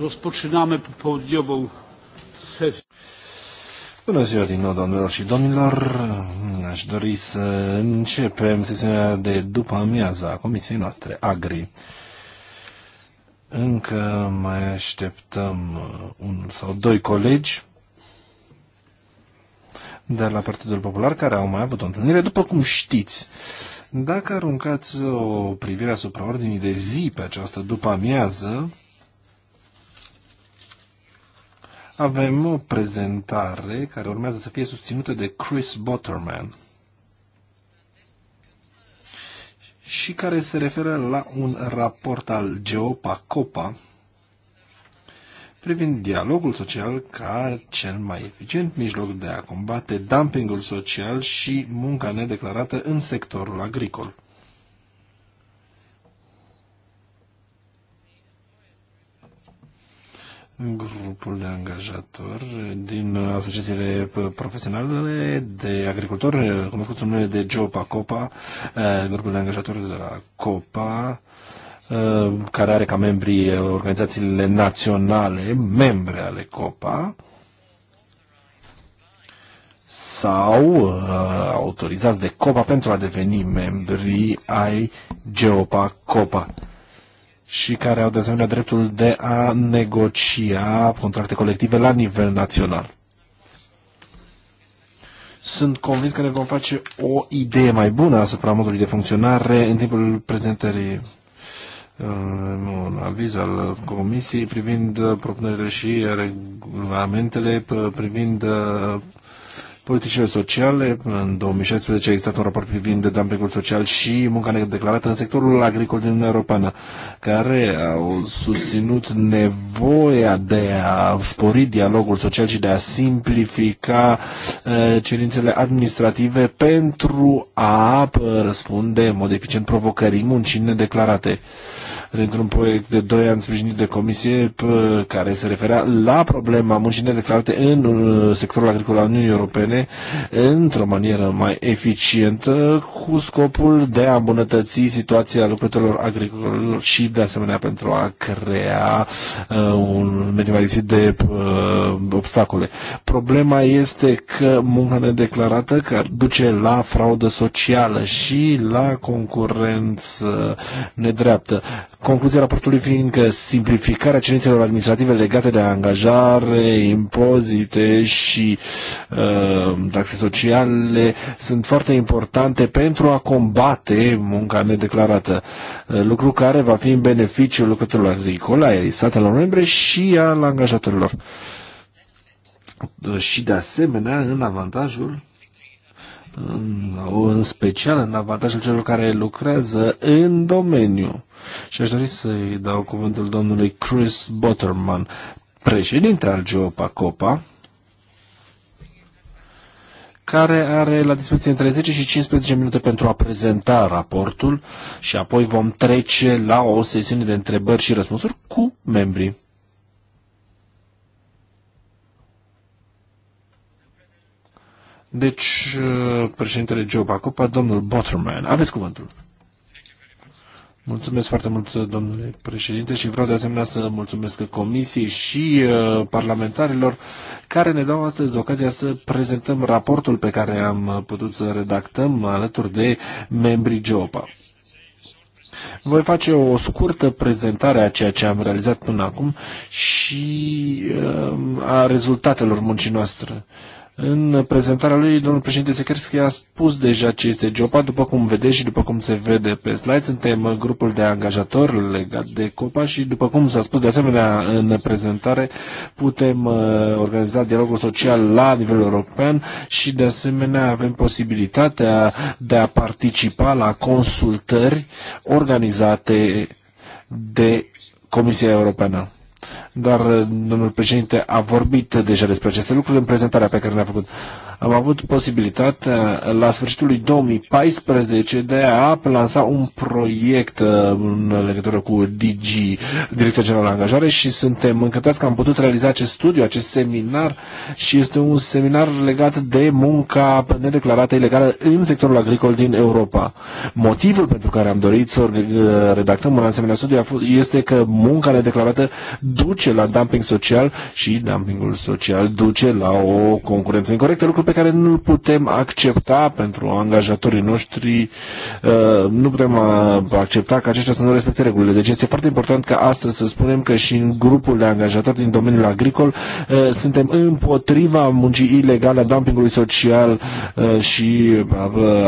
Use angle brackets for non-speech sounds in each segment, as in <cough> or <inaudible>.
Rozpoczynamy popołudniową sesję. Bună ziua din nou, domnilor și domnilor! Aș dori să începem sesiunea de după amiaza a comisiei noastre, AGRI. Încă mai așteptăm un sau doi colegi de la Partidul Popular care au mai avut o întâlnire, după cum știți. Dacă aruncați o privire asupra ordinii de zi pe această după amiază, avem o prezentare care urmează să fie susținută de Chris Botterman și care se referă la un raport al Geopa Copa privind dialogul social ca cel mai eficient mijloc de a combate dumpingul social și munca nedeclarată în sectorul agricol. grupul de angajatori din asociațiile profesionale de agricultori, cunoscuți numele de Jopa Copa, eh, grupul de angajatori de la Copa, eh, care are ca membri organizațiile naționale, membre ale COPA, sau eh, autorizați de COPA pentru a deveni membri ai GEOPA-COPA și care au de asemenea dreptul de a negocia contracte colective la nivel național. Sunt convins că ne vom face o idee mai bună asupra modului de funcționare în timpul prezentării uh, un aviz al Comisiei privind uh, propunerile și regulamentele uh, privind politicile sociale. În 2016 a existat un raport privind de dumpingul social și munca declarată în sectorul agricol din Uniunea Europeană, care au susținut nevoia de a spori dialogul social și de a simplifica uh, cerințele administrative pentru a uh, răspunde în mod eficient provocării muncii nedeclarate. Dintr-un proiect de 2 ani sprijinit de comisie uh, care se referea la problema muncii nedeclarate în uh, sectorul agricol al Uniunii Europene, într-o manieră mai eficientă cu scopul de a îmbunătăți situația lucrătorilor agricoli și de asemenea pentru a crea uh, un mediu mai lipsit de uh, obstacole. Problema este că munca nedeclarată care duce la fraudă socială și la concurență nedreaptă. Concluzia raportului fiind că simplificarea cerințelor administrative legate de angajare, impozite și uh, Um, taxe sociale sunt foarte importante pentru a combate munca nedeclarată, uh, lucru care va fi în beneficiul lucrătorilor agricole, ai statelor membre și al angajatorilor. Uh, și de asemenea, în avantajul uh, în special în avantajul celor care lucrează în domeniu. Și aș dori să-i dau cuvântul domnului Chris Butterman, președinte al Geopacopa. Copa, care are la dispoziție între 10 și 15 minute pentru a prezenta raportul și apoi vom trece la o sesiune de întrebări și răspunsuri cu membrii. Deci, uh, președintele Joe Bacopa, domnul Botterman, aveți cuvântul. Mulțumesc foarte mult, domnule președinte, și vreau de asemenea să mulțumesc comisiei și uh, parlamentarilor care ne dau astăzi ocazia să prezentăm raportul pe care am putut să redactăm alături de membrii GEOPA. Voi face o scurtă prezentare a ceea ce am realizat până acum și uh, a rezultatelor muncii noastre. Uh, în prezentarea lui, domnul președinte Sekerski a spus deja ce este GEOPA. După cum vedeți și după cum se vede pe slide, suntem grupul de angajatori legat de COPA și, după cum s-a spus de asemenea în prezentare, putem uh, organiza dialogul social la nivel european și, de asemenea, avem posibilitatea de a participa la consultări organizate de Comisia Europeană doar eh, domnul președinte a vorbit deja despre aceste lucruri în prezentarea pe care ne-a făcut. Uh, am avut posibilitatea la sfârșitul lui 2014 de a lansa un proiect uh, în legătură cu DG, Direcția Generală Angajare și suntem încântați că am putut realiza acest studiu, acest seminar și este un seminar legat de munca nedeclarată ilegală în sectorul agricol din Europa. Motivul pentru care am dorit să uh, redactăm un asemenea studiu este că munca nedeclarată duce la dumping social și dumpingul social duce la o concurență incorrectă, lucru pe care nu-l putem accepta pentru angajatorii noștri, uh, nu putem uh, accepta că aceștia să nu respecte regulile. Deci este foarte important ca astăzi să spunem că și în grupul de angajatori din domeniul agricol uh, suntem împotriva muncii ilegale, a dumpingului social și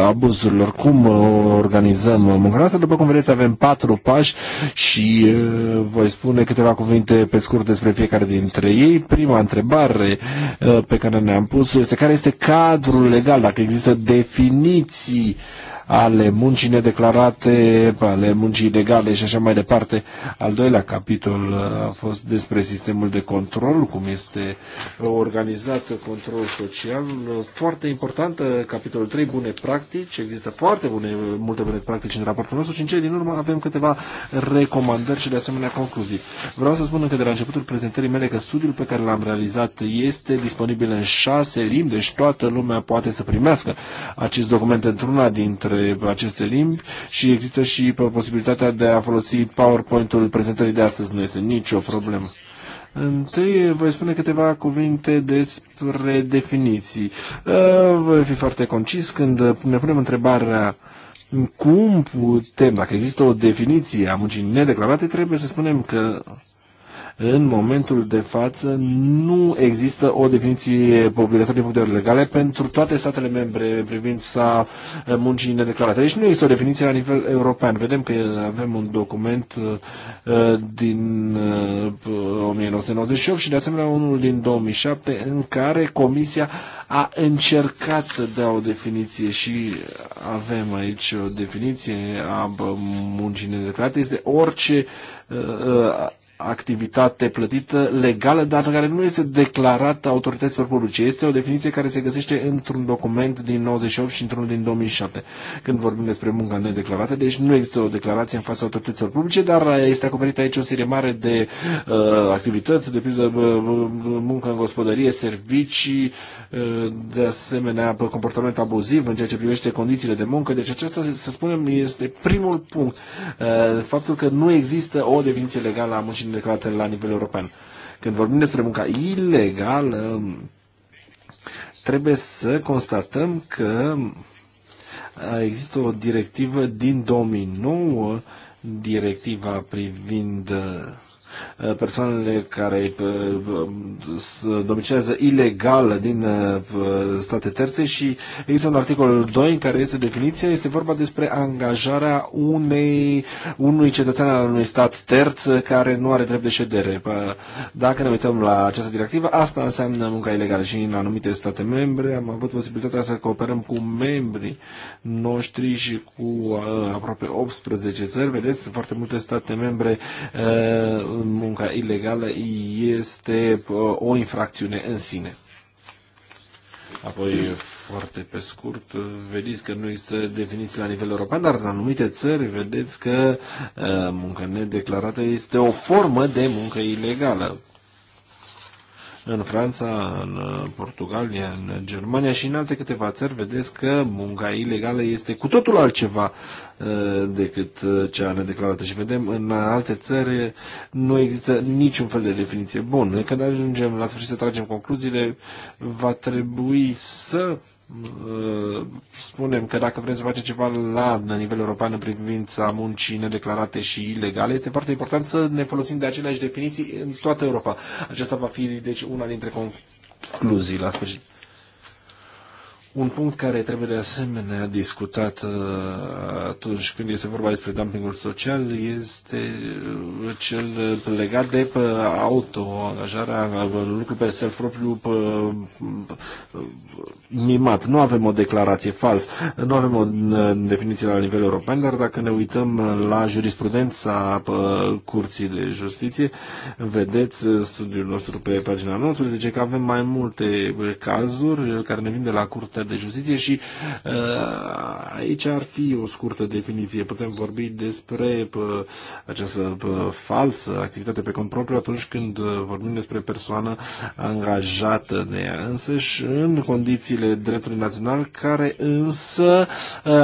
abuzurilor. Cum organizăm munca asta? După cum vedeți, avem patru pași și voi spune câteva cuvinte pe scurt despre fiecare dintre ei. Prima întrebare pe care ne-am pus este care este cadrul legal, dacă există definiții ale muncii nedeclarate, ale muncii ilegale și așa mai departe. Al doilea capitol uh, a fost despre sistemul de control, cum este uh, organizat controlul social. Foarte important, uh, capitolul 3, bune practici. Există foarte bune, multe bune practici în raportul nostru și în cele din urmă avem câteva recomandări și de asemenea concluzii. Vreau să spun încă de la începutul prezentării mele că studiul pe care l-am realizat este disponibil în șase limbi, deci toată lumea poate să primească acest document într-una dintre aceste limbi și există și posibilitatea de a folosi PowerPoint-ul prezentării de astăzi. Nu este nicio problemă. Întâi voi spune câteva cuvinte despre definiții. Uh, voi fi foarte concis când ne punem întrebarea cum putem, dacă există o definiție a muncii nedeclarate, trebuie să spunem că în momentul de față nu există o definiție obligatorie din punct de vedere legale pentru toate statele membre în privința eh, muncii nedeclarate. Deci nu există o definiție la nivel european. Vedem că avem un document eh, din 1998 eh, și de asemenea unul din 2007 în care Comisia a încercat să dea o definiție și avem aici o definiție a muncii nedeclarate. Este orice activitate plătită legală, dar care nu este declarată autorităților publice. Este o definiție care se găsește într-un document din 98 și într-unul din 2007, când vorbim despre munca nedeclarată. Deci nu există o declarație în fața autorităților publice, dar este acoperită aici o serie mare de uh, activități, de pildă muncă în gospodărie, servicii, uh, de asemenea comportament abuziv în ceea ce privește condițiile de muncă. Deci acesta, să spunem, este primul punct. Uh, faptul că nu există o definiție legală a muncii obligațiile declarate la nivel european. Când vorbim despre munca ilegală, trebuie să constatăm că uh, există o directivă din 2009, directiva privind uh, Eh, persoanele care eh, domicilează ilegal din eh, state terțe și există un articol 2 în care este definiția, este vorba despre angajarea unei, unui cetățean al unui stat terț care nu are drept de ședere. Dacă ne uităm la această directivă, asta înseamnă munca ilegală și în anumite state membre am avut posibilitatea să cooperăm cu membrii noștri și cu aproape 18 țări. Vedeți, foarte multe state membre uh, munca ilegală este uh, o infracțiune în sine. Apoi, foarte pe scurt, vedeți că nu există definiții la nivel european, dar în anumite țări vedeți că uh, munca nedeclarată este o formă de muncă ilegală în Franța, în uh, Portugalia, în Germania și în alte câteva țări, vedeți că munca ilegală este cu totul altceva uh, decât uh, cea nedeclarată. Și vedem în alte țări nu există niciun fel de definiție Bun, Când ajungem la sfârșit să tragem concluziile, va trebui să Uh, spunem că dacă vrem să facem ceva la nivel european în privința muncii nedeclarate și ilegale, este foarte important să ne folosim de aceleași definiții în toată Europa. Aceasta va fi, deci, una dintre concluziile la sfârșit un punct care trebuie de asemenea discutat uh, atunci când este vorba despre dumpingul social este uh, cel uh, legat de autoangajarea, lucru pe self propriu mimat. Nu avem o declarație fals, nu avem o definiție la nivel european, dar dacă ne uităm la jurisprudența Curții de Justiție, vedeți studiul nostru pe pagina noastră, zice că avem mai multe cazuri care ne vin de la curte Curtea de Justiție și uh, aici ar fi o scurtă definiție. Putem vorbi despre uh, această uh, falsă activitate pe cont propriu atunci când vorbim despre persoană angajată de ea însăși în condițiile dreptului național care însă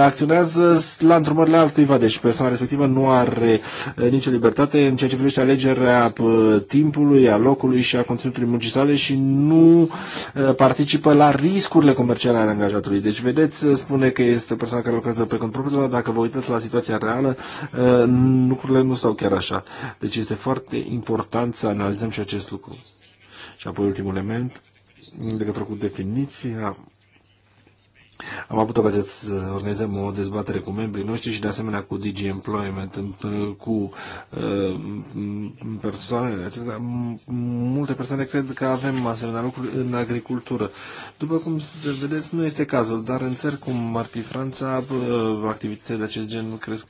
acționează la întrumările altcuiva. Deci persoana respectivă nu are nicio libertate în ceea ce privește alegerea timpului, a locului și a conținutului muncii sale și nu participă la riscurile comerciale al angajatului. Deci, vedeți, spune că este o persoană care lucrează pe cont propriu, dar dacă vă uitați la situația reală, uh, lucrurile nu stau chiar așa. Deci este foarte important să analizăm și acest lucru. Și apoi ultimul element, de legătură cu definiția am avut ocazia să organizăm o dezbatere cu membrii noștri și de asemenea cu DG Employment, cu uh, persoanele acestea. Multe persoane cred că avem asemenea lucruri în agricultură. După cum se vedeți, nu este cazul, dar în țări cum ar fi Franța, uh, activitățile de acest gen cresc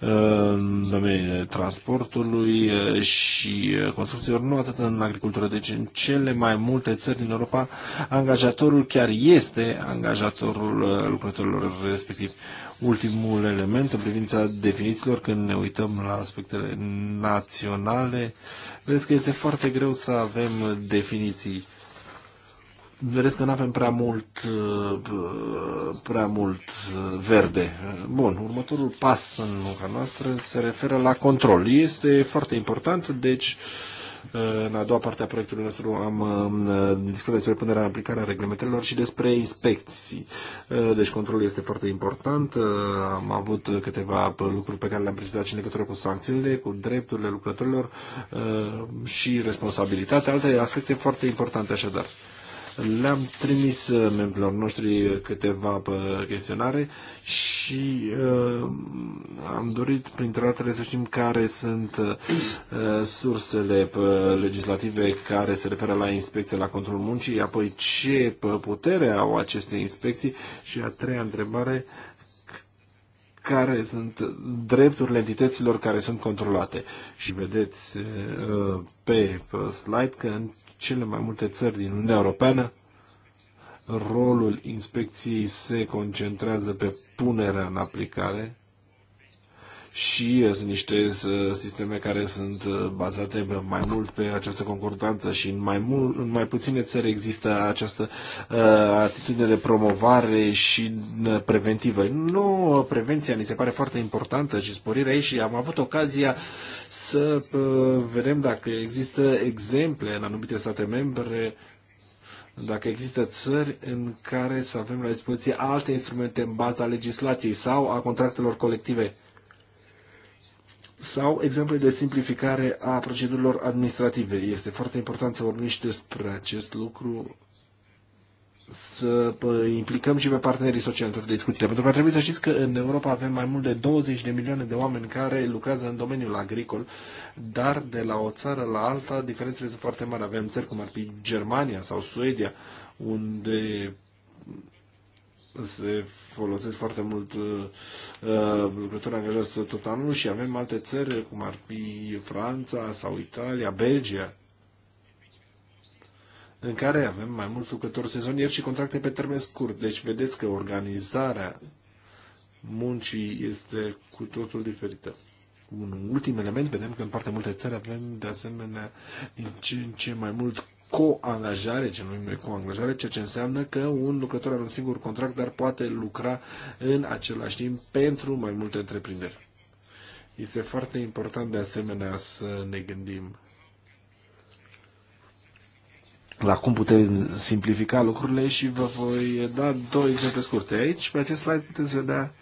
în domeniile transportului eh, și eh, construcțiilor, nu atât în agricultură. Deci în cele mai multe țări din Europa, angajatorul chiar este angajatorul eh, lucrătorilor respectiv. Ultimul element în privința definițiilor, când ne uităm la aspectele naționale, vezi că este foarte greu să avem definiții Vedeți că nu avem prea mult, uh, prea mult uh, verde. Bun, următorul pas în munca noastră se referă la control. Este foarte important, deci uh, în a doua parte a proiectului nostru am discutat despre punerea în aplicare a reglementărilor și despre inspecții. Deci controlul este foarte important. Am avut câteva lucruri pe care le-am precizat și în legătură cu sancțiunile, cu drepturile lucrătorilor și responsabilitatea. Alte aspecte foarte importante așadar. Le-am trimis uh, membrilor noștri uh, câteva uh, chestionare și uh, am dorit, printre altele, să știm care sunt uh, sursele legislative care se referă la inspecție, la controlul muncii, apoi ce putere au aceste inspecții și a treia întrebare, care sunt drepturile entităților care sunt controlate. Și vedeți pe slide că în cele mai multe țări din Uniunea Europeană, rolul inspecției se concentrează pe punerea în aplicare și uh, sunt niște uh, sisteme care sunt uh, bazate mai mult pe această concordanță și în mai, mult, în mai puține țări există această uh, atitudine de promovare și preventivă. Nu, prevenția mi se pare foarte importantă și sporirea ei și am avut ocazia să uh, vedem dacă există exemple în anumite state membre dacă există țări în care să avem la dispoziție alte instrumente în baza legislației sau a contractelor colective sau exemple de simplificare a procedurilor administrative. Este foarte important să vorbim și despre acest lucru, să implicăm și pe partenerii sociali în toate discuțiile. Pentru că trebuie să știți că în Europa avem mai mult de 20 de milioane de oameni care lucrează în domeniul agricol, dar de la o țară la alta diferențele sunt foarte mari. Avem țări cum ar fi Germania sau Suedia, unde se folosesc foarte mult uh, uh lucrători angajați tot anul și avem alte țări, cum ar fi Franța sau Italia, Belgia, în care avem mai mulți lucrători sezonieri și contracte pe termen scurt. Deci vedeți că organizarea muncii este cu totul diferită. Un ultim element, vedem că în foarte multe țări avem de asemenea din ce în ce mai mult coangajare, ce numim noi coangajare, ceea ce înseamnă că un lucrător are un singur contract, dar poate lucra în același timp pentru mai multe întreprinderi. Este foarte important de asemenea să ne gândim la cum putem simplifica lucrurile și vă voi da două exemple scurte. Aici, pe acest slide, puteți vedea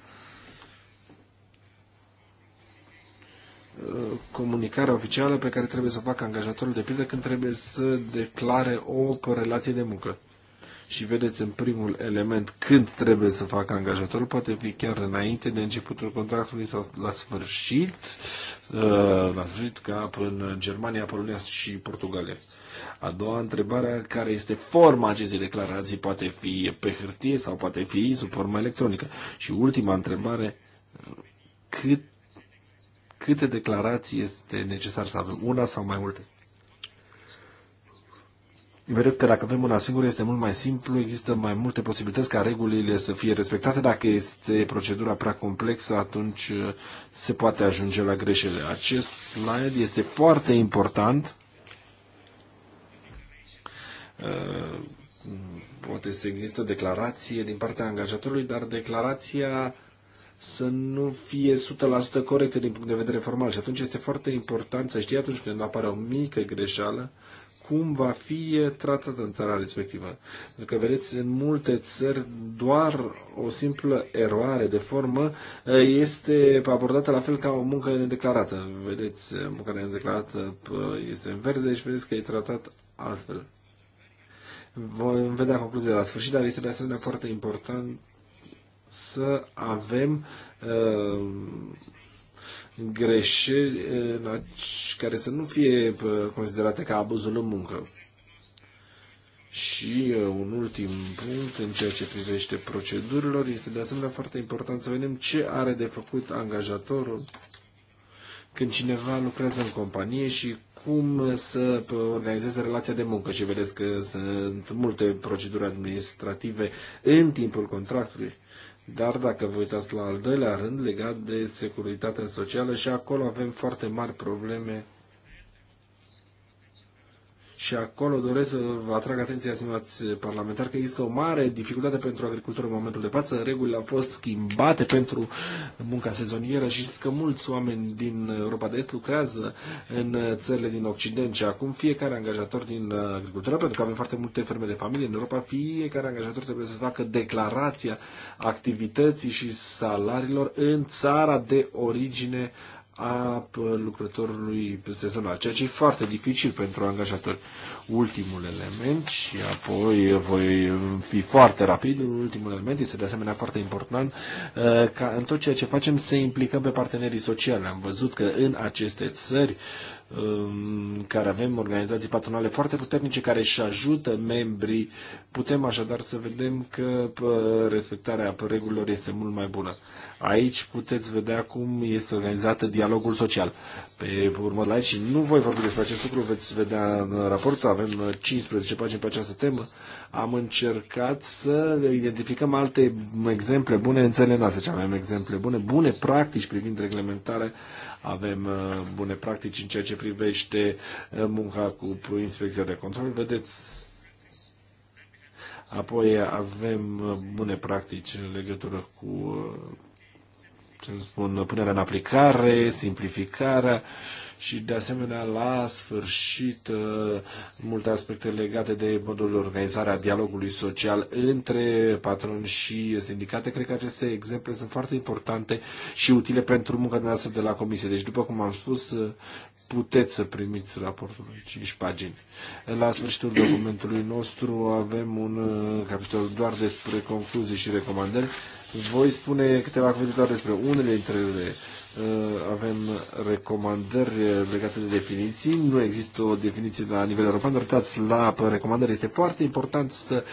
comunicarea oficială pe care trebuie să o facă angajatorul, de pildă când trebuie să declare o relație de muncă. Și vedeți în primul element când trebuie să facă angajatorul, poate fi chiar înainte de începutul contractului sau la sfârșit, uh, la sfârșit ca în Germania, Polonia și Portugalia. A doua întrebare, care este forma acestei declarații? Poate fi pe hârtie sau poate fi sub formă electronică. Și ultima întrebare, cât câte declarații este necesar să avem, una sau mai multe. Vedeți că dacă avem una singură este mult mai simplu, există mai multe posibilități ca regulile să fie respectate. Dacă este procedura prea complexă, atunci uh, se poate ajunge la greșele. Acest slide este foarte important. Uh, poate să există declarație din partea angajatorului, dar declarația să nu fie 100% corecte din punct de vedere formal. Și atunci este foarte important să știi atunci când apare o mică greșeală, cum va fi tratată în țara respectivă. Pentru că, vedeți, în multe țări doar o simplă eroare de formă eh, este abordată la fel ca o muncă nedeclarată. Vedeți, eh, munca nedeclarată eh, este în verde și vedeți că e tratat altfel. Vom vedea concluziile la sfârșit, dar este de asemenea foarte important să avem uh, greșeli uh, care să nu fie uh, considerate ca abuzul în muncă. Și uh, un ultim punct în ceea ce privește procedurilor, este de asemenea foarte important să vedem ce are de făcut angajatorul când cineva lucrează în companie și cum să uh, organizeze relația de muncă și vedeți că sunt multe proceduri administrative în timpul contractului. Dar dacă vă uitați la al doilea rând, legat de securitatea socială, și acolo avem foarte mari probleme și acolo doresc să vă atrag atenția, stimați parlamentari, că există o mare dificultate pentru agricultori în momentul de față. Regulile au fost schimbate pentru munca sezonieră și știți că mulți oameni din Europa de Est lucrează în țările din Occident și acum fiecare angajator din agricultură, pentru că avem foarte multe ferme de familie în Europa, fiecare angajator trebuie să facă declarația activității și salariilor în țara de origine a lucrătorului sezonal, ceea ce e foarte dificil pentru angajatori. Ultimul element și apoi voi fi foarte rapid, ultimul element este de asemenea foarte important uh, ca în tot ceea ce facem să implicăm pe partenerii sociale. Am văzut că în aceste țări uh, Um, care avem organizații patronale foarte puternice care își ajută membrii, putem așadar să vedem că respectarea regulilor este mult mai bună. Aici puteți vedea cum este organizată dialogul social. Pe urmă de aici nu voi vorbi despre acest lucru, veți vedea în raport, avem 15 pagini pe această temă. Am încercat să identificăm alte exemple bune, țările noastre ce avem exemple bune, bune practici privind reglementarea avem uh, bune practici în ceea ce privește uh, munca cu inspecția de control. Vedeți, apoi avem uh, bune practici în legătură cu ce spun, punerea în aplicare, simplificarea, uh, și de asemenea la sfârșit uh, multe aspecte legate de modul de organizare a dialogului social între patroni și sindicate. Cred că aceste exemple sunt foarte importante și utile pentru munca noastră de la comisie. Deci, după cum am spus, uh, puteți să primiți raportul în 5 pagini. La sfârșitul documentului nostru avem un uh, capitol doar despre concluzii și recomandări. Voi spune câteva cuvinte doar despre unele dintre ele. Uh, avem recomandări legate de definiții. Nu există o definiție la nivel european, dar uitați la recomandări. Este foarte important să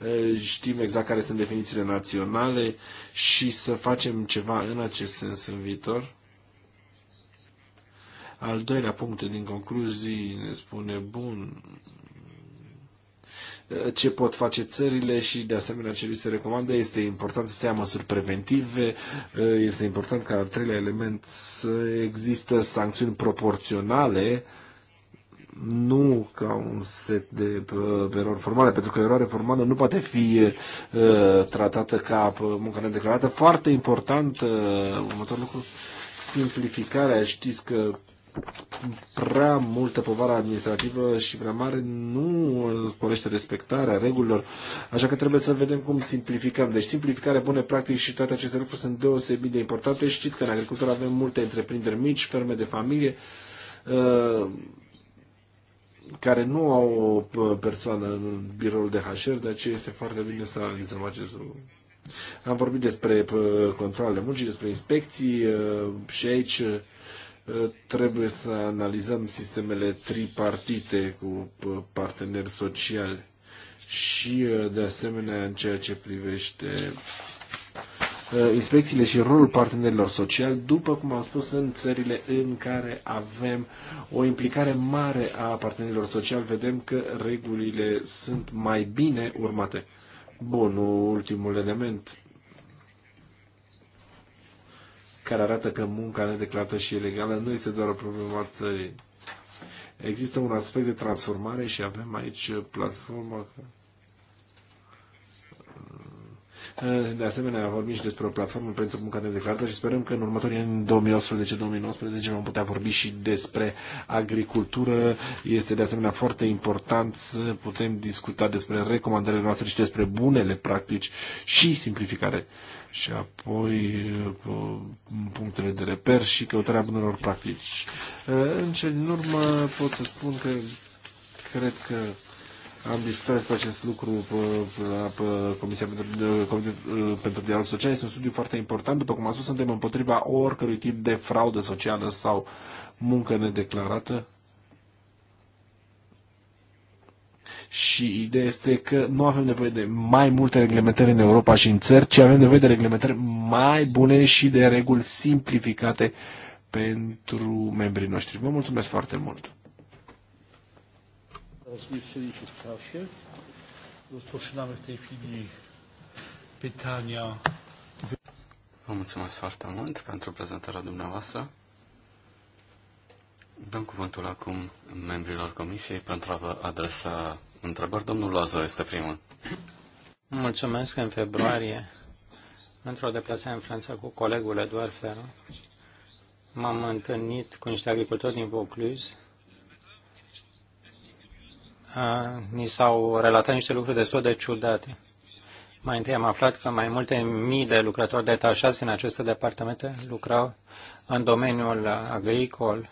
uh, știm exact care sunt definițiile naționale și să facem ceva în acest sens în viitor. Al doilea punct din concluzii ne spune, bun, ce pot face țările și de asemenea ce li se recomandă. Este important să se ia măsuri preventive, uh, este important ca al treilea element să există sancțiuni proporționale nu ca un set de uh, erori formale, pentru că eroare formală nu poate fi uh, tratată ca uh, muncă nedeclarată. Foarte important, uh, următorul lucru, simplificarea. Știți că prea multă povară administrativă și prea mare nu sporește respectarea regulilor, așa că trebuie să vedem cum simplificăm. Deci simplificare, bune practici și toate aceste lucruri sunt deosebit de importante. Știți că în agricultură avem multe întreprinderi mici, ferme de familie, uh, care nu au o persoană în biroul de HR, de aceea este foarte bine să analizăm acest lucru. Am vorbit despre uh, controlele muncii, despre inspecții uh, și aici Eh, trebuie să analizăm sistemele tripartite cu eh, parteneri sociali și, eh, de asemenea, în ceea ce privește inspecțiile și rolul partenerilor sociali, după cum am spus, în țările în care avem o implicare mare a partenerilor sociali, vedem că regulile sunt mai bine urmate. Bun, ultimul element care arată că munca nedeclarată și ilegală nu este doar o problemă a țării. Există un aspect de transformare și avem aici platforma de asemenea, vorbim și despre o platformă pentru munca nedeclarată și sperăm că în următorii ani 2018-2019 vom putea vorbi și despre agricultură. Este de asemenea foarte important să putem discuta despre recomandările noastre și despre bunele practici și simplificare și apoi uh, punctele de reper și căutarea bunelor practici. Uh, în ce din urmă pot să spun că cred că am discutat despre acest lucru pe, pe, pe Comisia pentru, de, uh, pentru Dialog Social. Este un studiu foarte important. După cum am spus, suntem împotriva oricărui tip de fraudă socială sau muncă nedeclarată Și ideea este că nu avem nevoie de mai multe reglementări în Europa și în țări, ci avem nevoie de reglementări mai bune și de reguli simplificate pentru membrii noștri. Vă mulțumesc foarte mult! w czasie. Rozpoczynamy w tej chwili pytania. Vă mulțumesc foarte mult pentru prezentarea dumneavoastră. Dăm cuvântul acum membrilor Comisiei pentru a vă adresa întrebări. Domnul Loazo este primul. Mulțumesc. În februarie, într-o deplasare în Franța cu colegul Eduard Ferro, m-am întâlnit cu niște agricultori din Vaucluse. Ni s-au relatat niște lucruri destul de ciudate. Mai întâi am aflat că mai multe mii de lucrători detașați în aceste departamente lucrau în domeniul agricol,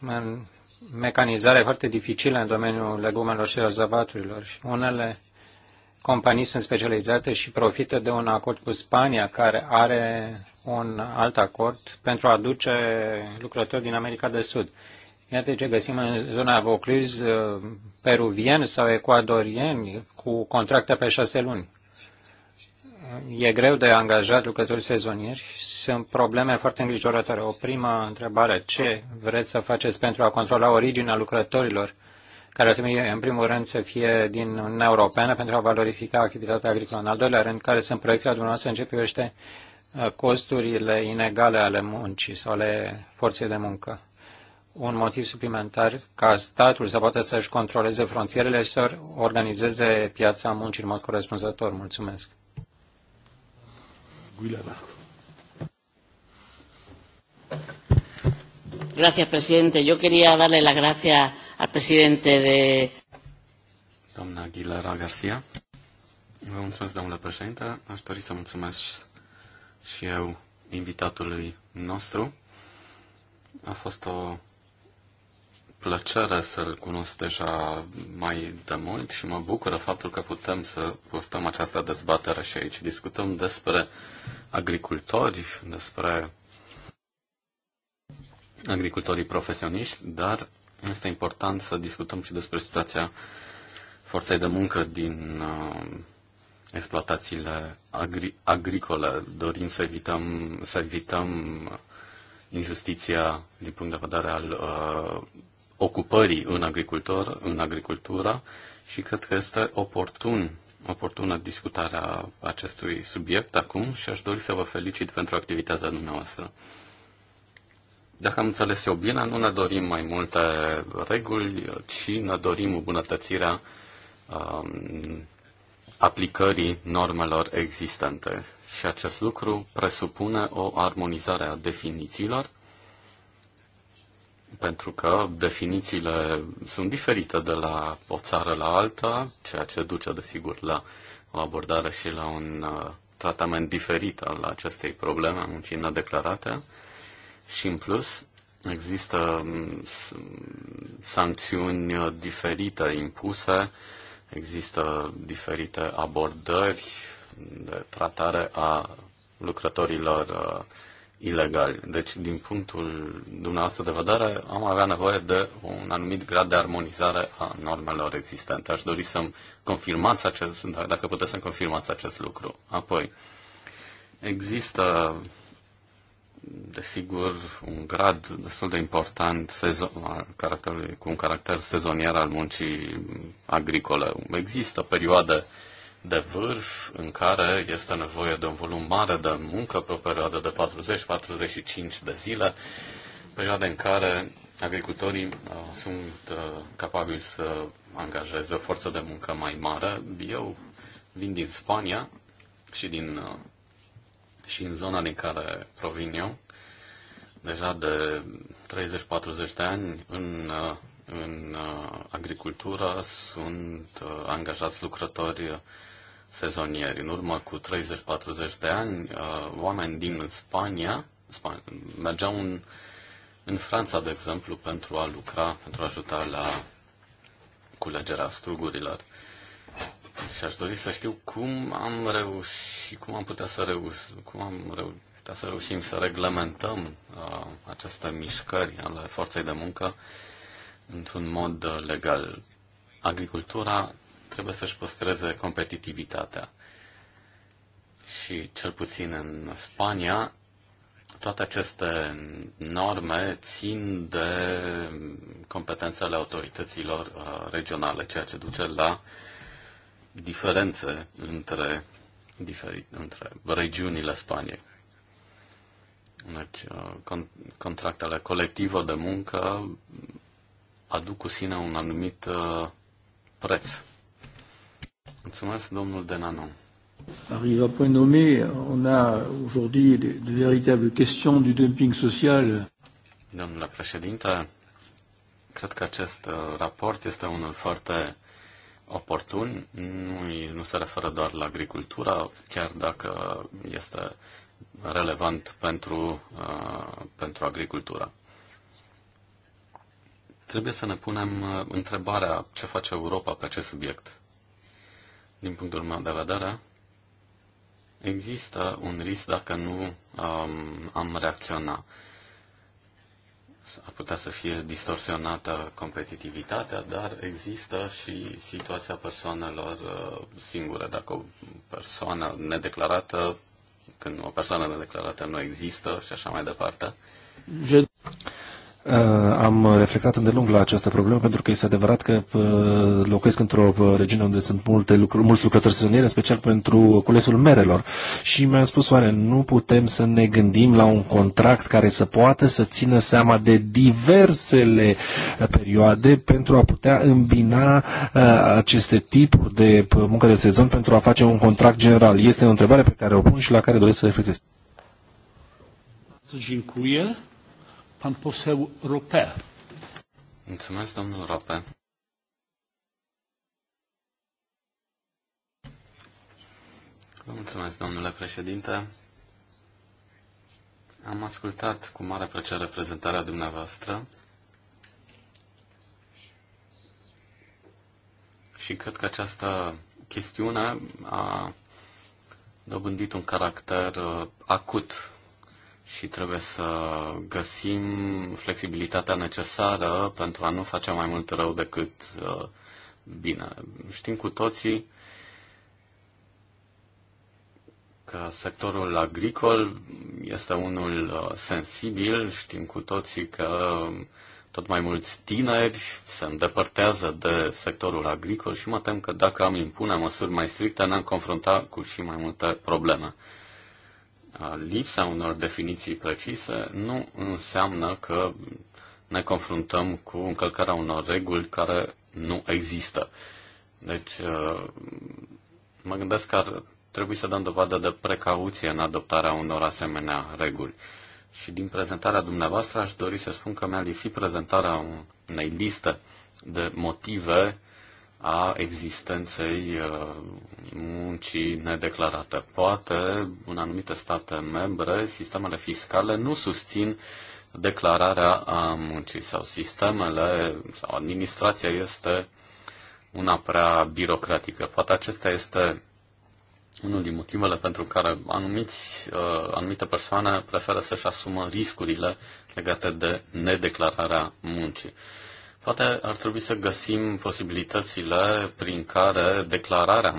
în mecanizare foarte dificilă în domeniul legumelor și răzăvaturilor. Unele companii sunt specializate și profită de un acord cu Spania, care are un alt acord pentru a aduce lucrători din America de Sud. Iată ce găsim în zona Vaucluse, uh, peruvieni sau ecuadorieni cu contracte pe șase luni e greu de angajat lucrători sezonieri. Sunt probleme foarte îngrijorătoare. O prima întrebare, ce vreți să faceți pentru a controla originea lucrătorilor care ar trebui, în primul rând, să fie din Uniunea Europeană pentru a valorifica activitatea agricolă. În al doilea rând, care sunt proiectele dumneavoastră în ce privește uh, costurile inegale ale muncii sau ale forței de muncă? un motiv suplimentar ca statul să poată să-și controleze frontierele și să organizeze piața muncii în mod corespunzător. Mulțumesc señor presidente. Yo quería darle las gracias al presidente de. Doamna Aguilera Garcia. Vă mulțumesc, domnule președinte. Aș dori să mulțumesc și eu invitatului nostru. A fost o plăcere să-l cunosc deja mai de mult și mă bucură faptul că putem să purtăm această dezbatere și aici. Discutăm despre agricultori, despre agricultorii profesioniști, dar este important să discutăm și despre situația forței de muncă din uh, exploatațiile agri- agricole. Dorim să evităm, să evităm injustiția din punct de vedere al uh, ocupării în, agricultor, în agricultură și cred că este oportun, oportună discutarea acestui subiect acum și aș dori să vă felicit pentru activitatea dumneavoastră. Dacă am înțeles eu bine, nu ne dorim mai multe reguli, ci ne dorim îmbunătățirea um, aplicării normelor existente. Și acest lucru presupune o armonizare a definițiilor pentru că definițiile sunt diferite de la o țară la alta, ceea ce duce, desigur, la o abordare și la un uh, tratament diferit al acestei probleme a muncii nedeclarate. Și, în plus, există mm, sancțiuni diferite impuse, există diferite abordări de tratare a lucrătorilor uh, ilegali. Deci, din punctul dumneavoastră de vedere, am avea nevoie de un anumit grad de armonizare a normelor existente. Aș dori să-mi confirmați acest, dacă puteți să-mi confirmați acest lucru. Apoi, există, desigur, un grad destul de important cu un caracter sezonier al muncii agricole. Există perioade de vârf în care este nevoie de un volum mare de muncă pe o perioadă de 40-45 de zile, perioade în care agricultorii uh, sunt uh, capabili să angajeze o forță de muncă mai mare. Eu vin din Spania și, din, uh, și în zona din care provin eu, deja de 30-40 de ani în, uh, în uh, agricultură sunt uh, angajați lucrători sezonieri. În urmă cu 30-40 de ani, uh, oameni din Spania, Spania mergeau în, în Franța, de exemplu, pentru a lucra, pentru a ajuta la culegerea strugurilor. Și aș dori să știu cum am reușit, cum am putea să reușim, cum am reu- putea să reușim să reglementăm uh, aceste mișcări ale forței de muncă într-un mod legal. Agricultura trebuie să-și păstreze competitivitatea. Și cel puțin în Spania, toate aceste norme țin de competențele autorităților uh, regionale, ceea ce duce la diferențe între, diferi, între regiunile Spaniei. Deci, uh, contractele colective de muncă aduc cu sine un anumit uh, preț Mulțumesc, domnul Arrive à point nommé, on a aujourd'hui de, de véritables questions du dumping social. Domnule președinte, cred că acest uh, raport este unul foarte oportun, nu, nu se referă doar la agricultura, chiar dacă este relevant pentru, uh, pentru agricultura. Trebuie să ne punem uh, întrebarea ce face Europa pe acest subiect din punctul meu de vedere, există un risc dacă nu um, am reacționa. Ar putea să fie distorsionată competitivitatea, dar există și situația persoanelor uh, singure. Dacă o persoană nedeclarată, când o persoană nedeclarată nu există și așa mai departe. Je... Uh, am reflectat îndelung la această problemă pentru că este adevărat că uh, locuiesc într-o uh, regiune unde sunt multe lucruri, mulți lucrători sezonieri, în special pentru culesul merelor. Și mi-am spus, oare nu putem să ne gândim la un contract care să poată să țină seama de diversele perioade pentru a putea îmbina aceste tipuri de muncă de sezon pentru a face un contract general? Este o întrebare pe care o pun și la care doresc să reflectez. Pan poseł Rope. Mulțumesc, domnul Rope. Vă mulțumesc, domnule președinte. Am ascultat cu mare plăcere prezentarea dumneavoastră și cred că această chestiune a dobândit un caracter uh, acut și trebuie să găsim flexibilitatea necesară pentru a nu face mai mult rău decât uh, bine. Știm cu toții că sectorul agricol este unul uh, sensibil, știm cu toții că tot mai mulți tineri se îndepărtează de sectorul agricol și mă tem că dacă am impune măsuri mai stricte, ne-am confrunta cu și mai multe probleme lipsa unor definiții precise nu înseamnă că ne confruntăm cu încălcarea unor reguli care nu există. Deci, mă gândesc că ar trebui să dăm dovadă de precauție în adoptarea unor asemenea reguli. Și din prezentarea dumneavoastră aș dori să spun că mi-a lipsit prezentarea unei liste de motive a existenței uh, muncii nedeclarate. Poate, în anumite state membre, sistemele fiscale nu susțin declararea a muncii sau sistemele sau administrația este una prea birocratică. Poate acesta este unul din motivele pentru care anumiți, uh, anumite persoane preferă să-și asumă riscurile legate de nedeclararea muncii. Poate ar trebui să găsim posibilitățile prin care declararea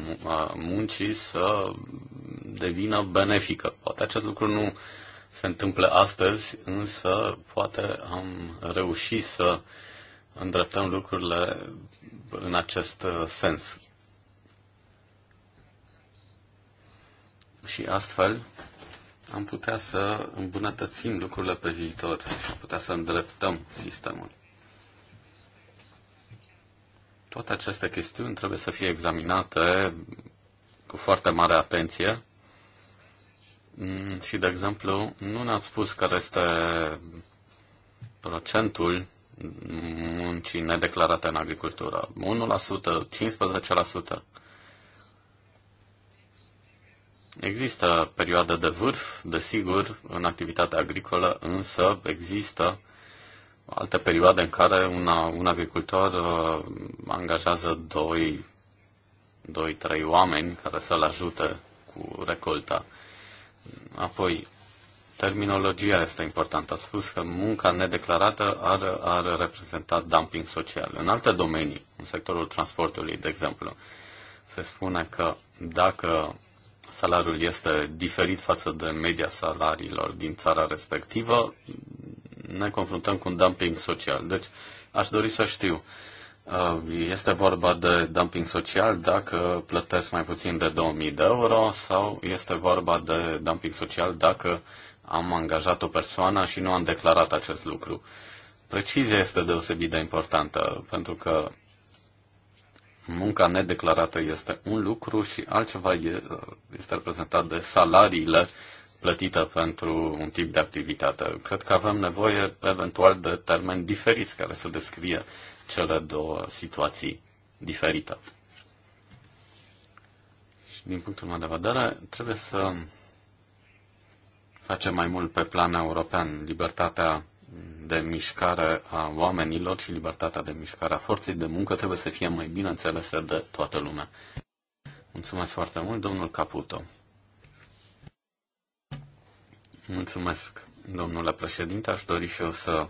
muncii să devină benefică. Poate acest lucru nu se întâmplă astăzi, însă poate am reușit să îndreptăm lucrurile în acest uh, sens. Și astfel am putea să îmbunătățim lucrurile pe viitor am putea să îndreptăm sistemul. Toate aceste chestiuni trebuie să fie examinate cu foarte mare atenție. Mm, și, de exemplu, nu ne-ați spus care este procentul muncii nedeclarate în agricultură. 1%, 15%. Există perioade de vârf, desigur, în activitatea agricolă, însă există alte perioade în care una, un agricultor uh, angajează doi, doi, trei oameni care să-l ajute cu recolta. Apoi, terminologia este importantă. A spus că munca nedeclarată ar, ar reprezenta dumping social. În alte domenii, în sectorul transportului, de exemplu, se spune că dacă salariul este diferit față de media salariilor din țara respectivă, ne confruntăm cu un dumping social. Deci, aș dori să știu, uh, este vorba de dumping social dacă plătesc mai puțin de 2000 de euro sau este vorba de dumping social dacă am angajat o persoană și nu am declarat acest lucru. Precizia este deosebit de importantă pentru că munca nedeclarată este un lucru și altceva este reprezentat de salariile uh, plătită pentru un tip de activitate. Cred că avem nevoie eventual de termeni diferiți care să descrie cele două situații diferite. Și din punctul meu de vedere, trebuie să facem mai mult pe plan european. Libertatea de mișcare a oamenilor și libertatea de mișcare a forței de muncă trebuie să fie mai bine înțelese de toată lumea. Mulțumesc foarte mult, domnul Caputo. Mulțumesc, domnule președinte. Aș dori și eu să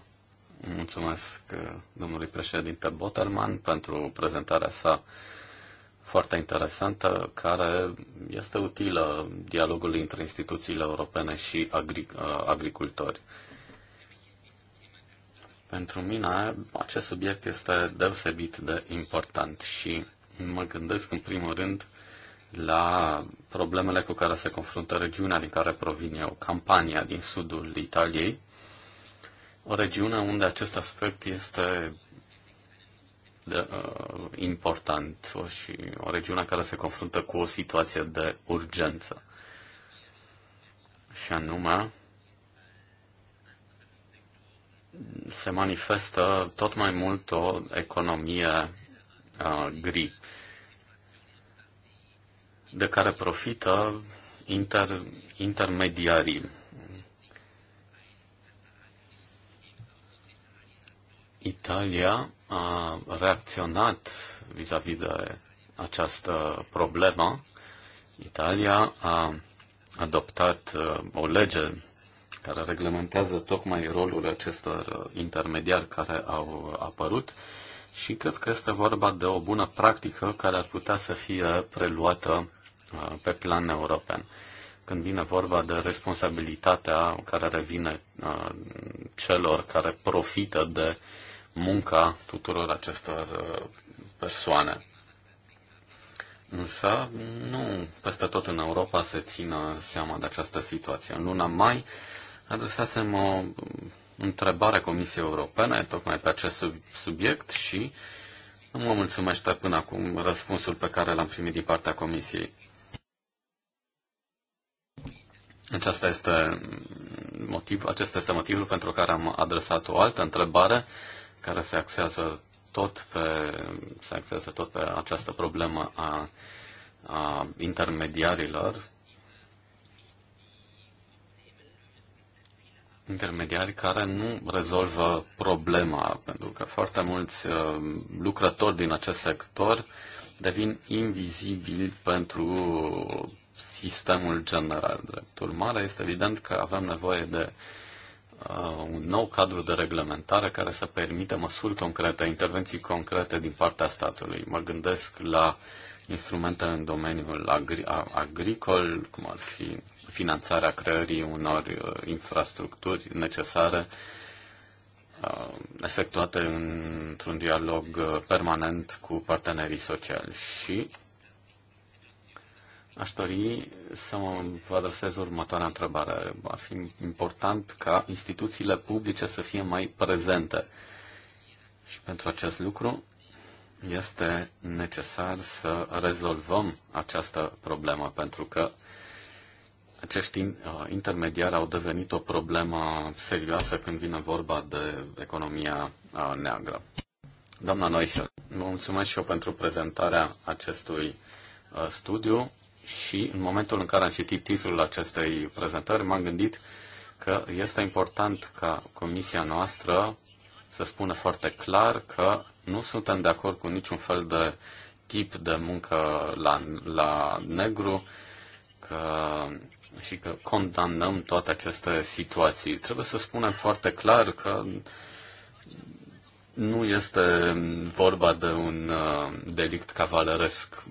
mulțumesc uh, domnului președinte Botelman pentru prezentarea sa foarte interesantă, care este utilă dialogului între instituțiile europene și agric- uh, agricultori. Pentru mine, acest subiect este deosebit de important și mă gândesc în primul rând la problemele cu care se confruntă regiunea din care provin eu, Campania din sudul Italiei, o regiune unde acest aspect este de, uh, important o, și o regiune care se confruntă cu o situație de urgență. Și anume, se manifestă tot mai mult o economie uh, gri. Uh, de care profită inter, intermediarii. Italia a reacționat vis-a-vis -vis de această problemă. Italia a adoptat uh, o lege care reglementează tocmai rolul acestor uh, intermediari care au apărut și cred că este vorba de o bună practică care ar putea să fie preluată Uh, pe plan european. Când vine vorba de responsabilitatea care revine uh, celor care profită de munca tuturor acestor uh, persoane. Însă, nu peste tot în Europa se țină seama de această situație. În luna mai adusasem o întrebare Comisiei Europene tocmai pe acest subiect și nu mă mulțumește până acum răspunsul pe care l-am primit din partea Comisiei. Acesta este, motiv, acesta este motivul pentru care am adresat o altă întrebare care se axează tot pe, se axează tot pe această problemă a, a intermediarilor, intermediari care nu rezolvă problema, pentru că foarte mulți uh, lucrători din acest sector devin invizibili pentru sistemul general. Drept urmare, este evident că avem nevoie de uh, un nou cadru de reglementare care să permită măsuri concrete, intervenții concrete din partea statului. Mă gândesc la instrumente în domeniul agri- agricol, cum ar fi finanțarea creării unor uh, infrastructuri necesare uh, efectuate într-un dialog uh, permanent cu partenerii sociali și Aș dori să mă vă adresez următoarea întrebare. Ar fi important ca instituțiile publice să fie mai prezente. Și pentru acest lucru este necesar să rezolvăm această problemă, pentru că acești uh, intermediari au devenit o problemă serioasă când vine vorba de economia uh, neagră. Doamna Noișel, vă mulțumesc și eu pentru prezentarea acestui uh, studiu și în momentul în care am citit titlul acestei prezentări, m-am gândit că este important ca comisia noastră să spună foarte clar că nu suntem de acord cu niciun fel de tip de muncă la, la negru că, și că condamnăm toate aceste situații. Trebuie să spunem foarte clar că nu este vorba de un uh, delict cavaleresc.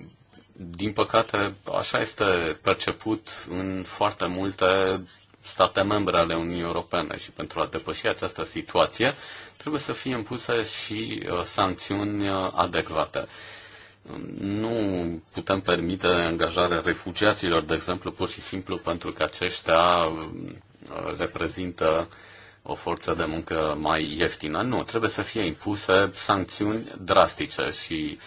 Din păcate, așa este perceput în foarte multe state membre ale Uniunii Europene și pentru a depăși această situație trebuie să fie impuse și uh, sancțiuni uh, adecvate. Nu putem permite angajarea refugiaților, de exemplu, pur și simplu pentru că aceștia uh, reprezintă o forță de muncă mai ieftină. Nu, trebuie să fie impuse sancțiuni drastice și uh,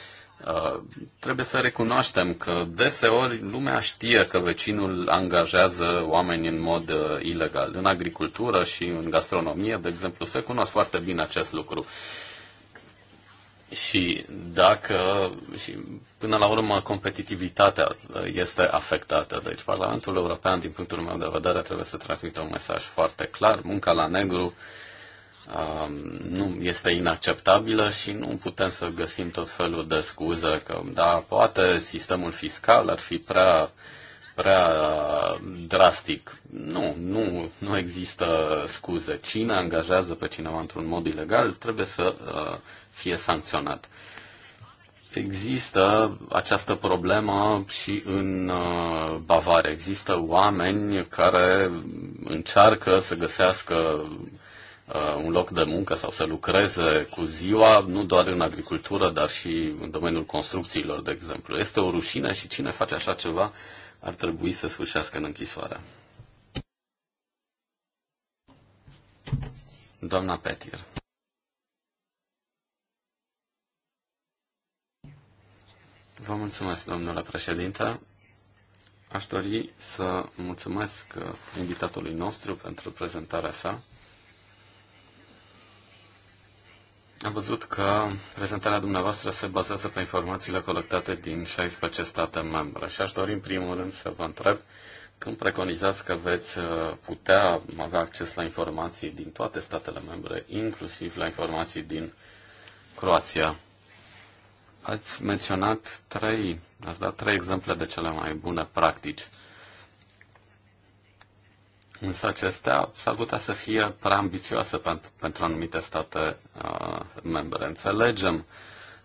Uh, trebuie să recunoaștem că deseori lumea știe că vecinul angajează oameni în mod uh, ilegal. În agricultură și în gastronomie, de exemplu, se cunosc foarte bine acest lucru. Și dacă, și până la urmă, competitivitatea uh, este afectată. Deci Parlamentul European, din punctul meu de vedere, trebuie să transmită un mesaj foarte clar. Munca la negru uh, Um, nu este inacceptabilă și nu putem să găsim tot felul de scuze că, da, poate sistemul fiscal ar fi prea, prea drastic. Nu, nu, nu există scuze. Cine angajează pe cineva într-un mod ilegal trebuie să uh, fie sancționat. Există această problemă și în uh, Bavaria. Există oameni care încearcă să găsească Uh, un loc de muncă sau să lucreze cu ziua, nu doar în agricultură, dar și în domeniul construcțiilor, de exemplu. Este o rușine și cine face așa ceva ar trebui să sfârșească în închisoare. Doamna Petir. Vă mulțumesc, domnule președinte. Aș dori să mulțumesc uh, invitatului nostru pentru prezentarea sa. Am văzut că prezentarea dumneavoastră se bazează pe informațiile colectate din 16 state membre și aș dori în primul rând să vă întreb când preconizați că veți uh, putea avea acces la informații din toate statele membre, inclusiv la informații din Croația. Ați menționat trei, ați dat trei exemple de cele mai bune practici. Însă acestea s-ar putea să fie prea ambițioase pentru, pentru anumite state uh, membre. Înțelegem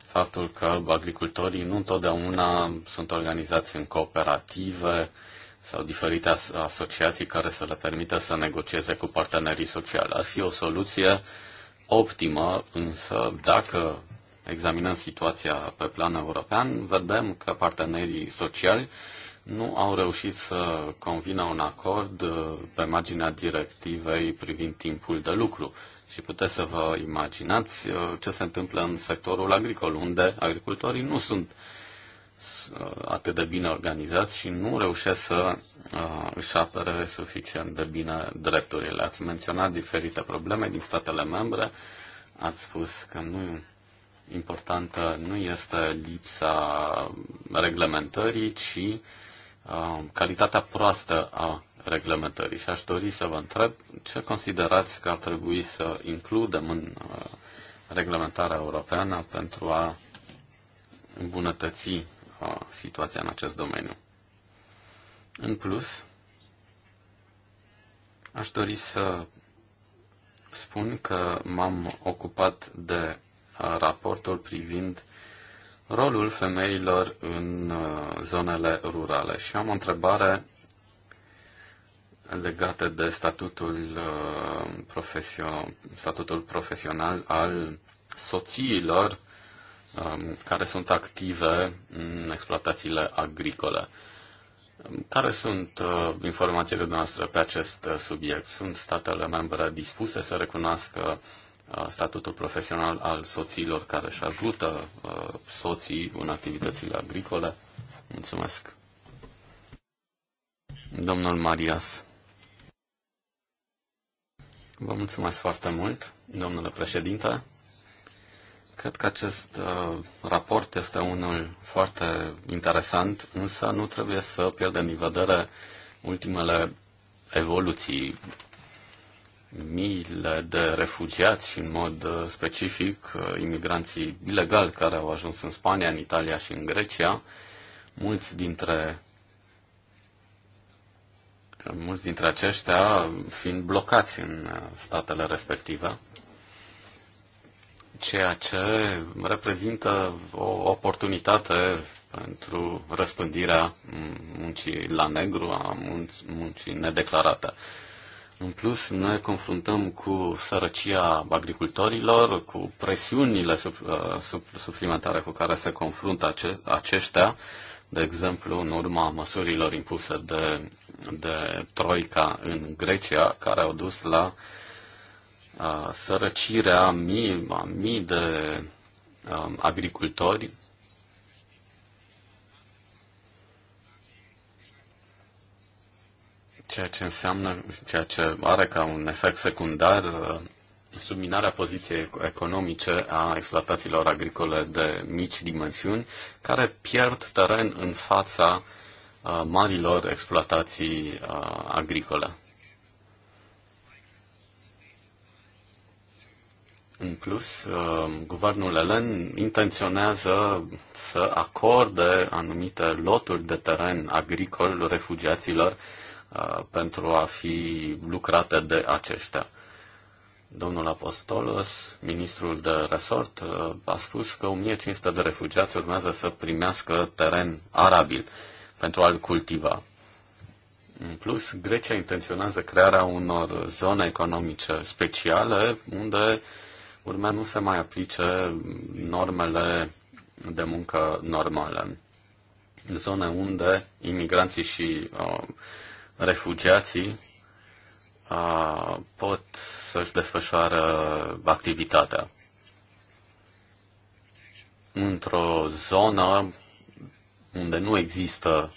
faptul că agricultorii nu întotdeauna sunt organizați în cooperative sau diferite as- asociații care să le permită să negocieze cu partenerii sociali. Ar fi o soluție optimă, însă dacă examinăm situația pe plan european, vedem că partenerii sociali uh, nu au reușit să convină un acord uh, pe marginea directivei privind timpul de lucru. Și puteți să vă imaginați uh, ce se întâmplă în sectorul agricol, unde agricultorii nu sunt uh, atât de bine organizați și nu reușesc să își apere suficient de bine drepturile. Ați menționat diferite probleme din statele membre, ați spus că nu importantă nu este lipsa reglementării, ci calitatea proastă a reglementării. Și aș dori să vă întreb ce considerați că ar trebui să includem în reglementarea europeană pentru a îmbunătăți situația în acest domeniu. În plus, aș dori să spun că m-am ocupat de raportul privind rolul femeilor în uh, zonele rurale. Și am o întrebare legată de statutul, uh, profesio- statutul profesional al soțiilor um, care sunt active în exploatațiile agricole. Care sunt uh, informațiile noastre pe acest subiect? Sunt statele membre dispuse să recunoască statutul profesional al soțiilor care își ajută soții în activitățile agricole. Mulțumesc. Domnul Marias. Vă mulțumesc foarte mult, domnule președinte. Cred că acest uh, raport este unul foarte interesant, însă nu trebuie să pierdem din vedere ultimele evoluții miile de refugiați și în mod uh, specific uh, imigranții ilegali care au ajuns în Spania, în Italia și în Grecia, mulți dintre mulți dintre aceștia fiind blocați în uh, statele respective, ceea ce reprezintă o oportunitate pentru răspândirea muncii la negru, a muncii nedeclarate. În plus, ne confruntăm cu sărăcia agricultorilor, cu presiunile sub, uh, sub, suplimentare cu care se confruntă ace, aceștia, de exemplu, în urma măsurilor impuse de, de Troica în Grecia, care au dus la uh, sărăcirea mii, a mii de uh, agricultori ceea ce înseamnă, ceea ce are ca un efect secundar uh, subminarea poziției economice a exploatațiilor agricole de mici dimensiuni, care pierd teren în fața uh, marilor exploatații uh, agricole. În plus, guvernul elen intenționează să acorde anumite loturi de teren agricol refugiaților Uh, pentru a fi lucrate de aceștia. Domnul Apostolos, ministrul de resort, uh, a spus că 1500 de refugiați urmează să primească teren arabil pentru a-l cultiva. În plus, Grecia intenționează crearea unor zone economice speciale unde urmea nu se mai aplice normele de muncă normale. Zone unde imigranții și uh, refugiații pot să-și desfășoară activitatea într-o zonă unde nu există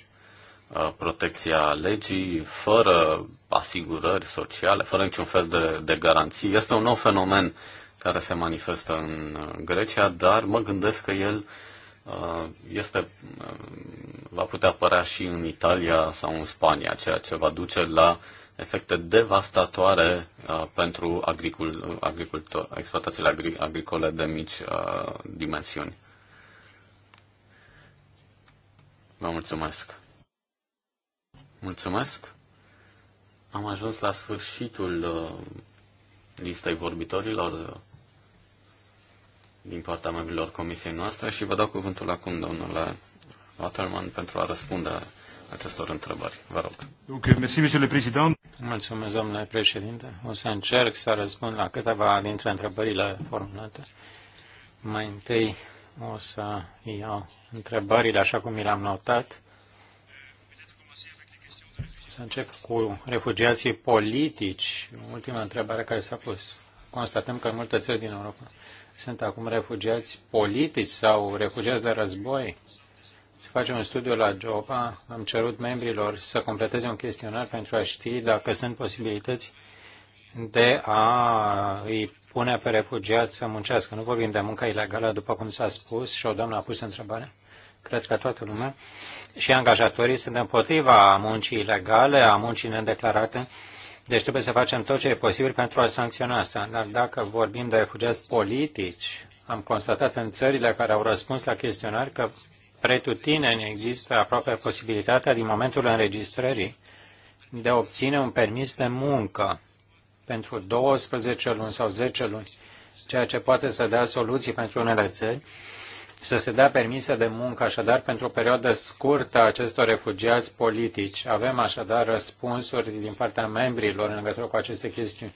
protecția legii, fără asigurări sociale, fără niciun fel de, de garanții. Este un nou fenomen care se manifestă în Grecia, dar mă gândesc că el uh, Uh, este, uh, va putea apărea și în Italia sau în Spania, ceea ce va duce la efecte devastatoare uh, pentru agricul, agricultor, exploatațiile agricole de mici dimensiuni. Vă mulțumesc. Mulțumesc. Am ajuns la sfârșitul listei vorbitorilor din partea membrilor comisiei noastre și vă dau cuvântul acum, domnule Waterman, pentru a răspunde acestor întrebări. Vă rog. Mulțumesc, domnule președinte. O să încerc să răspund la câteva dintre întrebările formulate. Mai întâi o să iau întrebările așa cum mi le-am notat. Să încep cu refugiații politici. Ultima întrebare care s-a pus. Constatăm că în multe țări din Europa sunt acum refugiați politici sau refugiați de război. Se face un studiu la Joba, am cerut membrilor să completeze un chestionar pentru a ști dacă sunt posibilități de a îi pune pe refugiați să muncească. Nu vorbim de munca ilegală, după cum s-a spus și o doamnă a pus întrebarea. Cred că toată lumea și angajatorii sunt împotriva muncii ilegale, a muncii nedeclarate, deci trebuie să facem tot ce e posibil pentru a sancționa asta. Dar dacă vorbim de refugiați politici, am constatat în țările care au răspuns la chestionar că pretutineni există aproape posibilitatea din momentul înregistrării de a obține un permis de muncă pentru 12 luni sau 10 luni, ceea ce poate să dea soluții pentru unele țări să se dea permise de muncă, așadar, pentru o perioadă scurtă a acestor refugiați politici. Avem așadar răspunsuri din partea membrilor în legătură cu aceste chestiuni.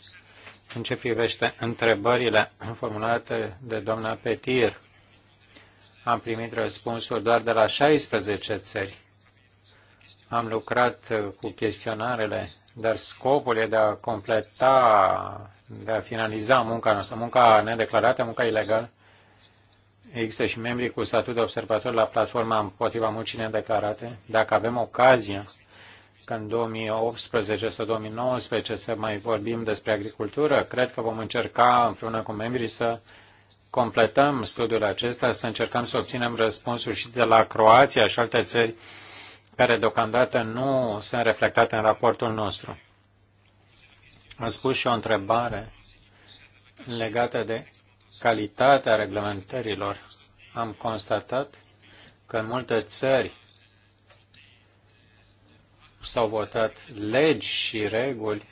În ce privește întrebările formulate de doamna Petir, am primit răspunsuri doar de la 16 țări. Am lucrat cu chestionarele, dar scopul e de a completa, de a finaliza munca noastră, munca nedeclarată, munca ilegală, Există și membrii cu statut de observator la platforma împotriva muncii nedeclarate. Dacă avem ocazia că în 2018 sau 2019 să mai vorbim despre agricultură, cred că vom încerca împreună cu membrii să completăm studiul acesta, să încercăm să obținem răspunsuri și de la Croația și alte țări care deocamdată nu sunt reflectate în raportul nostru. Am spus și o întrebare legată de calitatea reglementărilor, am constatat că în multe țări s-au votat legi și reguli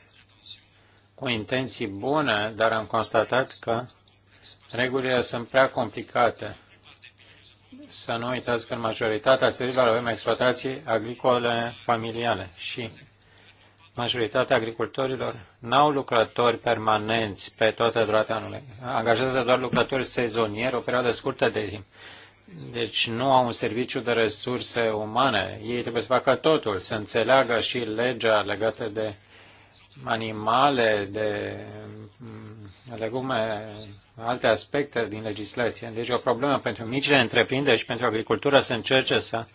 cu intenții bune, dar am constatat că regulile sunt prea complicate. Să nu uitați că în majoritatea țărilor avem exploatații agricole familiale și majoritatea agricultorilor n-au lucrători permanenți pe toată durata anului. Angajează doar lucrători sezonieri o perioadă scurtă de timp. Deci nu au un serviciu de resurse umane. Ei trebuie să facă totul, să înțeleagă și legea legată de animale, de mm, legume, alte aspecte din legislație. Deci e o problemă pentru micile întreprinderi și pentru agricultură să încerce să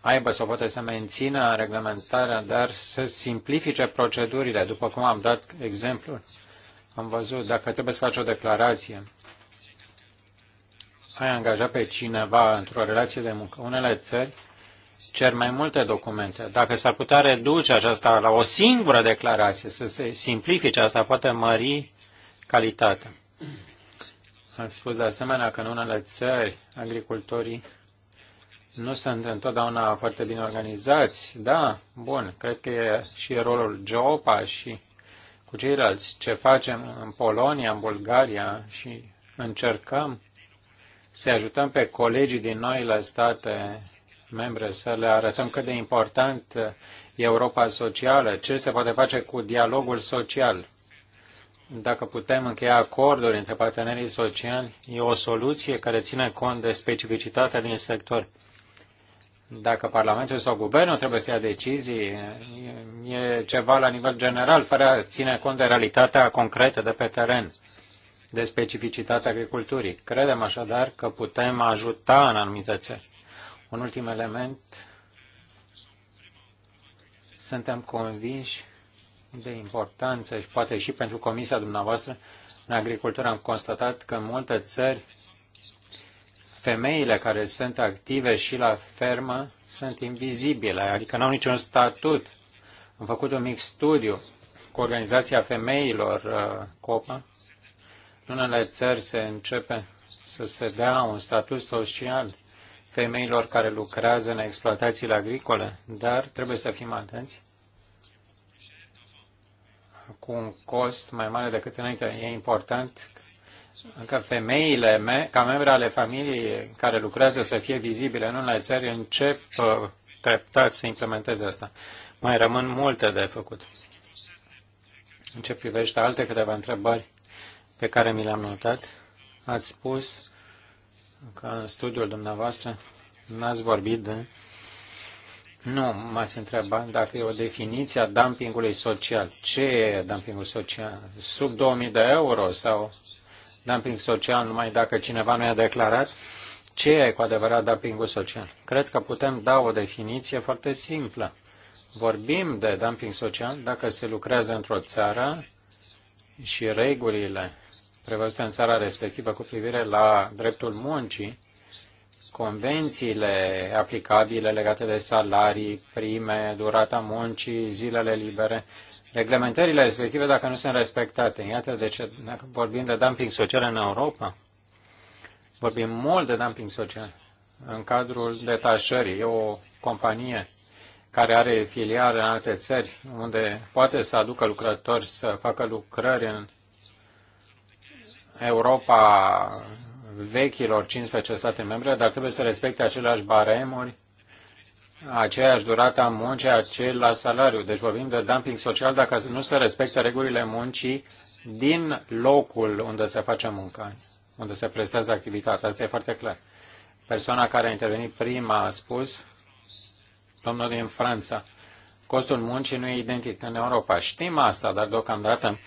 aibă sau poate să mențină reglementarea, dar să simplifice procedurile. După cum am dat exemplu, am văzut, dacă trebuie să faci o declarație, ai angajat pe cineva într-o relație de muncă. Unele țări cer mai multe documente. Dacă s-ar putea reduce aceasta la o singură declarație, să se simplifice, asta poate mări calitatea. Am spus de asemenea că în unele țări agricultorii nu sunt întotdeauna foarte bine organizați. Da, bun, cred că e și rolul Geopa și cu ceilalți ce facem în Polonia, în Bulgaria și încercăm să ajutăm pe colegii din noile state membre să le arătăm cât de important e Europa socială, ce se poate face cu dialogul social. Dacă putem încheia acorduri între partenerii sociali, e o soluție care ține cont de specificitatea din sector. Dacă Parlamentul sau Guvernul trebuie să ia decizii, e ceva la nivel general, fără a ține cont de realitatea concretă de pe teren, de specificitatea agriculturii. Credem așadar că putem ajuta în anumite țări. Un ultim element, suntem convinși de importanță și poate și pentru comisia dumneavoastră în agricultură am constatat că în multe țări femeile care sunt active și la fermă sunt invizibile, adică n-au niciun statut. Am făcut un mic studiu cu Organizația Femeilor uh, COPA. În unele țări se începe să se dea un statut social femeilor care lucrează în exploatațiile agricole, dar trebuie să fim atenți cu un cost mai mare decât înainte. E important că femeile, me, ca membre ale familiei care lucrează să fie vizibile în unele țări, încep uh, treptat să implementeze asta. Mai rămân multe de făcut. În ce privește alte câteva întrebări pe care mi le-am notat, ați spus că în studiul dumneavoastră n-ați vorbit de... Nu, m-ați întrebat dacă e o definiție a dumpingului social. Ce e dumpingul social? Sub 2000 de euro sau dumping social numai dacă cineva nu i-a declarat ce e cu adevărat dumpingul social. Cred că putem da o definiție foarte simplă. Vorbim de dumping social dacă se lucrează într-o țară și regulile prevăzute în țara respectivă cu privire la dreptul muncii convențiile aplicabile legate de salarii, prime, durata muncii, zilele libere, reglementările respective dacă nu sunt respectate. Iată de ce, dacă vorbim de dumping social în Europa, vorbim mult de dumping social în cadrul detașării. E o companie care are filiale în alte țări, unde poate să aducă lucrători să facă lucrări în Europa vechilor 15 state membre, dar trebuie să respecte aceleași baremuri, aceeași durată a muncii, același salariu. Deci vorbim de dumping social dacă nu se respectă regulile muncii din locul unde se face munca, unde se prestează activitatea. Asta e foarte clar. Persoana care a intervenit prima a spus, domnul din Franța, costul muncii nu e identic în Europa. Știm asta, dar deocamdată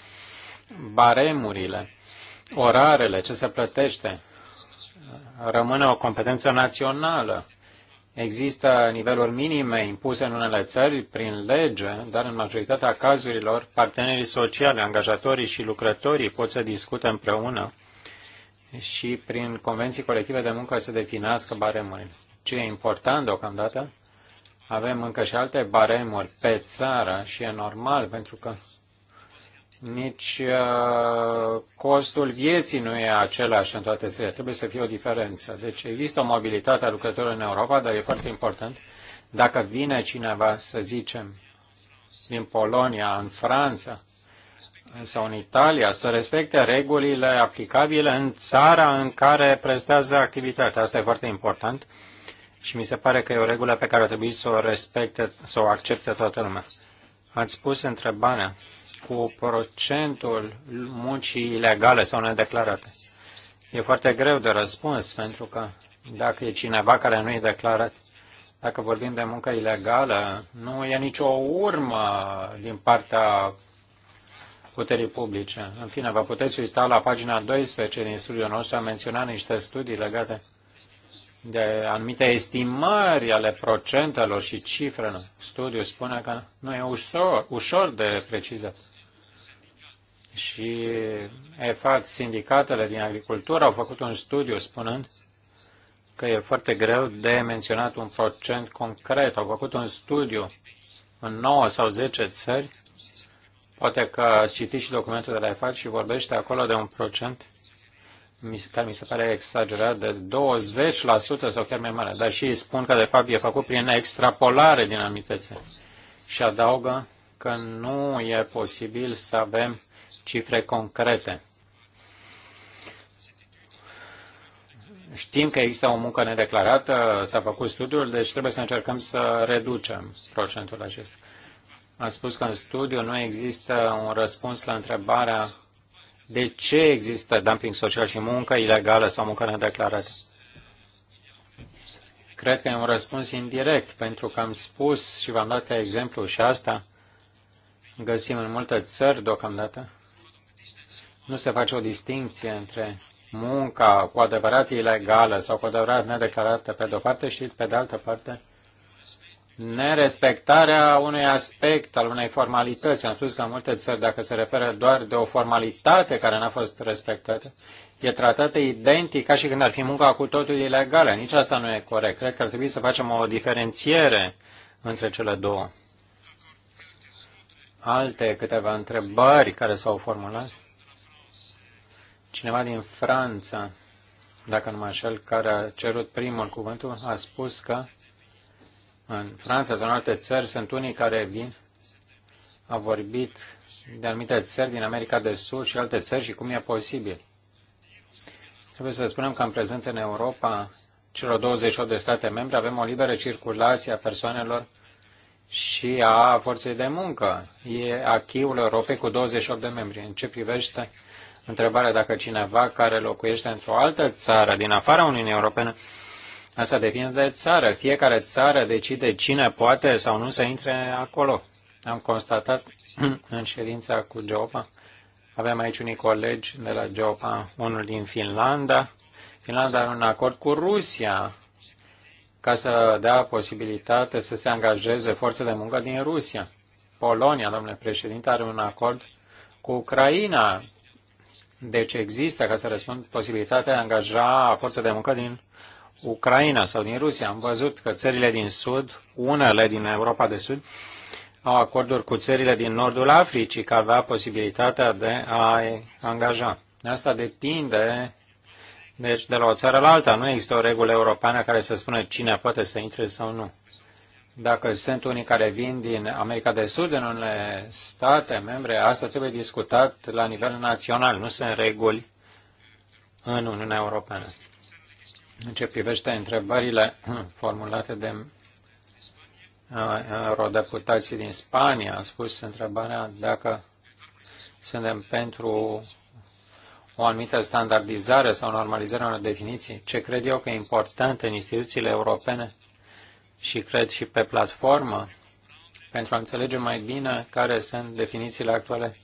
baremurile, orarele, ce se plătește, rămâne o competență națională. Există niveluri minime impuse în unele țări prin lege, dar în majoritatea cazurilor, partenerii sociale, angajatorii și lucrătorii pot să discute împreună și prin convenții colective de muncă să definească baremuri. Ce e important deocamdată? Avem încă și alte baremuri pe țară și e normal pentru că nici uh, costul vieții nu e același în toate țările. Trebuie să fie o diferență. Deci există o mobilitate a lucrătorilor în Europa, dar e foarte important. Dacă vine cineva, să zicem, din Polonia, în Franța sau în Italia, să respecte regulile aplicabile în țara în care prestează activitatea. Asta e foarte important și mi se pare că e o regulă pe care trebuie să o respecte, să o accepte toată lumea. Ați spus întrebarea cu procentul muncii ilegale sau nedeclarate? E foarte greu de răspuns, pentru că dacă e cineva care nu e declarat, dacă vorbim de muncă ilegală, nu e nicio urmă din partea puterii publice. În fine, vă puteți uita la pagina 12 din studiul nostru, am menționat niște studii legate de anumite estimări ale procentelor și cifrelor. Studiul spune că nu e ușor, ușor de precizat și EFAC, sindicatele din agricultură, au făcut un studiu spunând că e foarte greu de menționat un procent concret. Au făcut un studiu în 9 sau 10 țări. Poate că ați citit și documentul de la EFAC și vorbește acolo de un procent care mi se pare exagerat, de 20% sau chiar mai mare. Dar și spun că, de fapt, e făcut prin extrapolare din anumite țări. Și adaugă că nu e posibil să avem cifre concrete. Știm că există o muncă nedeclarată, s-a făcut studiul, deci trebuie să încercăm să reducem procentul acesta. Am spus că în studiu nu există un răspuns la întrebarea de ce există dumping social și muncă ilegală sau muncă nedeclarată. Cred că e un răspuns indirect, pentru că am spus și v-am dat ca exemplu și asta, găsim în multe țări deocamdată, nu se face o distinție între munca cu adevărat ilegală sau cu adevărat nedeclarată pe de-o parte și pe de altă parte nerespectarea unui aspect al unei formalități. Am spus că în multe țări, dacă se referă doar de o formalitate care n-a fost respectată, e tratată identic ca și când ar fi munca cu totul ilegală. Nici asta nu e corect. Cred că ar trebui să facem o diferențiere între cele două alte câteva întrebări care s-au formulat. Cineva din Franța, dacă nu mă înșel, care a cerut primul cuvântul, a spus că în Franța sau în alte țări sunt unii care vin, a vorbit de anumite țări din America de Sud și alte țări și cum e posibil. Trebuie să spunem că în prezent în Europa, celor 28 de state membre, avem o liberă circulație a persoanelor și a forței de muncă. E achiul Europei cu 28 de membri. În ce privește întrebarea dacă cineva care locuiește într-o altă țară din afara Uniunii Europene, asta depinde de țară. Fiecare țară decide cine poate sau nu să intre acolo. Am constatat <clears throat> în ședința cu Geopa, avem aici unii colegi de la Geopa, unul din Finlanda. Finlanda are un acord cu Rusia ca să dea posibilitate să se angajeze forțe de muncă din Rusia. Polonia, domnule președinte, are un acord cu Ucraina. Deci există, ca să răspund, posibilitatea de a angaja forțe de muncă din Ucraina sau din Rusia. Am văzut că țările din Sud, unele din Europa de Sud, au acorduri cu țările din nordul Africii, că avea posibilitatea de a angaja. Asta depinde deci, de la o țară la alta, nu există o regulă europeană care să spună cine poate să intre sau nu. Dacă sunt unii care vin din America de Sud, în unele state membre, asta trebuie discutat la nivel național. Nu sunt reguli în Uniunea Europeană. În ce privește întrebările <clears throat> formulate de uh, eurodeputații din Spania, a spus întrebarea dacă suntem pentru o anumită standardizare sau normalizare a unor definiții. Ce cred eu că e important în instituțiile europene și cred și pe platformă, pentru a înțelege mai bine care sunt definițiile actuale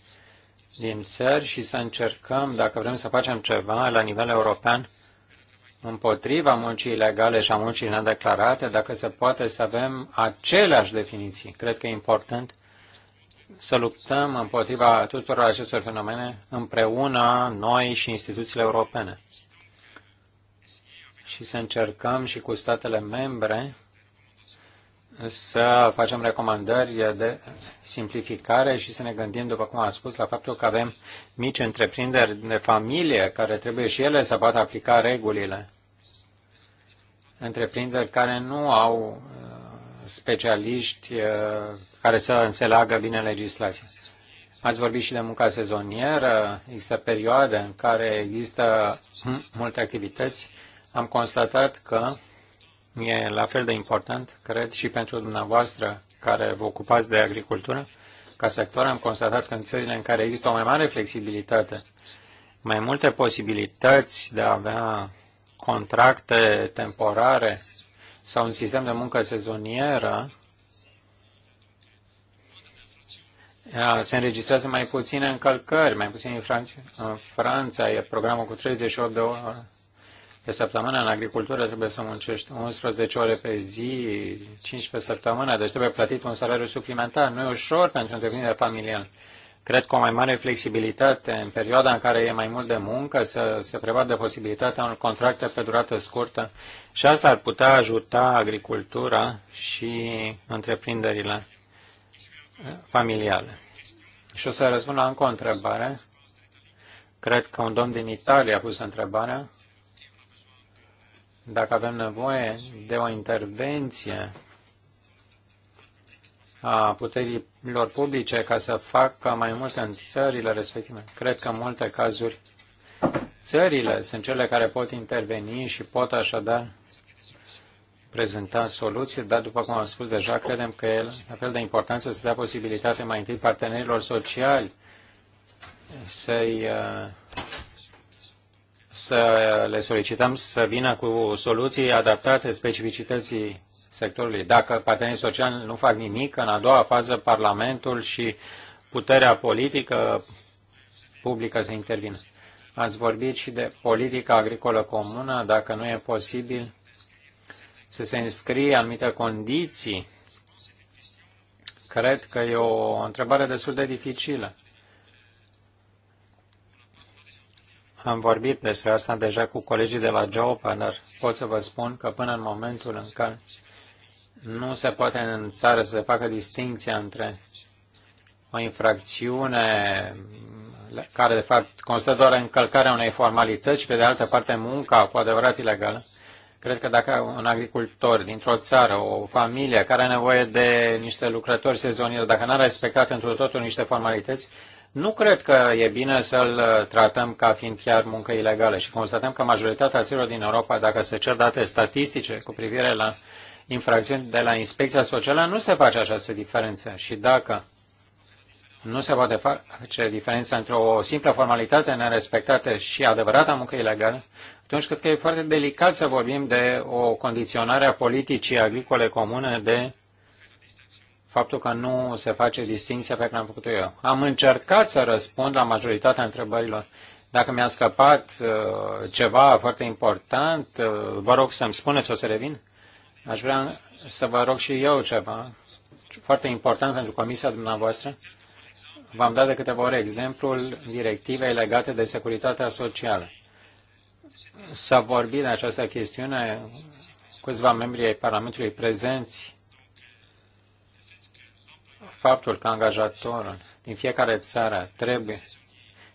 din țări și să încercăm, dacă vrem să facem ceva la nivel european, împotriva muncii ilegale și a muncii nedeclarate, dacă se poate să avem aceleași definiții. Cred că e important să luptăm împotriva tuturor acestor fenomene împreună noi și instituțiile europene și să încercăm și cu statele membre să facem recomandări de simplificare și să ne gândim, după cum am spus, la faptul că avem mici întreprinderi de familie care trebuie și ele să poată aplica regulile. Întreprinderi care nu au specialiști uh, care să înțeleagă bine legislația. Ați vorbit și de munca sezonieră, există perioade în care există <clears throat> multe activități. Am constatat că e la fel de important, cred, și pentru dumneavoastră care vă ocupați de agricultură, ca sector, am constatat că în țările în care există o mai mare flexibilitate, mai multe posibilități de a avea contracte temporare sau un sistem de muncă sezonieră, se înregistrează mai puține încălcări, mai puține Franța. În Franța e programul cu 38 de ore pe săptămână. În agricultură trebuie să muncești 11 ore pe zi, 5 pe săptămână, deci trebuie plătit un salariu suplimentar. Nu e ușor pentru întreprinderea familială. Cred că o mai mare flexibilitate în perioada în care e mai mult de muncă să se prevadă posibilitatea unor contracte pe durată scurtă și asta ar putea ajuta agricultura și întreprinderile familiale. Și o să răspund la încă o întrebare. Cred că un domn din Italia a pus întrebarea dacă avem nevoie de o intervenție a puterilor publice ca să facă mai mult în țările respective. Cred că în multe cazuri țările sunt cele care pot interveni și pot așadar prezenta soluții, dar după cum am spus deja, credem că el, la fel de important să se dea posibilitate mai întâi partenerilor sociali să-i uh, să le solicităm să vină cu soluții adaptate specificității sectorului. Dacă partenerii sociali nu fac nimic, în a doua fază Parlamentul și puterea politică publică să intervină. Ați vorbit și de politica agricolă comună, dacă nu e posibil să se înscrie anumite condiții. Cred că e o întrebare destul de dificilă. Am vorbit despre asta deja cu colegii de la Geopa, dar pot să vă spun că până în momentul în care nu se poate în țară să se facă distinția între o infracțiune care de fapt constă doar încălcarea unei formalități și pe de altă parte munca cu adevărat ilegală. Cred că dacă un agricultor dintr-o țară, o familie care are nevoie de niște lucrători sezonieri, dacă n-a respectat într totul niște formalități, nu cred că e bine să-l tratăm ca fiind chiar muncă ilegală și constatăm că majoritatea țărilor din Europa, dacă se cer date statistice cu privire la infracțiuni de la inspecția socială, nu se face această diferență. Și dacă nu se poate face diferența între o simplă formalitate nerespectată și adevărata muncă ilegală, atunci cred că e foarte delicat să vorbim de o condiționare a politicii agricole comune de faptul că nu se face distinția pe care am făcut-o eu. Am încercat să răspund la majoritatea întrebărilor. Dacă mi-a scăpat uh, ceva foarte important, uh, vă rog să-mi spuneți, o să revin. Aș vrea să vă rog și eu ceva, foarte important pentru comisia dumneavoastră. V-am dat de câteva ori exemplul directivei legate de securitatea socială. S-a vorbit de această chestiune câțiva membri ai Parlamentului prezenți faptul că angajatorul din fiecare țară trebuie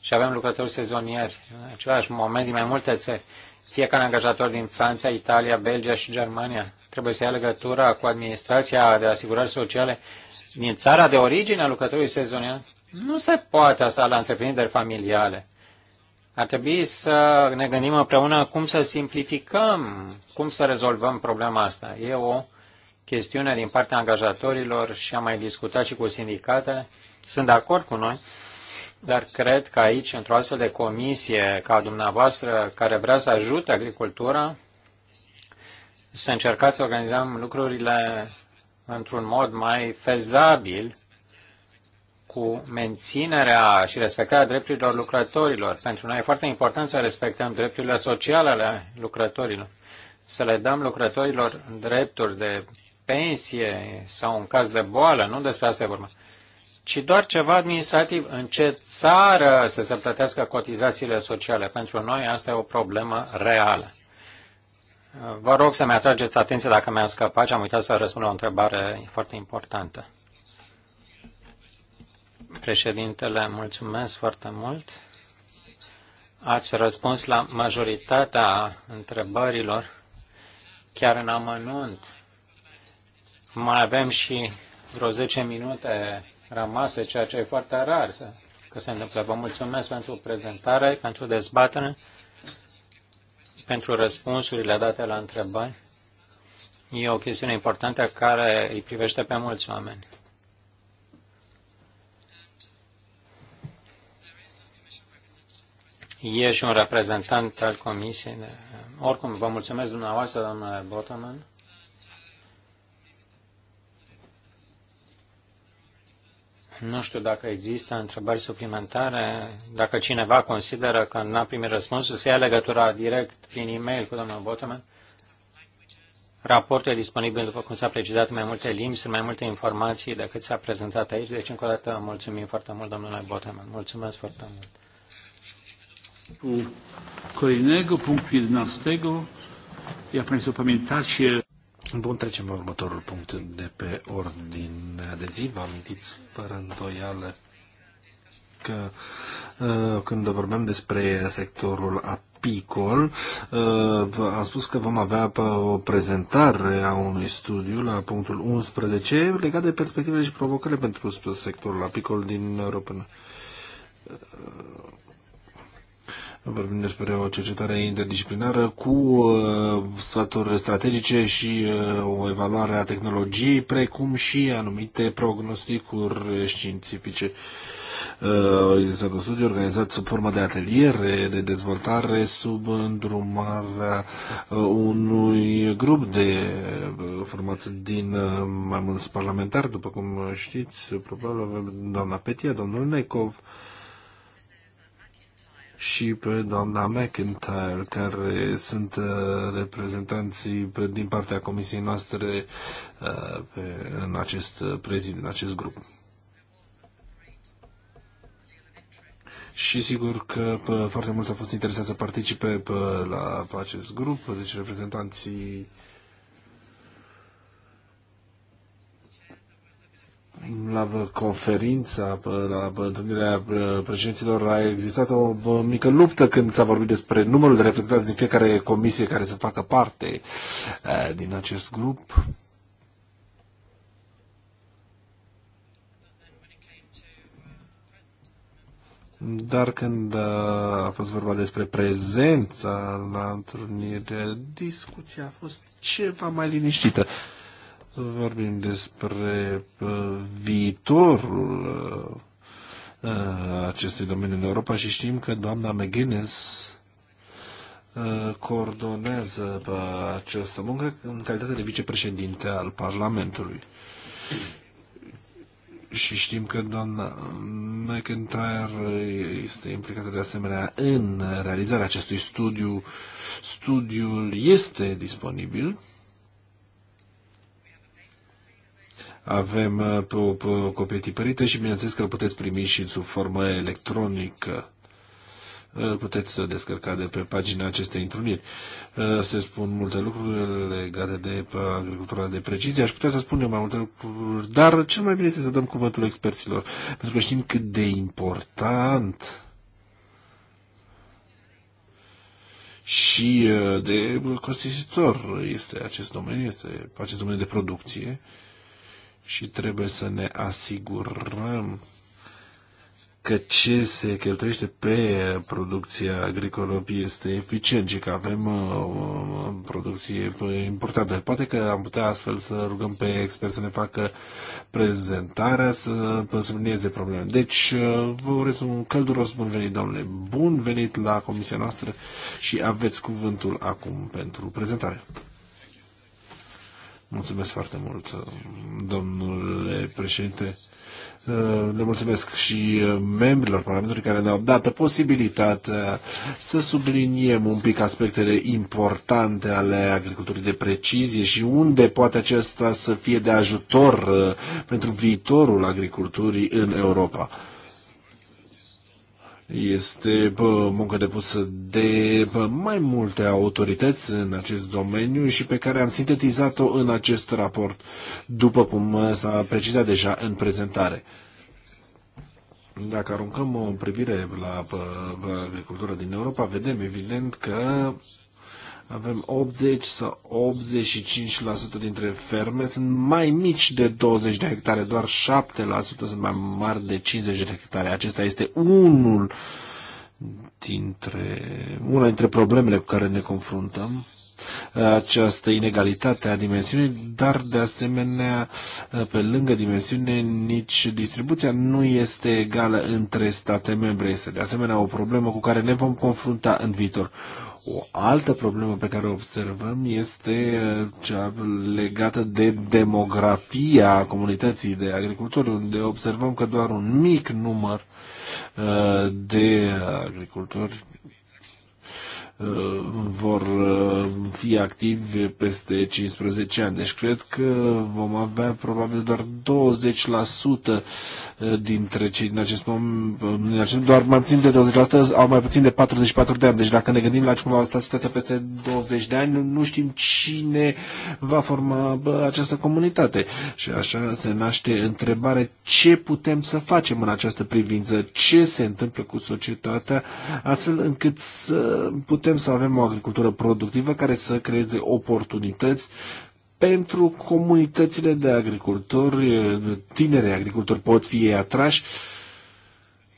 și avem lucrători sezonieri în același moment din mai multe țări. Fiecare angajator din Franța, Italia, Belgia și Germania trebuie să ia legătura cu administrația de asigurări sociale din țara de origine a lucrătorului sezonian? Nu se poate asta la întreprinderi familiale. Ar trebui să ne gândim împreună cum să simplificăm, cum să rezolvăm problema asta. E o chestiune din partea angajatorilor și am mai discutat și cu sindicatele. Sunt de acord cu noi, dar cred că aici, într-o astfel de comisie ca dumneavoastră care vrea să ajute agricultura, să încercați să organizăm lucrurile într-un mod mai fezabil cu menținerea și respectarea drepturilor lucrătorilor. Pentru noi e foarte important să respectăm drepturile sociale ale lucrătorilor, să le dăm lucrătorilor drepturi de pensie sau în caz de boală, nu despre asta e vorba, ci doar ceva administrativ, în ce țară să se plătească cotizațiile sociale. Pentru noi asta e o problemă reală. Vă rog să-mi atrageți atenția dacă mi am scăpat și am uitat să răspund la o întrebare foarte importantă. Președintele, mulțumesc foarte mult. Ați răspuns la majoritatea întrebărilor, chiar în amănunt. Mai avem și vreo 10 minute rămase, ceea ce e foarte rar că se întâmplă. Vă mulțumesc pentru prezentare, pentru dezbatere pentru răspunsurile date la întrebări. E o chestiune importantă care îi privește pe mulți oameni. E și un reprezentant al Comisiei. Oricum, vă mulțumesc dumneavoastră, domnule Botman. Nu știu dacă există întrebări suplimentare. Dacă cineva consideră că n-a primit răspunsul, să ia legătura direct prin e-mail cu domnul Boteman. Raportul e disponibil, după cum s-a precizat, în mai multe limbi, sunt mai multe informații decât s-a prezentat aici. Deci, încă o dată, mulțumim foarte mult, domnule Boteman. Mulțumesc foarte mult. Kolejnego, punctul 11. Jak Państwo pamiętacie, Bun, trecem la următorul punct de pe ordine de zi. Vă amintiți fără îndoială că uh, când vorbim despre sectorul apicol, uh, am spus că vom avea o prezentare a unui studiu la punctul 11 legat de perspectivele și provocările pentru sectorul apicol din Europa. Uh, Vorbim despre o cercetare interdisciplinară cu uh, sfaturi strategice și uh, o evaluare a tehnologiei, precum și anumite prognosticuri științifice. Uh, este un studiu organizat sub formă de atelier de dezvoltare sub îndrumarea unui grup de format din mai mulți parlamentari, după cum știți, probabil avem doamna Petia, domnul Necov, și pe doamna McIntyre, care sunt uh, reprezentanții din partea comisiei noastre uh, pe, în acest uh, prezid, în acest grup. și sigur că foarte mulți au fost interesați să participe la acest grup, deci reprezentanții la conferința, la întâlnirea uh, președinților, a existat o mică luptă când s-a vorbit despre numărul de reprezentanți din fiecare comisie care să facă parte uh, din acest grup. Dar când uh, a fost vorba despre prezența la întâlnire, discuția a fost ceva mai liniștită vorbim despre uh, viitorul uh, uh, acestui domeniu în Europa și știm că doamna McGuinness coordonează această muncă în calitate de vicepreședinte al Parlamentului. Și știm că doamna McIntyre este implicată de asemenea în realizarea acestui studiu. Studiul este disponibil avem uh, pe o, pe o copie tipărită și bineînțeles că îl puteți primi și sub formă electronică îl uh, puteți descărca de pe pagina acestei întruniri. Uh, se spun multe lucruri legate de agricultura de precizie. Aș putea să spun eu mai multe lucruri, dar cel mai bine este să dăm cuvântul experților, pentru că știm cât de important și de costisitor este acest domeniu, este acest domeniu de producție. Uh, și trebuie să ne asigurăm că ce se cheltuiește pe producția agricolă este eficient și că avem uh, uh, producție importantă. Poate că am putea astfel să rugăm pe experți să ne facă prezentarea, să sublinieze probleme. Deci, uh, vă urez un călduros bun venit, domnule. Bun venit la comisia noastră și aveți cuvântul acum pentru prezentare. Mulțumesc foarte mult, domnule președinte. Le mulțumesc și membrilor Parlamentului care ne-au dat posibilitatea să subliniem un pic aspectele importante ale agriculturii de precizie și unde poate acesta să fie de ajutor uh, pentru viitorul agriculturii în Europa. Este muncă depusă de mai multe autorități în acest domeniu și pe care am sintetizat-o în acest raport, după cum uh, s-a precizat deja în prezentare. Dacă aruncăm o privire la agricultura din Europa, vedem evident că avem 80 sau 85% dintre ferme sunt mai mici de 20 de hectare, doar 7% sunt mai mari de 50 de hectare. Acesta este unul dintre, una dintre problemele cu care ne confruntăm această inegalitate a dimensiunii, dar de asemenea, pe lângă dimensiune, nici distribuția nu este egală între state membre. Este de asemenea o problemă cu care ne vom confrunta în viitor. O altă problemă pe care o observăm este uh, cea legată de demografia comunității de agricultori, unde observăm că doar un mic număr uh, de agricultori Uh, vor uh, fi activi peste 15 ani. Deci cred că vom avea probabil doar 20% uh, dintre cei din acest moment, din acest, doar mai puțin de 20% au mai puțin de 44 de ani. Deci dacă ne gândim la cum va sta situația peste 20 de ani, nu știm cine va forma această comunitate. Și așa se naște întrebarea ce putem să facem în această privință, ce se întâmplă cu societatea, astfel încât să putem putem să avem o agricultură productivă care să creeze oportunități pentru comunitățile de agricultori, tineri agricultori pot fi ei atrași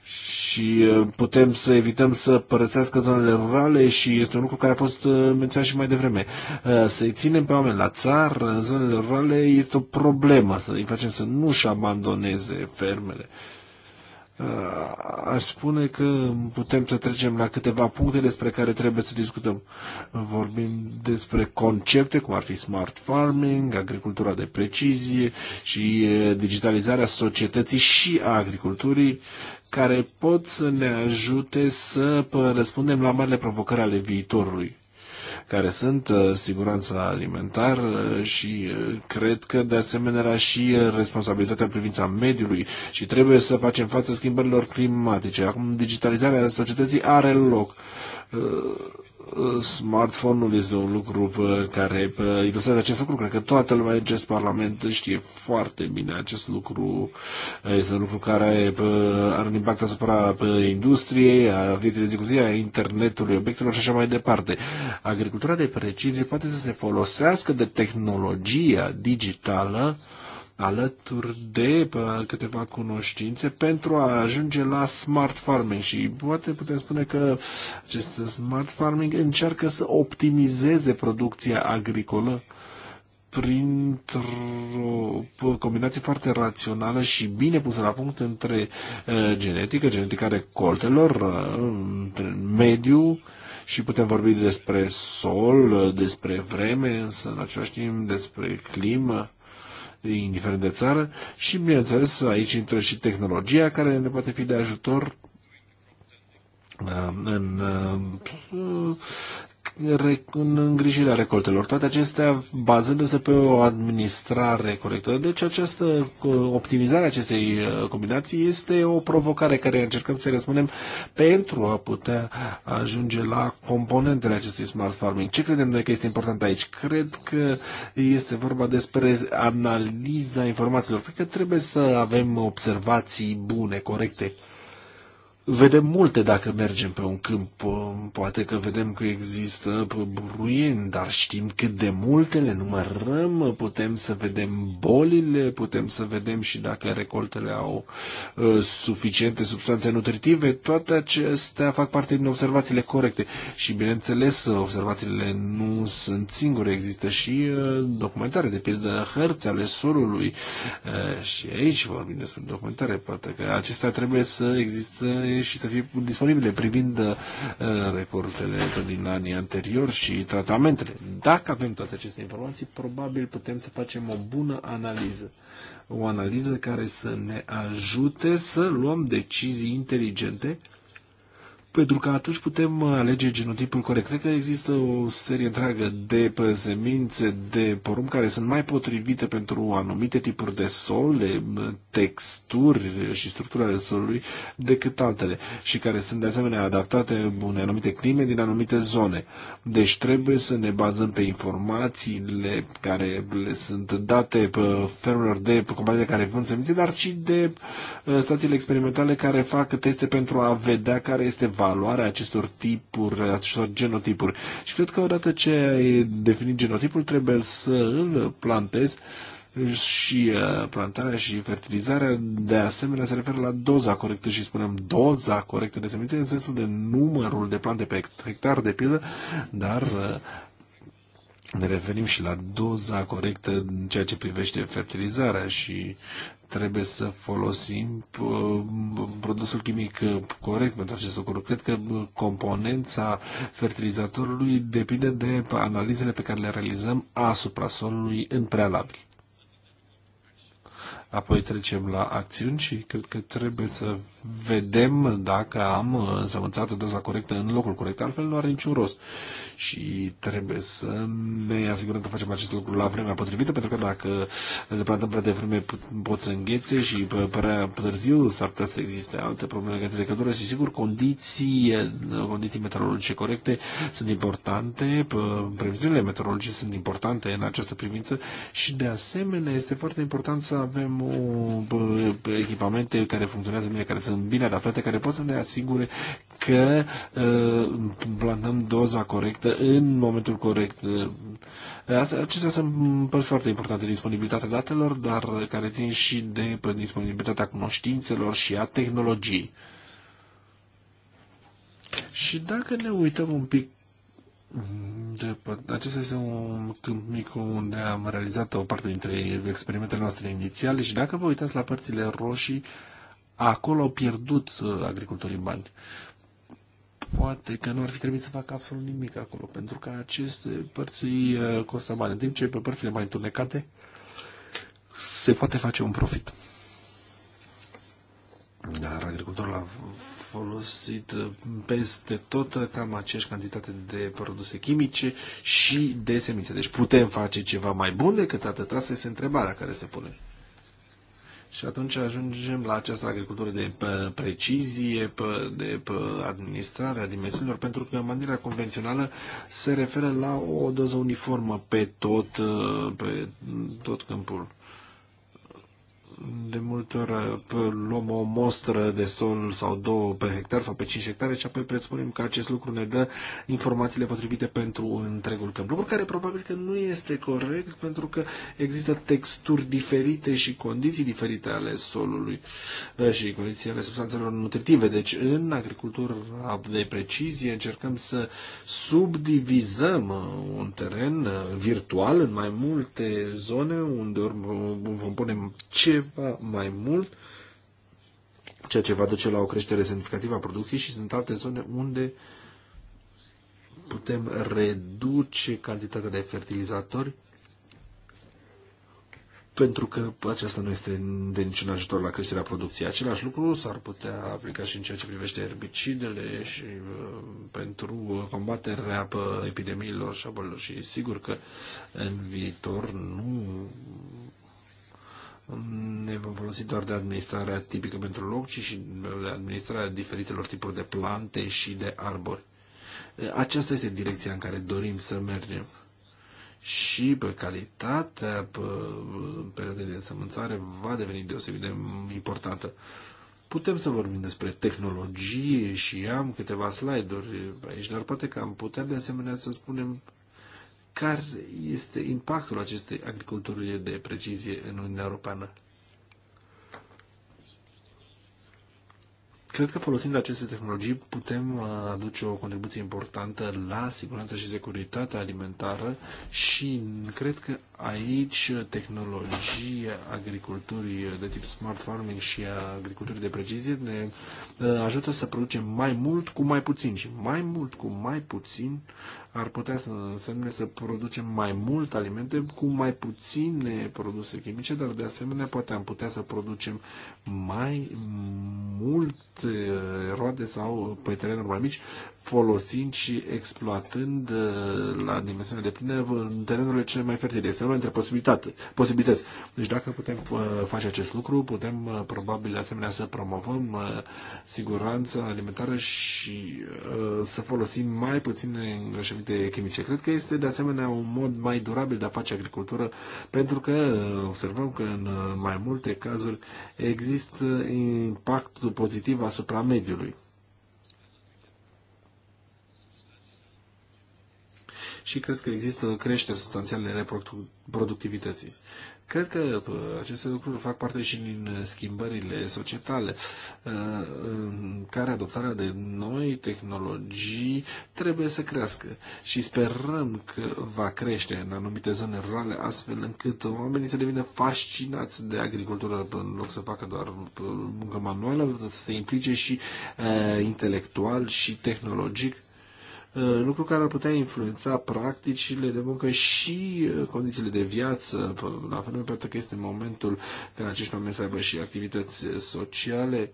și putem să evităm să părăsească zonele rurale și este un lucru care a fost menționat și mai devreme. Să-i ținem pe oameni la țar, în zonele rurale este o problemă, să-i facem să nu-și abandoneze fermele. Uh, aș spune că putem să trecem la câteva puncte despre care trebuie să discutăm. Vorbim despre concepte, cum ar fi smart farming, agricultura de precizie și digitalizarea societății și a agriculturii, care pot să ne ajute să răspundem la marile provocări ale viitorului care sunt uh, siguranța alimentară și uh, cred că de asemenea și uh, responsabilitatea privința mediului și trebuie să facem față schimbărilor climatice. Acum digitalizarea societății are loc smartphone-ul este un lucru pe care ilustrează acest lucru. Cred că toată lumea în acest Parlament știe foarte bine acest lucru. Este un lucru care are un impact asupra industriei, a vieții zi cu zi, a internetului, obiectelor și așa mai departe. Agricultura de precizie poate să se folosească de tehnologia digitală uh, alături de câteva cunoștințe pentru a ajunge la smart farming și poate putem spune că acest smart farming încearcă să optimizeze producția agricolă printr-o combinație foarte rațională și bine pusă la punct între uh, genetică, genetica recoltelor, uh, între mediu și putem vorbi despre sol, uh, despre vreme, însă în același timp despre climă indiferent de țară și, bineînțeles, aici intră și tehnologia care ne poate fi de ajutor uh, în uh, în îngrijirea recoltelor. Toate acestea bazându-se pe o administrare corectă. Deci această optimizare acestei uh, combinații este o provocare care încercăm să răspundem pentru a putea ajunge la componentele acestui smart farming. Ce credem noi că este important aici? Cred că este vorba despre analiza informațiilor. Cred că trebuie să avem observații bune, corecte vedem multe dacă mergem pe un câmp. Poate că vedem că există buruieni, dar știm cât de multe le numărăm, putem să vedem bolile, putem să vedem și dacă recoltele au uh, suficiente substanțe nutritive. Toate acestea fac parte din observațiile corecte. Și bineînțeles, observațiile nu sunt singure, există și uh, documentare, de pildă hărți ale solului. Uh, și aici vorbim despre documentare, poate că acestea trebuie să existe informații și să fie disponibile privind uh, reportele din anii anterior și tratamentele. Dacă avem toate aceste informații, probabil putem să facem o bună analiză. O analiză care să ne ajute să luăm decizii inteligente pentru că atunci putem alege genotipul corect. Cred că există o serie întreagă de semințe, de porumb care sunt mai potrivite pentru anumite tipuri de sol, de texturi și structura de solului decât altele și care sunt de asemenea adaptate unei anumite clime din anumite zone. Deci trebuie să ne bazăm pe informațiile care le sunt date pe fermelor de pe companiile care vând semințe, dar și de uh, stațiile experimentale care fac teste pentru a vedea care este valoarea valoarea acestor tipuri, acestor genotipuri. Și cred că odată ce ai definit genotipul, trebuie să îl plantezi și uh, plantarea și fertilizarea de asemenea se referă la doza corectă și spunem doza corectă de semințe în sensul de numărul de plante pe hectar de pildă, dar uh, ne referim și la doza corectă în ceea ce privește fertilizarea și trebuie să folosim uh, produsul chimic corect pentru acest lucru. Cred că componența fertilizatorului depinde de analizele pe care le realizăm asupra solului în prealabil. Apoi trecem la acțiuni și cred că trebuie să vedem dacă am însămânțat doza corectă în locul corect, altfel nu are niciun rost și trebuie să ne asigurăm că facem acest lucru la vremea potrivită, pentru că dacă le plantăm prea devreme pot să înghețe și prea târziu s-ar putea să existe alte probleme legate de căldură și sigur condiții, condiții meteorologice corecte sunt importante, previziunile meteorologice sunt importante în această privință și de asemenea este foarte important să avem o, echipamente care funcționează bine, care sunt bine adaptate, care pot să ne asigure că plantăm uh, doza corectă în momentul corect. Uh, acestea sunt părți foarte importante, disponibilitatea datelor, dar care țin și de disponibilitatea cunoștințelor și a tehnologiei. Și dacă ne uităm un pic de, acesta este un câmp mic unde am realizat o parte dintre experimentele noastre inițiale și dacă vă uitați la părțile roșii, acolo au pierdut uh, agricultorii bani poate că nu ar fi trebuit să facă absolut nimic acolo, pentru că aceste părți uh, costă bani, în timp ce pe părțile mai întunecate se poate face un profit. Dar agricultorul a folosit uh, peste tot uh, cam aceeași cantitate de produse chimice și de semințe. Deci putem face ceva mai bun decât atât? Asta este întrebarea care se pune. Și atunci ajungem la această agricultură de precizie, de administrare a dimensiunilor, pentru că maniera convențională se referă la o doză uniformă pe tot, pe tot câmpul de multe ori luăm o mostră de sol sau două pe hectar sau pe 5 hectare și apoi presupunem că acest lucru ne dă informațiile potrivite pentru întregul câmp. Lucru care probabil că nu este corect pentru că există texturi diferite și condiții diferite ale solului și condiții ale substanțelor nutritive. Deci în agricultură de precizie încercăm să subdivizăm uh, un teren uh, virtual în mai multe zone unde vom pune ce ceva mai mult, ceea ce va duce la o creștere semnificativă a producției și sunt alte zone unde putem reduce cantitatea de fertilizatori pentru că aceasta nu este de niciun ajutor la creșterea producției. Același lucru s-ar putea aplica și în ceea ce privește erbicidele și uh, pentru combaterea uh, epidemiilor și a bolilor. Și sigur că în viitor nu ne vom folosi doar de administrarea tipică pentru loc, ci și de administrarea diferitelor tipuri de plante și de arbori. Aceasta este direcția în care dorim să mergem. Și pe calitatea pe perioade de însămânțare va deveni deosebit de importantă. Putem să vorbim despre tehnologie și am câteva slide-uri aici, dar poate că am putea de asemenea să spunem care este impactul acestei agriculturi de precizie în Uniunea Europeană. Cred că folosind aceste tehnologii putem aduce o contribuție importantă la siguranța și securitatea alimentară și cred că Aici tehnologia agriculturii de tip smart farming și agriculturii de precizie ne uh, ajută să producem mai mult cu mai puțin și mai mult cu mai puțin ar putea să însemne să producem mai mult alimente cu mai puține produse chimice, dar de asemenea poate am putea să producem mai mult roade sau pe terenuri mai mici folosind și exploatând uh, la dimensiune de plină în terenurile cele mai fertile. Este una dintre posibilitate, posibilități. Deci dacă putem uh, face acest lucru, putem uh, probabil de asemenea să promovăm siguranța alimentară și să folosim mai puține îngrășăminte chimice. Cred că este de asemenea un mod mai durabil de a face agricultură pentru că observăm că în mai multe cazuri există impactul pozitiv asupra mediului. și cred că există creșteri substanțiale ale productivității. Cred că uh, aceste lucruri fac parte și din uh, schimbările societale, uh, în care adoptarea de noi tehnologii trebuie să crească și sperăm că va crește în anumite zone rurale, astfel încât oamenii să devină fascinați de agricultură, în loc să facă doar muncă manuală, să se implice și intelectual și tehnologic Uh, lucru care ar putea influența practicile de muncă și uh, condițiile de viață, la fel pentru că este momentul ca acești oameni să aibă și activități sociale.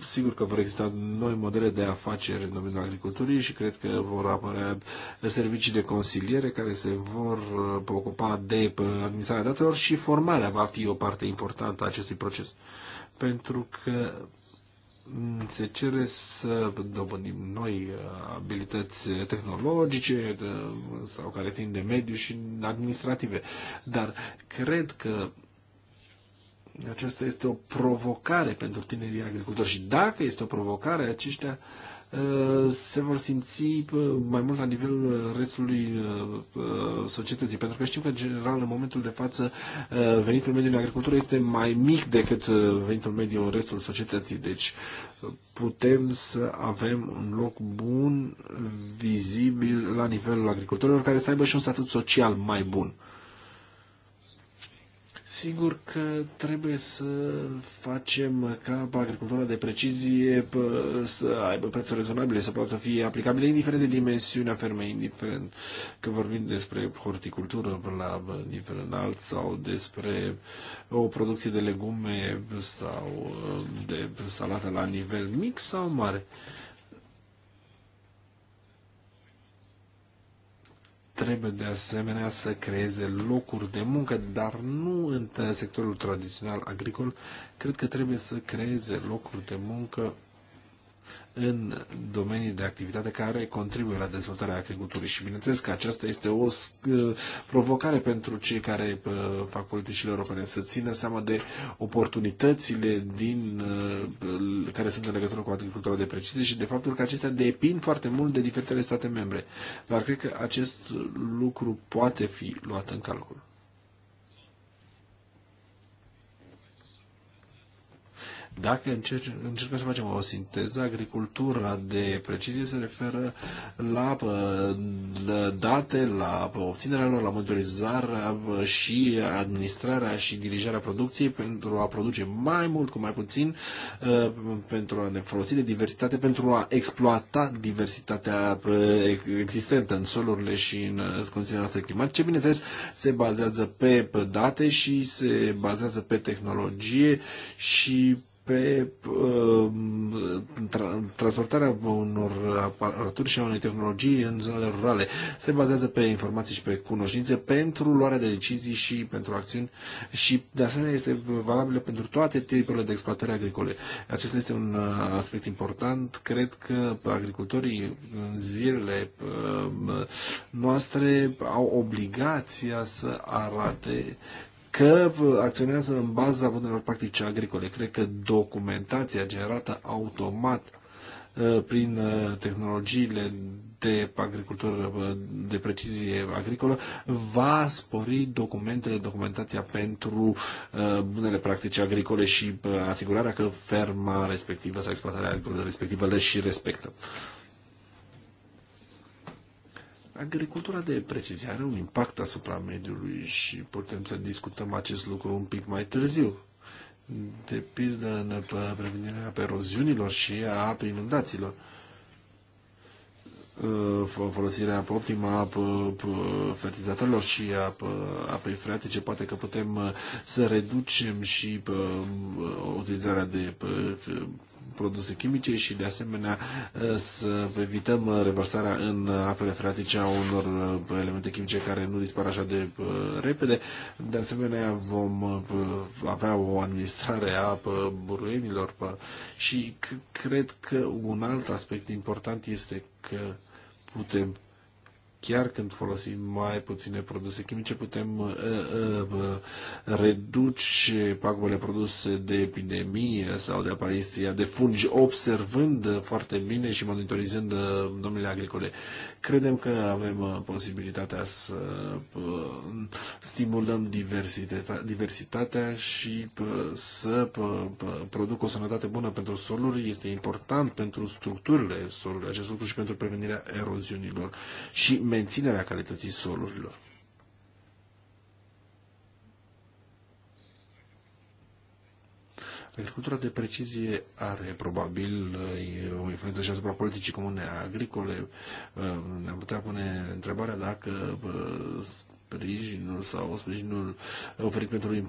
Sigur că vor exista noi modele de afaceri în domeniul agriculturii și cred că vor apărea servicii de consiliere care se vor uh, ocupa de administrarea datelor și formarea va fi o parte importantă a acestui proces. Pentru că se cere să dobândim noi uh, abilități tehnologice sau care țin de mediu și administrative. Dar cred că aceasta este o provocare pentru tinerii agricultori și dacă este o provocare, aceștia uh, Uh, se vor simți uh, mai mult la nivelul uh, restului societății, pentru că știm că, general, în momentul de față, venitul mediu în agricultură este mai mic decât venitul mediu în restul societății. Deci putem să avem un loc bun, vizibil, la nivelul agricultorilor, care să aibă și un statut social mai bun. Sigur că trebuie să facem ca agricultura de precizie să aibă prețuri rezonabile, să poată fi aplicabile, indiferent de dimensiunea fermei, indiferent că vorbim despre horticultură la nivel înalt sau despre o producție de legume sau ă, de salată la nivel mic sau mare. trebuie de asemenea să creeze locuri de muncă, dar nu în sectorul tradițional agricol. Cred că trebuie să creeze locuri de muncă în domenii de activitate care contribuie la dezvoltarea agriculturii. Și bineînțeles că aceasta este o provocare pentru cei care uh, fac politicile europene, să țină seama de oportunitățile din, uh, care sunt în legătură cu agricultura de precizie și de faptul că acestea depind foarte mult de diferitele state membre. Dar cred că acest lucru poate fi luat în calcul. Dacă încerc, încercăm să facem o sinteză, agricultura de precizie se referă la uh, date, la uh, obținerea lor, la monitorizarea uh, și administrarea și dirijarea producției pentru a produce mai mult cu mai puțin, pentru a ne folosi de diversitate, pentru a exploata diversitatea existentă în solurile și în condițiile noastre climatice. Bineînțeles, se bazează pe date și se bazează pe tehnologie și pe uh, tra transportarea unor aparaturi și a unei tehnologii în zonele rurale. Se bazează pe informații și pe cunoștințe pentru luarea de decizii și pentru acțiuni și de asemenea este valabilă pentru toate tipurile de exploatare agricole. Acesta este un uh, aspect important. Cred că agricultorii în zilele uh, noastre au obligația să arate că acționează în baza bunelor practici agricole. Cred că documentația generată automat uh, prin uh, tehnologiile de agricultură, uh, de precizie agricolă, va spori documentele, documentația pentru bunele practici agricole și asigurarea că ferma respectivă sau exploatarea agricolă respectivă le și respectă agricultura de precizie are un impact asupra mediului și putem să discutăm acest lucru un pic mai târziu. De pildă în prevenirea eroziunilor și a inundațiilor ă, folosirea optimă a fertilizatorilor și a apei freatice, poate că putem ă, să reducem și ă, utilizarea de produse chimice și de asemenea uh, să evităm uh, revărsarea în uh, apele freatice a unor elemente chimice care nu dispar așa de repede. De asemenea vom avea o administrare a buruienilor și cred că un alt aspect important este că putem chiar când folosim mai puține produse chimice, putem uh, uh, uh, reduce pagubele produse de epidemie sau de apariția de fungi, observând foarte bine și monitorizând uh, domnile agricole. Credem că avem uh, posibilitatea să stimulăm diversitatea diversitatea și să produc o sănătate bună pentru soluri. Este important pentru structurile solului acest lucru și pentru prevenirea eroziunilor. Și menținerea calității solurilor. Agricultura de precizie are probabil o influență și asupra politicii comune agricole. Uh, ne-am putea pune întrebarea dacă uh, sprijinul sau sprijinul oferit pentru eh,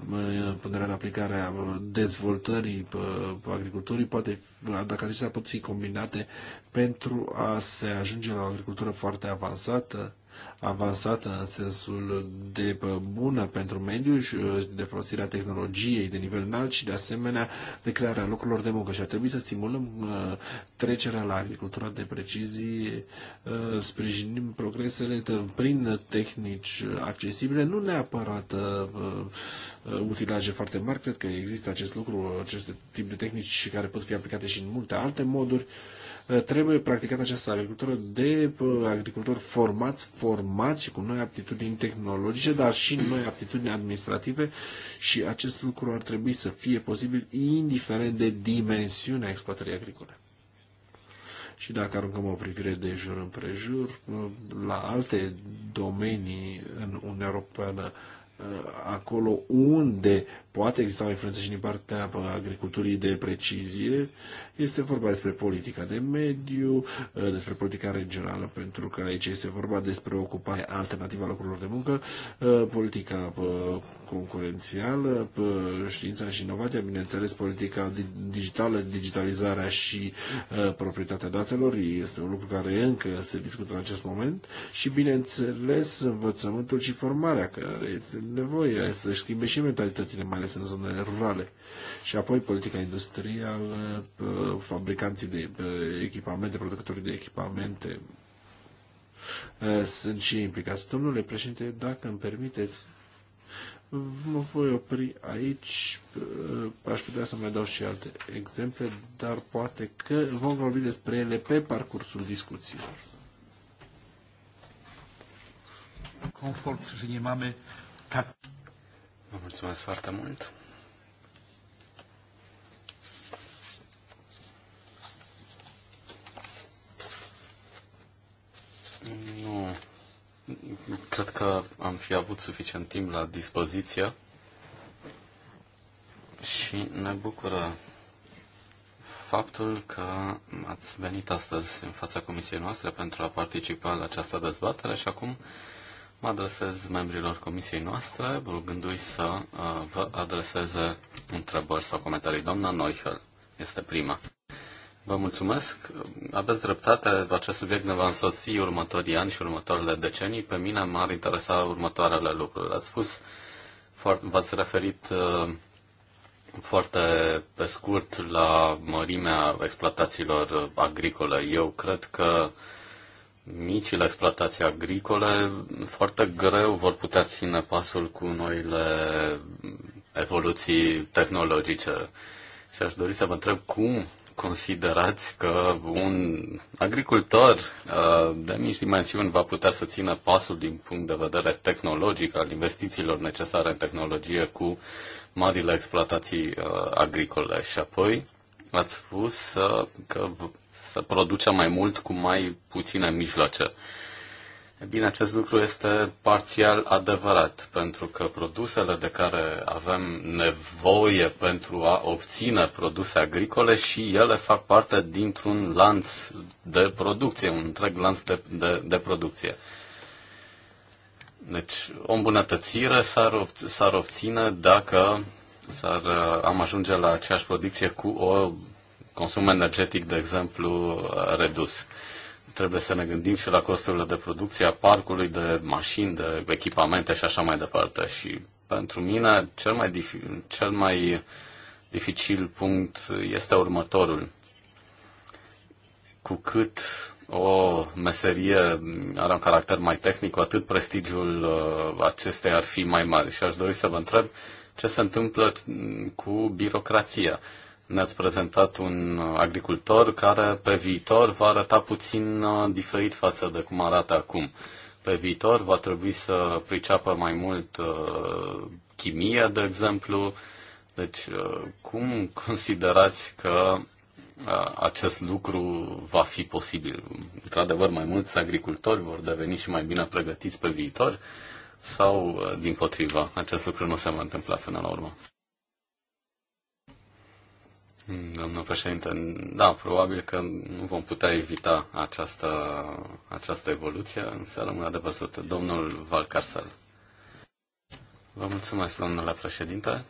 punerea în aplicare a dezvoltării eh, agriculturii, poate, eh, dacă acestea pot fi combinate pentru a se ajunge la o agricultură foarte avansată, avansată în sensul de bună pentru mediu și uh, de folosirea tehnologiei de nivel înalt și de asemenea de crearea locurilor de muncă. Și ar trebui să stimulăm uh, trecerea la agricultura de precizie, uh, sprijinim progresele prin tehnici accesibile, nu neapărat utilaje foarte mari. Cred că există acest lucru, acest tip de tehnici care pot fi aplicate și în multe alte moduri. Uh, Eh, trebuie practicată această agricultură de eh, agricultori formați, formați și cu noi aptitudini tehnologice, dar și noi aptitudini administrative și acest lucru ar trebui să fie posibil indiferent de dimensiunea exploatării agricole. Și dacă aruncăm o privire de jur împrejur eh, la alte domenii în Uniunea Europeană, acolo unde poate exista o influență și din partea agriculturii de precizie. Este vorba despre politica de mediu, uh, despre politica regională, pentru că aici este vorba despre ocuparea alternativă a locurilor de muncă, uh, politica uh, concurențială, știința și inovația, bineînțeles, politica digitală, digitalizarea și proprietatea datelor. Este un lucru care încă se discută în acest moment și, bineînțeles, învățământul și formarea, care este nevoie să schimbe și mentalitățile, mai ales în zonele rurale. Și apoi politica industrială, fabricanții de echipamente, producătorii de echipamente, ă, sunt și implicați. Domnule președinte, dacă îmi permiteți, mă voi opri aici. Aș putea să mai dau și alte exemple, dar poate că vom vorbi despre ele pe parcursul discuțiilor. Confort, że nie mamy tak Vă mulțumesc foarte mult. Nu. Cred că am fi avut suficient timp la dispoziție și ne bucură faptul că ați venit astăzi în fața comisiei noastre pentru a participa la această dezbatere și acum Mă adresez membrilor comisiei noastre, rugându-i să uh, vă adreseze întrebări sau comentarii. Doamna Neuchel este prima. Vă mulțumesc. Aveți dreptate, acest subiect ne va însoți următorii ani și următoarele decenii. Pe mine m-ar interesa următoarele lucruri. Ați spus, v-ați referit uh, foarte pe scurt la mărimea exploatațiilor agricole. Eu cred că uh, micile exploatații agricole foarte greu vor putea ține pasul cu noile evoluții tehnologice. Și aș dori să vă întreb cum considerați că un agricultor uh, de mici dimensiuni va putea să țină pasul din punct de vedere tehnologic al investițiilor necesare în tehnologie cu marile exploatații uh, agricole. Și apoi ați spus uh, că să producă mai mult cu mai puține mijloace. E bine, acest lucru este parțial adevărat, pentru că produsele de care avem nevoie pentru a obține produse agricole și ele fac parte dintr-un lanț de producție, un întreg lanț de, de, de producție. Deci, o îmbunătățire s-ar, s-ar obține dacă s-ar, am ajunge la aceeași producție cu o consum energetic, de exemplu, redus. Trebuie să ne gândim și la costurile de producție a parcului, de mașini, de echipamente și așa mai departe. Și pentru mine cel mai, dif- cel mai dificil punct este următorul. Cu cât o meserie are un caracter mai tehnic, cu atât prestigiul uh, acestei ar fi mai mare. Și aș dori să vă întreb ce se întâmplă cu birocrația ne-ați prezentat un agricultor care pe viitor va arăta puțin uh, diferit față de cum arată acum. Pe viitor va trebui să priceapă mai mult uh, chimie, de exemplu. Deci, uh, cum considerați că acest lucru va fi posibil? Într-adevăr, mai mulți agricultori vor deveni și mai bine pregătiți pe viitor? Sau, din potriva, acest lucru nu se va întâmpla până la urmă? Doamnă președinte, da, probabil că nu vom putea evita această, această evoluție, însă rămâne de văzut. Domnul Valcarcel. Vă mulțumesc, domnule președinte.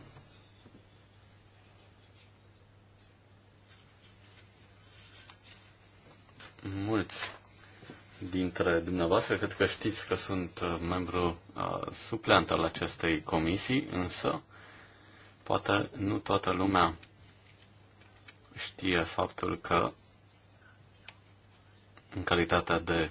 Mulți dintre dumneavoastră cred că știți că sunt uh, membru uh, supleant al acestei comisii, însă poate nu toată lumea știe faptul că în calitatea de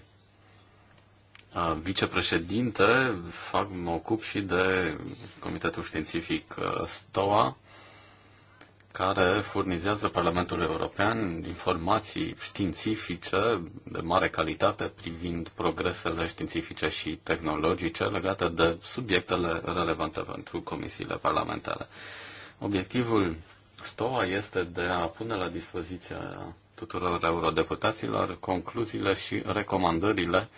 uh, vicepreședinte fac, mă ocup și de Comitetul Științific uh, STOA, care furnizează Parlamentului European informații științifice de mare calitate privind progresele științifice și tehnologice legate de subiectele relevante pentru comisiile parlamentare. Obiectivul STOA este de a pune la dispoziția tuturor eurodeputaților concluziile și recomandările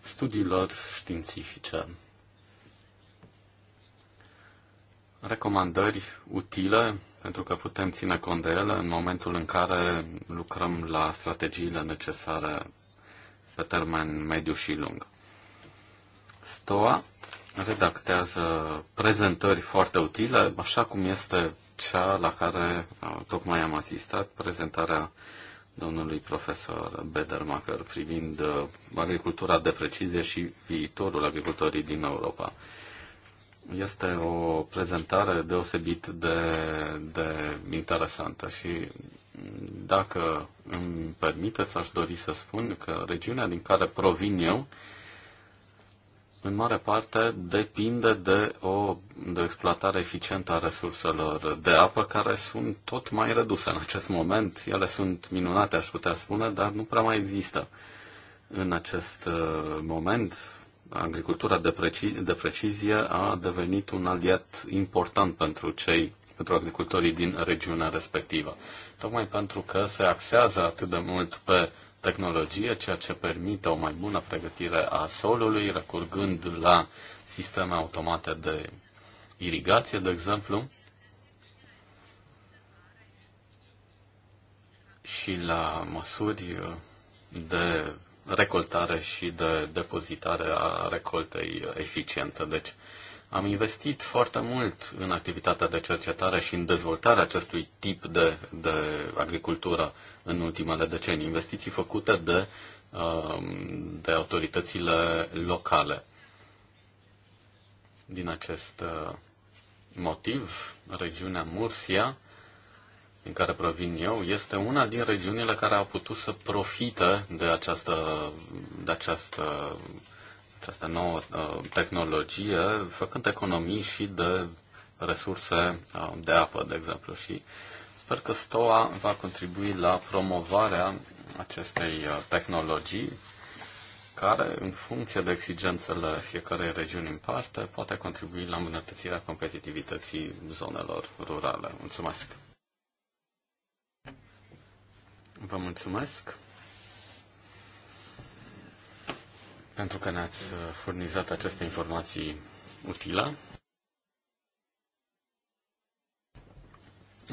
studiilor științifice. Recomandări utile pentru că putem ține cont de ele în momentul în care lucrăm la strategiile necesare pe termen mediu și lung. STOA redactează prezentări foarte utile, așa cum este cea la care tocmai am asistat, prezentarea domnului profesor Bedermacher privind agricultura de precizie și viitorul agricultorii din Europa. Este o prezentare deosebit de, de interesantă și dacă îmi permiteți, aș dori să spun că regiunea din care provin eu, în mare parte depinde de o, de o exploatare eficientă a resurselor de apă, care sunt tot mai reduse în acest moment. Ele sunt minunate, aș putea spune, dar nu prea mai există. În acest uh, moment, agricultura de, preci- de precizie a devenit un aliat important pentru cei pentru agricultorii din regiunea respectivă. Tocmai pentru că se axează atât de mult pe tehnologie, ceea ce permite o mai bună pregătire a solului, recurgând la sisteme automate de irigație, de exemplu, și la măsuri de recoltare și de depozitare a recoltei eficiente. Deci, am investit foarte mult în activitatea de cercetare și în dezvoltarea acestui tip de, de agricultură în ultimele decenii. Investiții făcute de, um, de autoritățile locale. Din acest uh, motiv, regiunea Mursia, din care provin eu, este una din regiunile care a putut să profite de această, de această această nouă uh, tehnologie, făcând economii și de resurse uh, de apă, de exemplu. Și sper că STOA va contribui la promovarea acestei uh, tehnologii, care, în funcție de exigențele fiecarei regiuni în parte, poate contribui la îmbunătățirea competitivității zonelor rurale. Mulțumesc! Vă mulțumesc! pentru că ne-ați uh, furnizat aceste informații utile.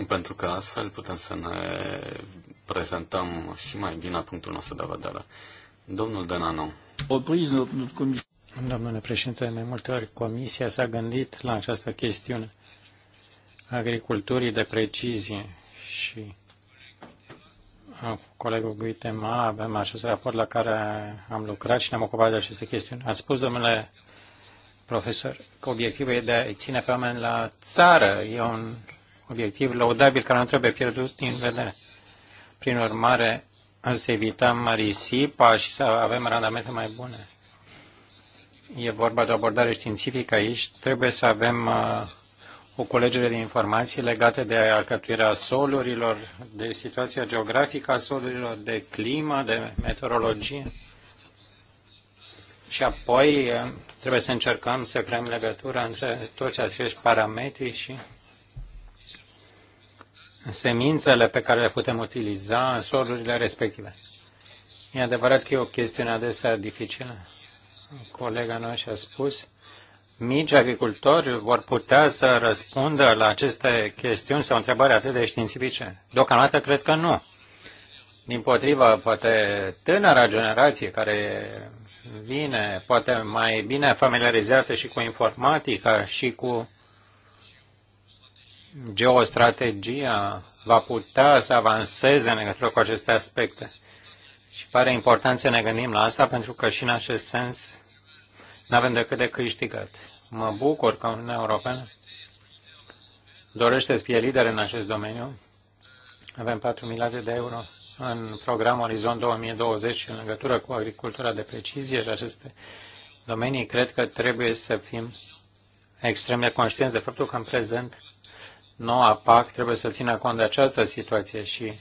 Pentru că astfel putem să ne prezentăm și mai bine punctul nostru de vedere. Domnul Denano. Domnule președinte, mai multe ori Comisia s-a gândit la această chestiune agriculturii de precizie și Ah, colegul Guitema, avem acest raport la care am lucrat și ne-am ocupat de aceste chestiuni. A spus, domnule profesor, că obiectivul e de a ține pe oameni la țară. E un obiectiv laudabil care nu trebuie pierdut din vedere. Prin urmare, să evităm risipa și să avem randamente mai bune. E vorba de o abordare științifică aici. Trebuie să avem uh, o colegere de informații legate de alcătuirea solurilor, de situația geografică a solurilor, de climă, de meteorologie. Și apoi eh, trebuie să încercăm să creăm legătura între toți acești parametri și semințele pe care le putem utiliza în solurile respective. E adevărat că e o chestiune adesea dificilă. Colega noastră a spus mici agricultori vor putea să răspundă la aceste chestiuni sau întrebări atât de științifice? Deocamdată cred că nu. Din potrivă, poate tânăra generație care vine, poate mai bine familiarizată și cu informatica și cu geostrategia, va putea să avanseze în legătură cu aceste aspecte. Și pare important să ne gândim la asta, pentru că și în acest sens nu avem decât de câștigat. Mă bucur că Uniunea Europeană dorește să fie lider în acest domeniu. Avem 4 miliarde de euro în programul Orizont 2020 în legătură cu agricultura de precizie și aceste domenii. Cred că trebuie să fim extrem de conștienți de faptul că în prezent noua PAC trebuie să țină cont de această situație și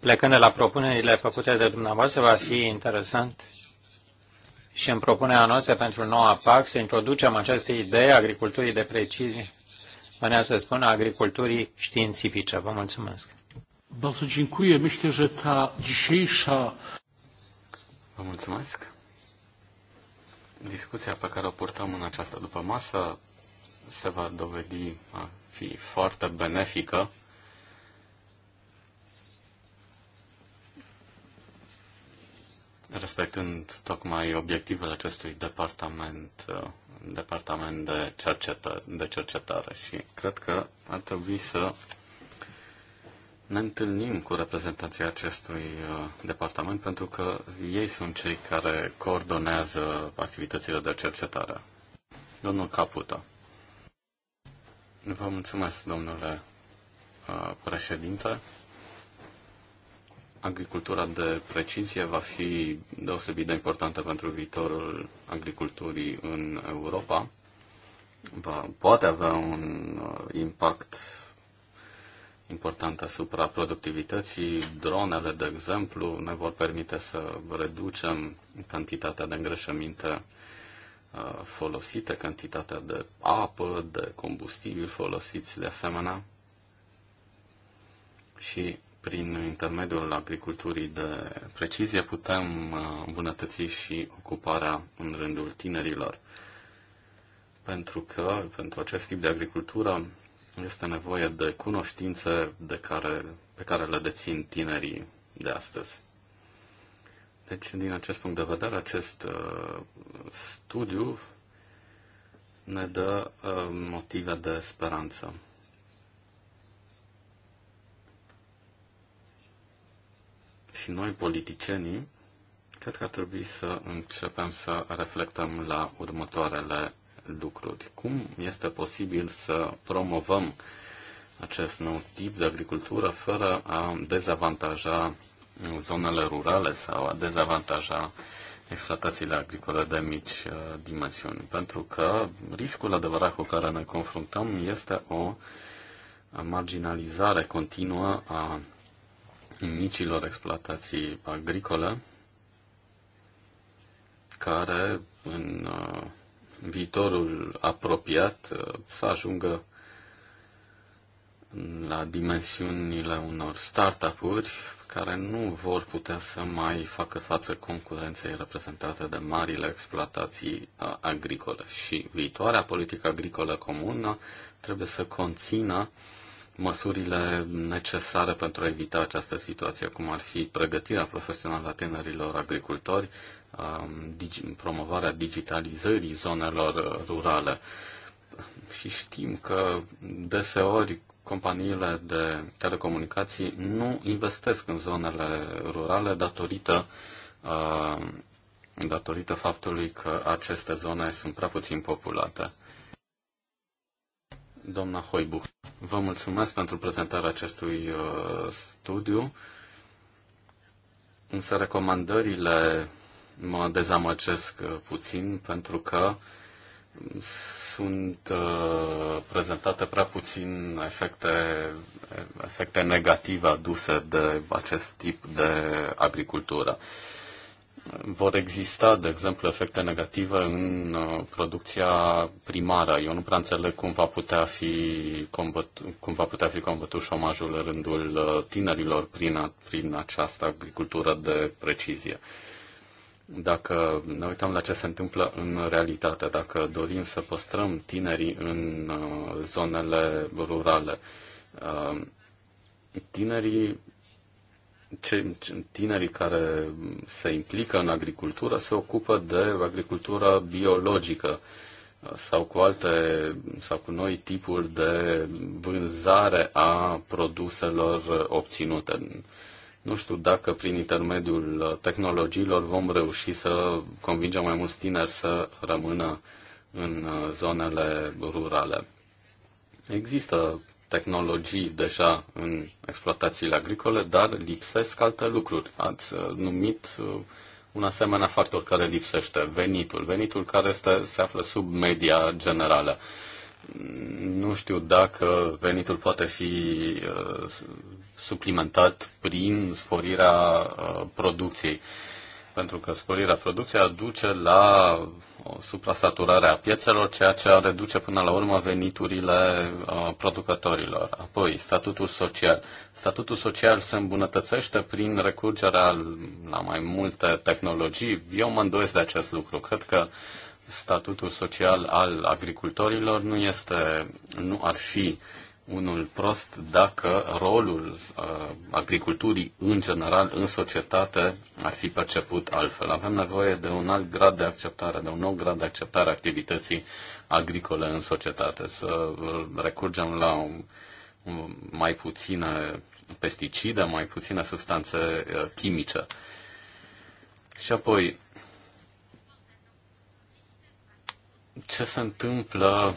plecând de la propunerile făcute de dumneavoastră, va fi interesant și în propunerea noastră pentru noua PAC să introducem această idee a agriculturii de precizie, mânea să spun, a agriculturii științifice. Vă mulțumesc. Vă mulțumesc. Discuția pe care o purtăm în această după masă se va dovedi a fi foarte benefică respectând tocmai obiectivele acestui departament, uh, departament de, cercetă, de cercetare și cred că ar trebui să ne întâlnim cu reprezentanții acestui uh, departament pentru că ei sunt cei care coordonează activitățile de cercetare. Domnul Caputa. Vă mulțumesc, domnule uh, președinte agricultura de precizie va fi deosebit de importantă pentru viitorul agriculturii în Europa. Va, poate avea un uh, impact important asupra productivității. Dronele, de exemplu, ne vor permite să reducem cantitatea de îngrășăminte uh, folosite, cantitatea de apă, de combustibil folosiți de asemenea. Și prin intermediul agriculturii de precizie putem uh, îmbunătăți și ocuparea în rândul tinerilor. Pentru că pentru acest tip de agricultură este nevoie de cunoștințe de care, pe care le dețin tinerii de astăzi. Deci, din acest punct de vedere, acest uh, studiu ne dă uh, motive de speranță. Și noi, politicienii, cred că ar trebui să începem să reflectăm la următoarele lucruri. Cum este posibil să promovăm acest nou tip de agricultură fără a dezavantaja zonele rurale sau a dezavantaja exploatațiile agricole de mici uh, dimensiuni. Pentru că riscul adevărat cu care ne confruntăm este o marginalizare continuă a micilor exploatații agricole care în uh, viitorul apropiat uh, să ajungă la dimensiunile unor startup-uri care nu vor putea să mai facă față concurenței reprezentate de marile exploatații uh, agricole. Și viitoarea politică agricolă comună trebuie să conțină uh, măsurile necesare pentru a evita această situație, cum ar fi pregătirea profesională a tinerilor agricultori, um, promovarea digitalizării zonelor uh, rurale. Și știm că deseori companiile de telecomunicații nu investesc în zonele rurale datorită uh, datorită faptului că aceste zone sunt prea puțin populate doamna Hoibuch. Vă mulțumesc pentru prezentarea acestui uh, studiu, însă recomandările mă dezamăcesc uh, puțin pentru că sunt uh, prezentate prea puțin efecte, efecte negative aduse de acest tip de agricultură. Uh, vor exista, de exemplu, efecte negative în uh, producția primară. Eu nu prea înțeleg cum va putea fi combătut, cum va putea fi combătut șomajul în rândul uh, tinerilor prin, prin această agricultură de precizie. Dacă ne uităm la ce se întâmplă în realitate, dacă dorim să păstrăm tinerii în uh, zonele rurale, tinerii cei tinerii care se implică în agricultură se ocupă de agricultura biologică sau cu alte sau cu noi tipuri de vânzare a produselor obținute. Nu știu dacă prin intermediul tehnologiilor vom reuși să convingem mai mulți tineri să rămână în zonele rurale. Există tehnologii deja în exploatațiile agricole, dar lipsesc alte lucruri. Ați uh, numit uh, un asemenea factor care lipsește, venitul, venitul care este, se află sub media generală. Nu știu dacă venitul poate fi uh, suplimentat prin sporirea producției, pentru că sporirea producției aduce la o suprasaturare a piețelor, ceea ce reduce până la urmă veniturile uh, producătorilor. Apoi, statutul social. Statutul social se îmbunătățește prin recurgerea la mai multe tehnologii. Eu mă îndoiesc de acest lucru. Cred că statutul social al agricultorilor nu este, nu ar fi uh, unul prost dacă rolul uh, agriculturii în general în societate ar fi perceput altfel. Avem nevoie de un alt grad de acceptare, de un nou grad de acceptare a activității agricole în societate, să uh, recurgem la un, un, mai puține pesticide, mai puține substanțe uh, chimice. Și apoi, ce se întâmplă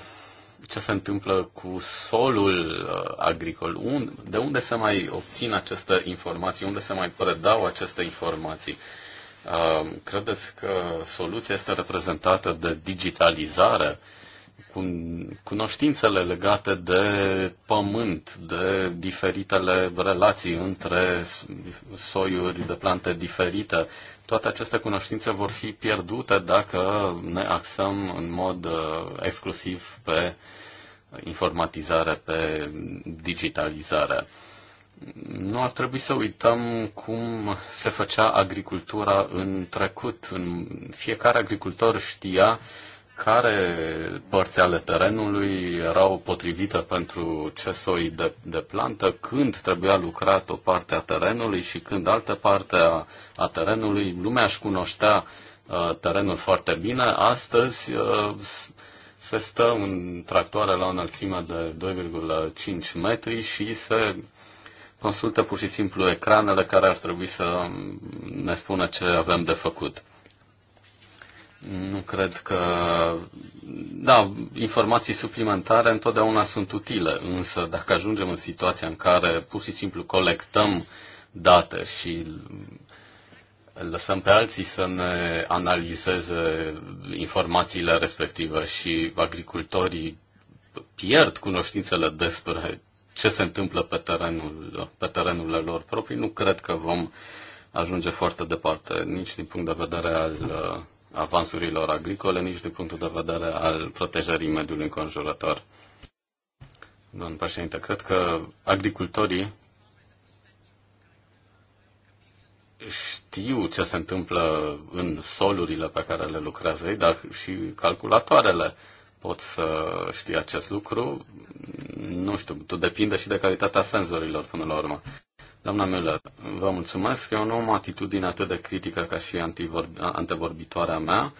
ce se întâmplă cu solul uh, agricol, un, de unde se mai obțin aceste informații, unde se mai predau aceste informații. Uh, credeți că soluția este reprezentată de digitalizare, cu cunoștințele legate de pământ, de diferitele relații între soiuri de plante diferite, toate aceste cunoștințe vor fi pierdute dacă ne axăm în mod uh, exclusiv pe informatizare, pe digitalizare. Nu ar trebui să uităm cum se făcea agricultura în trecut. Fiecare agricultor știa care părți ale terenului erau potrivite pentru ce soi de, de plantă, când trebuia lucrat o parte a terenului și când altă parte a, a terenului. Lumea își cunoștea uh, terenul foarte bine. Astăzi uh, se stă în tractoare la o înălțime de 2,5 metri și se consultă pur și simplu ecranele care ar trebui să ne spună ce avem de făcut. Nu cred că... Da, informații suplimentare întotdeauna sunt utile, însă dacă ajungem în situația în care pur și simplu colectăm date și lăsăm pe alții să ne analizeze informațiile respective și agricultorii pierd cunoștințele despre ce se întâmplă pe terenul, pe terenurile lor proprii, nu cred că vom ajunge foarte departe, nici din punct de vedere al uh, avansurilor agricole, nici din punctul de vedere al protejării mediului înconjurător. Domnul președinte, cred că agricultorii știu ce se întâmplă în solurile pe care le lucrează ei, dar și calculatoarele pot să știe acest lucru. Nu știu, tu depinde și de calitatea senzorilor până la urmă. Doamna Müller, vă mulțumesc. Eu nu am atitudine atât de critică ca și antevorbitoarea mea,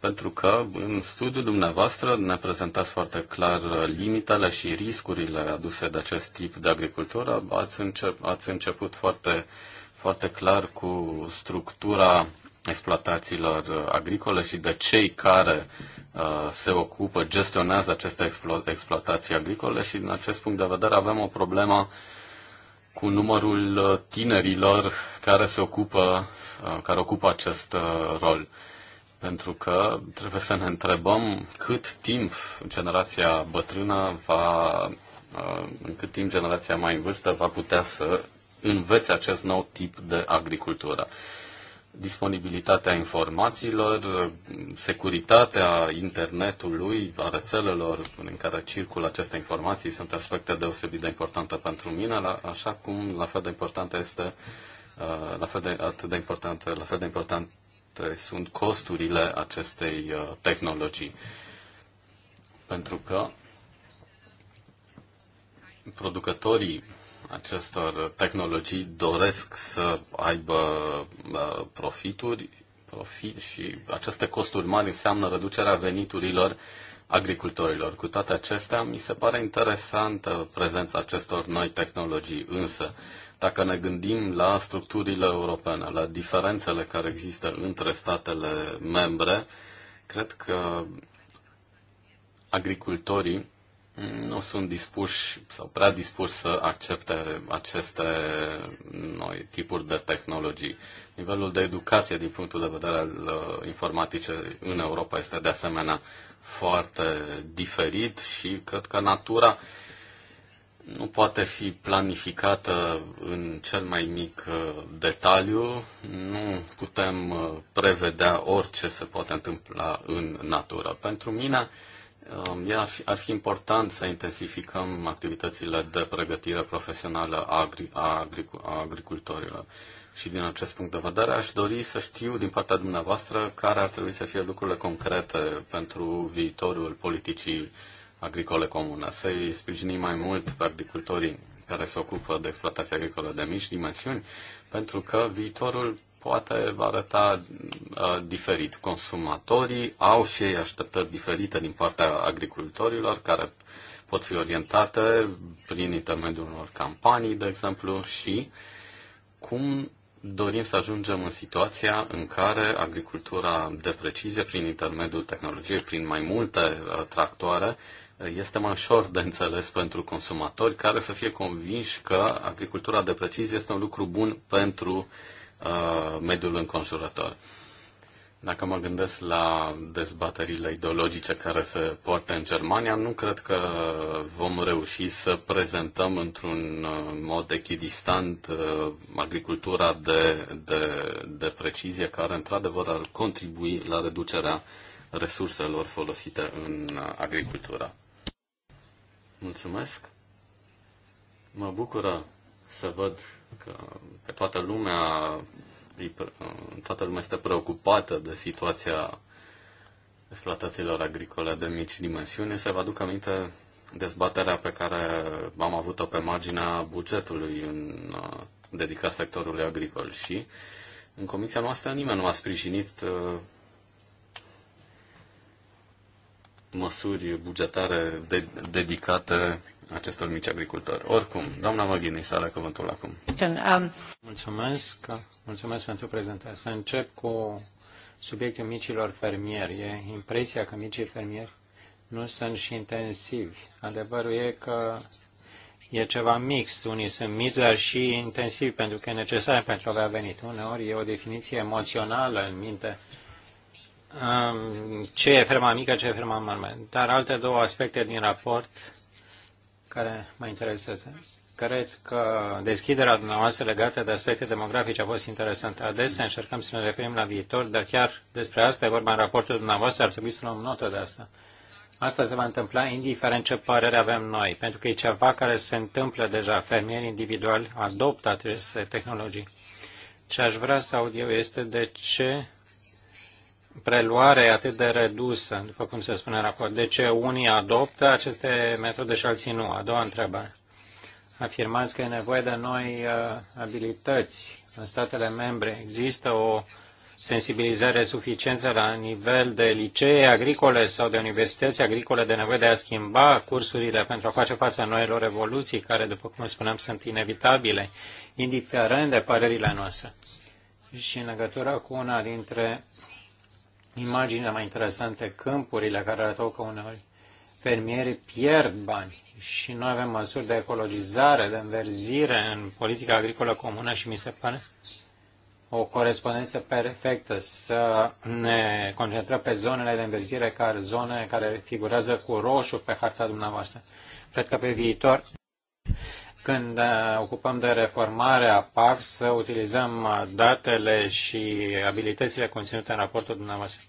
pentru că în studiul dumneavoastră ne prezentați foarte clar limitele și riscurile aduse de acest tip de agricultură. Ați, încep, ați început foarte foarte clar cu structura exploatațiilor agricole și de cei care uh, se ocupă, gestionează aceste explo- exploatații agricole și din acest punct de vedere avem o problemă cu numărul uh, tinerilor care se ocupă, uh, care ocupă acest rol. Pentru că trebuie să ne întrebăm cât timp generația bătrână va, în cât timp generația mai în vârstă va putea să învețe acest nou tip de agricultură. Disponibilitatea informațiilor, securitatea internetului, a rețelelor în care circulă aceste informații sunt aspecte deosebit de importante pentru mine, la, așa cum la fel de importantă este uh, la fel de, atât de importante, la fel de importante sunt costurile acestei uh, tehnologii. Pentru că producătorii acestor tehnologii doresc să aibă uh, profituri profit și aceste costuri mari înseamnă reducerea veniturilor agricultorilor. Cu toate acestea, mi se pare interesantă prezența acestor noi tehnologii, însă dacă ne gândim la structurile europene, la diferențele care există între statele membre, cred că agricultorii nu sunt dispuși sau prea dispuși să accepte aceste noi tipuri de tehnologii. Nivelul de educație din punctul de vedere al uh, informaticii în Europa este de asemenea foarte diferit și cred că natura nu poate fi planificată în cel mai mic uh, detaliu, nu putem uh, prevedea orice se poate întâmpla în natură. Pentru mine, Um, ar fi, ar fi important să intensificăm activitățile de pregătire profesională a, agri, a, agric, a agricultorilor. Și din acest punct de vedere aș dori să știu din partea dumneavoastră care ar trebui să fie lucrurile concrete pentru viitorul politicii agricole comune. Să-i sprijinim mai mult pe agricultorii care se ocupă de exploatații agricole de mici dimensiuni, pentru că viitorul poate arăta uh, diferit. Consumatorii au și ei așteptări diferite din partea agricultorilor care pot fi orientate prin intermediul unor campanii, de exemplu, și cum dorim să ajungem în situația în care agricultura de precizie, prin intermediul tehnologiei, prin mai multe uh, tractoare, uh, este mai ușor de înțeles pentru consumatori care să fie convinși că agricultura de precizie este un lucru bun pentru Uh, mediul înconjurător. Dacă mă gândesc la dezbaterile ideologice care se poartă în Germania, nu cred că vom reuși să prezentăm într-un uh, mod echidistant uh, agricultura de, de, de precizie, care într-adevăr ar contribui la reducerea resurselor folosite în agricultura. Mulțumesc! Mă bucură să văd că că toată lumea, uh, toată lumea este preocupată de situația exploatațiilor agricole de mici dimensiuni, se va aduc aminte dezbaterea pe care am avut-o pe marginea bugetului în, uh, dedicat sectorului agricol și în comisia noastră nimeni nu a sprijinit uh, măsuri bugetare de, dedicate acestor mici agricultori. Oricum, doamna Maghini, să are cuvântul acum. Mulțumesc, mulțumesc pentru prezentare. Să încep cu subiectul micilor fermieri. E impresia că micii fermieri nu sunt și intensivi. Adevărul e că e ceva mix. Unii sunt mici, dar și intensivi, pentru că e necesar pentru a avea venit. Uneori e o definiție emoțională în minte ce e ferma mică, ce e ferma mare. Dar alte două aspecte din raport care mă interesează. Cred că deschiderea dumneavoastră legată de aspecte demografice a fost interesantă. Adesea încercăm să ne referim la viitor, dar chiar despre asta e vorba în raportul dumneavoastră, ar trebui să luăm notă de asta. Asta se va întâmpla indiferent ce părere avem noi, pentru că e ceva care se întâmplă deja. Fermierii individuali adoptă aceste tehnologii. Ce aș vrea să aud eu este de ce preluare atât de redusă, după cum se spune în raport. De ce unii adoptă aceste metode și alții nu? A doua întrebare. Afirmați că e nevoie de noi uh, abilități în statele membre. Există o sensibilizare suficientă la nivel de licee agricole sau de universități agricole de nevoie de a schimba cursurile pentru a face față noilor evoluții care, după cum spuneam, sunt inevitabile, indiferent de părerile noastre. Și în legătură cu una dintre Imaginea mai interesante, câmpurile care arătau că uneori fermierii pierd bani și noi avem măsuri de ecologizare, de înverzire în politica agricolă comună și mi se pare o corespondență perfectă să ne concentrăm pe zonele de înverzire care zone care figurează cu roșu pe harta dumneavoastră. Cred că pe viitor când uh, ocupăm de reformarea PAC, să utilizăm uh, datele și abilitățile conținute în raportul dumneavoastră.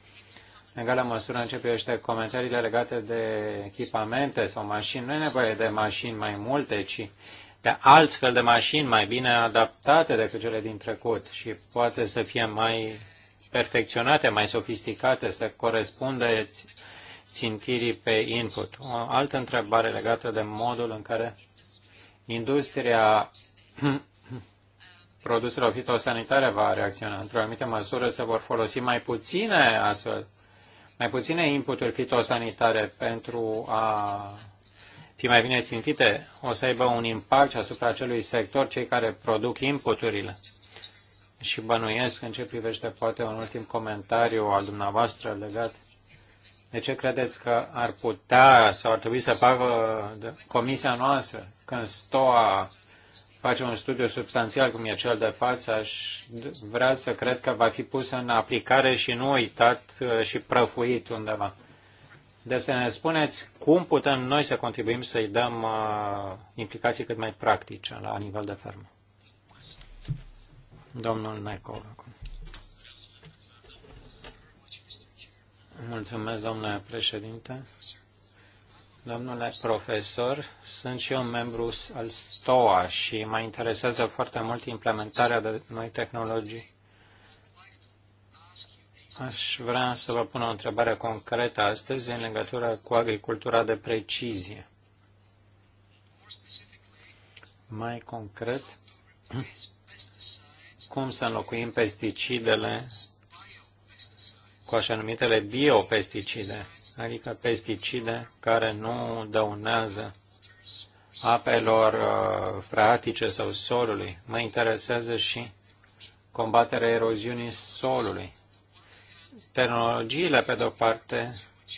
În egală măsură aceste comentariile legate de echipamente sau mașini. Nu e nevoie de mașini mai multe, ci de altfel de mașini mai bine adaptate decât cele din trecut și poate să fie mai perfecționate, mai sofisticate, să corespundă țintirii pe input. O altă întrebare legată de modul în care industria <clears throat> produselor fitosanitare va reacționa. Într-o anumită măsură se vor folosi mai puține astfel, mai puține inputuri fitosanitare pentru a fi mai bine țintite, o să aibă un impact asupra acelui sector, cei care produc inputurile. Și bănuiesc în ce privește poate un ultim comentariu al dumneavoastră legat de ce credeți că ar putea sau ar trebui să facă comisia noastră când STOA face un studiu substanțial cum e cel de față, aș vrea să cred că va fi pus în aplicare și nu uitat uh, și prăfuit undeva. Deci să ne spuneți cum putem noi să contribuim să-i dăm uh, implicații cât mai practice la nivel de fermă. Domnul Necov acum. Mulțumesc, domnule președinte. Domnule profesor, sunt și eu membru al STOA și mă interesează foarte mult implementarea de noi tehnologii. Aș vrea să vă pun o întrebare concretă astăzi în legătură cu agricultura de precizie. Mai concret, cum să înlocuim pesticidele cu așa numitele biopesticide, adică pesticide care nu dăunează apelor uh, fratice sau solului. Mă interesează și combaterea eroziunii solului. Tehnologiile, pe de-o parte,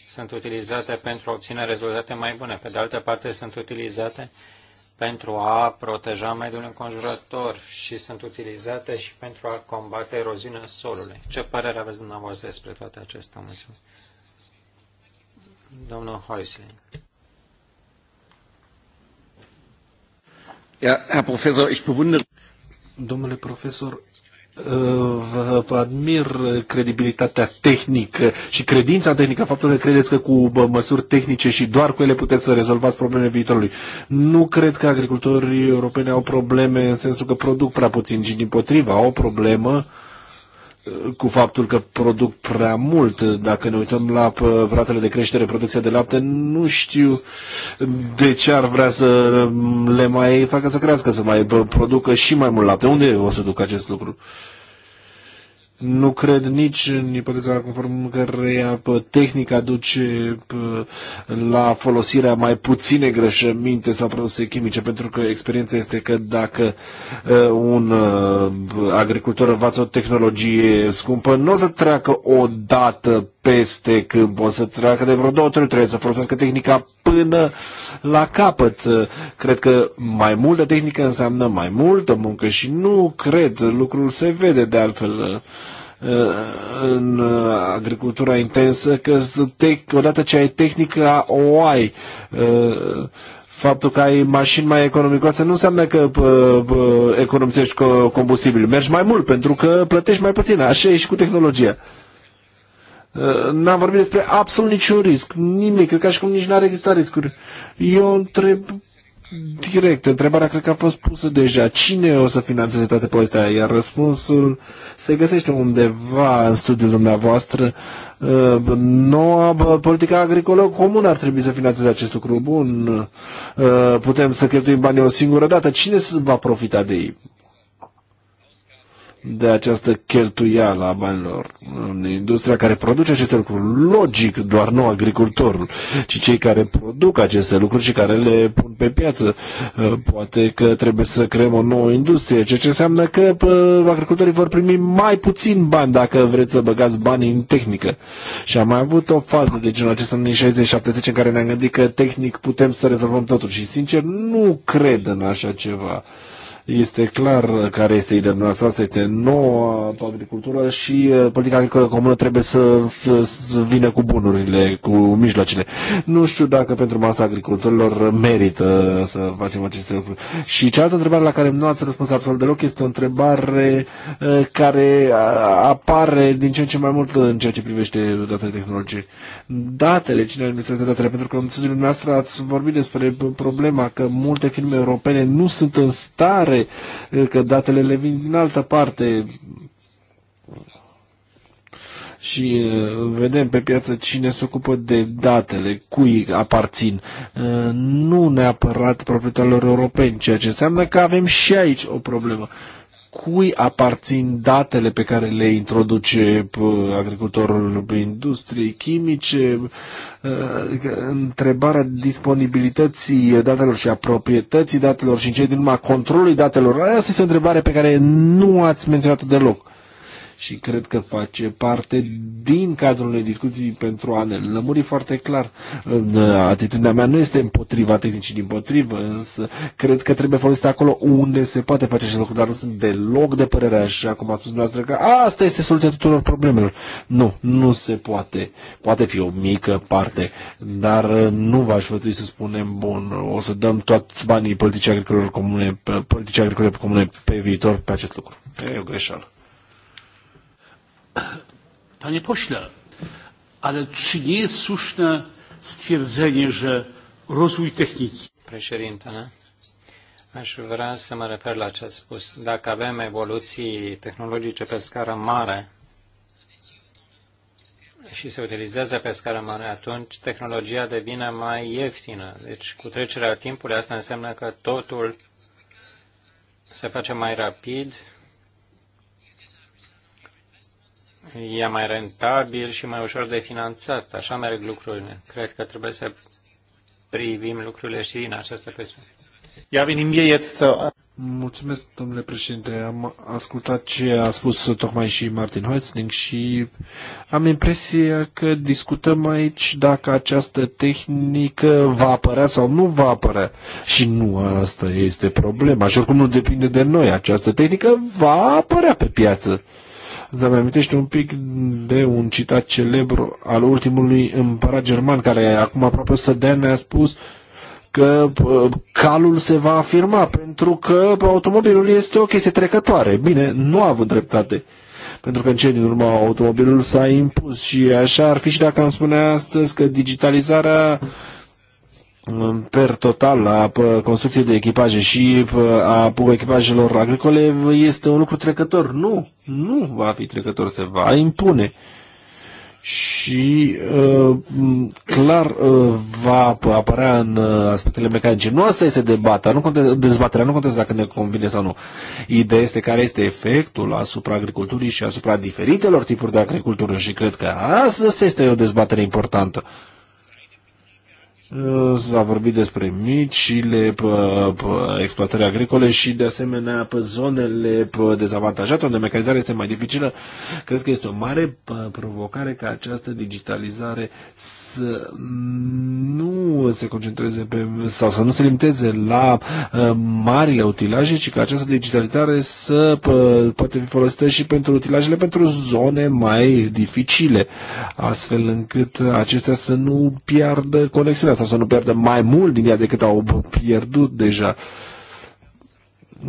sunt utilizate pentru a obține rezultate mai bune, pe de altă parte sunt utilizate uh, pentru a proteja mediul înconjurător și sunt utilizate și pentru a combate eroziunea solului. Ce părere aveți dumneavoastră despre toate acestea? Mulțumesc. Domnul Heusling. Ja, Herr Professor, ich bewundere... Domnule profesor, vă admir credibilitatea tehnică și credința tehnică, faptul că credeți că cu măsuri tehnice și doar cu ele puteți să rezolvați problemele viitorului. Nu cred că agricultorii europeni au probleme în sensul că produc prea puțin, ci din potriva au o problemă uh, cu faptul că produc prea mult. Dacă ne uităm la uh, ratele de creștere, producția de lapte, nu știu de ce ar vrea să le mai facă să crească, să mai producă și mai mult lapte. Unde o să duc acest lucru? Uh, nu cred nici în ipoteza conform căreia tehnica duce la folosirea mai puține grășăminte sau produse chimice, pentru că experiența este că dacă un agricultor învață o tehnologie scumpă, nu o să treacă o dată peste câmp, o să treacă de vreo două, trei, trebuie să folosească tehnica până la capăt. Cred că mai multă tehnică înseamnă mai multă muncă și nu cred, lucrul se vede de altfel. Uh, în uh, agricultura intensă, că odată ce ai tehnica, o ai uh, faptul că ai mașini mai economicoase nu înseamnă că economisești combustibil. Mergi mai mult pentru că plătești mai puțin. Așa e și cu tehnologia. N-am vorbit despre absolut niciun risc, nimic, cred că și cum nici n-ar exista riscuri. Eu întreb direct. Întrebarea cred că a fost pusă deja. Cine o să finanțeze toate povestea? Iar răspunsul se găsește undeva în studiul dumneavoastră. Uh, noua politică agricolă comună ar trebui să finanțeze acest lucru. Bun, uh, putem să cheltuim banii o singură dată. Cine va profita de ei? de această cheltuială a banilor. în Industria care produce aceste lucruri, logic, doar nu agricultorul, ci cei care produc aceste lucruri și care le pun pe piață. Uh, poate că trebuie să creăm o nouă industrie, ceea ce înseamnă că uh, agricultorii vor primi mai puțin bani dacă vreți să băgați bani în tehnică. Și am mai avut o fază de genul acesta în 60-70 în care ne-am gândit că tehnic putem să rezolvăm totul și sincer nu cred în așa ceva. Este clar care este ideea noastră. Asta este noua agricultură și uh, politica agricolă comună trebuie să, să vină cu bunurile, cu mijloacele. Nu știu dacă pentru masa agricultorilor merită să facem aceste lucruri. Și cealaltă întrebare la care nu ați răspuns absolut deloc este o întrebare uh, care apare din ce în ce mai mult în ceea ce privește datele tehnologice. Datele, cine administrează datele? Pentru că în dumneavoastră ați vorbit despre problema că multe firme europene nu sunt în stare date, păi, că datele le vin din altă parte. Și uh, vedem pe piață cine se ocupă de datele, cui aparțin. Uh, nu neapărat proprietarilor europeni, ceea ce înseamnă că avem și aici o problemă cui aparțin datele pe care le introduce agricultorul industriei chimice, ă, adică întrebarea disponibilității datelor și a proprietății datelor și în ce din urma controlului datelor. Asta este o întrebare pe care nu ați menționat-o deloc și cred că face parte din cadrul unei discuții pentru a ne lămuri foarte clar. Uh, atitudinea mea nu este împotriva tehnicii, din potrivă, însă cred că trebuie folosit acolo unde se poate face acest lucru, dar nu sunt deloc de părere, așa cum ați spus dumneavoastră, că asta este soluția tuturor problemelor. Nu, nu se poate. Poate fi o mică parte, dar uh, nu v-aș fătui să spunem, bun, o să dăm toți banii politicii agricole comune, politicii agricole comune pe viitor pe acest lucru. E o greșeală. <coughs> Panie pośle, ale czy nie jest słuszne stwierdzenie, że rozwój techniki... Președintele, aș vrea să mă refer la ce a spus. Dacă avem evoluții tehnologice pe scară mare, și se utilizează pe scară mare, atunci tehnologia devine mai ieftină. Deci, cu trecerea timpului, asta înseamnă că totul se face mai rapid e mai rentabil și mai ușor de finanțat. Așa merg lucrurile. Cred că trebuie să privim lucrurile și din această perspectivă. Ia venim este. Mulțumesc, domnule președinte. Am ascultat ce a spus tocmai și Martin Heusling și am impresia că discutăm aici dacă această tehnică va apărea sau nu va apărea. Și nu asta este problema. Și oricum nu depinde de noi. Această tehnică va apărea pe piață. Îți mai amintește un pic de un citat celebru al ultimului împărat german, care acum aproape să de ani ne-a spus că uh, calul se va afirma pentru că automobilul este o chestie trecătoare. Bine, nu a avut dreptate. Pentru că în cele din urmă automobilul s-a impus și așa ar fi și dacă am spune astăzi că digitalizarea per total a construcției de echipaje și a echipajelor agricole este un lucru trecător. Nu, nu va fi trecător, se va impune și uh, clar uh, va apărea în ă, aspectele mecanice. Nu asta este debata, nu contează, dezbaterea, nu contează dacă ne convine sau nu. Ideea este care este efectul asupra agriculturii și asupra diferitelor tipuri de agricultură și cred că asta este o dezbatere importantă. Uh, s-a vorbit despre micile pe, pe exploatări agricole și, de asemenea, pe zonele pă, dezavantajate, unde mecanizarea este mai dificilă. Cred că este o mare provocare ca această digitalizare să nu se concentreze pe, sau să nu se limiteze la uh, marile utilaje, ci ca această digitalizare să pă, poate fi folosită și pentru utilajele pentru zone mai dificile, astfel încât acestea să nu piardă conexiunea asta să nu pierdă mai mult din ea decât au pierdut deja.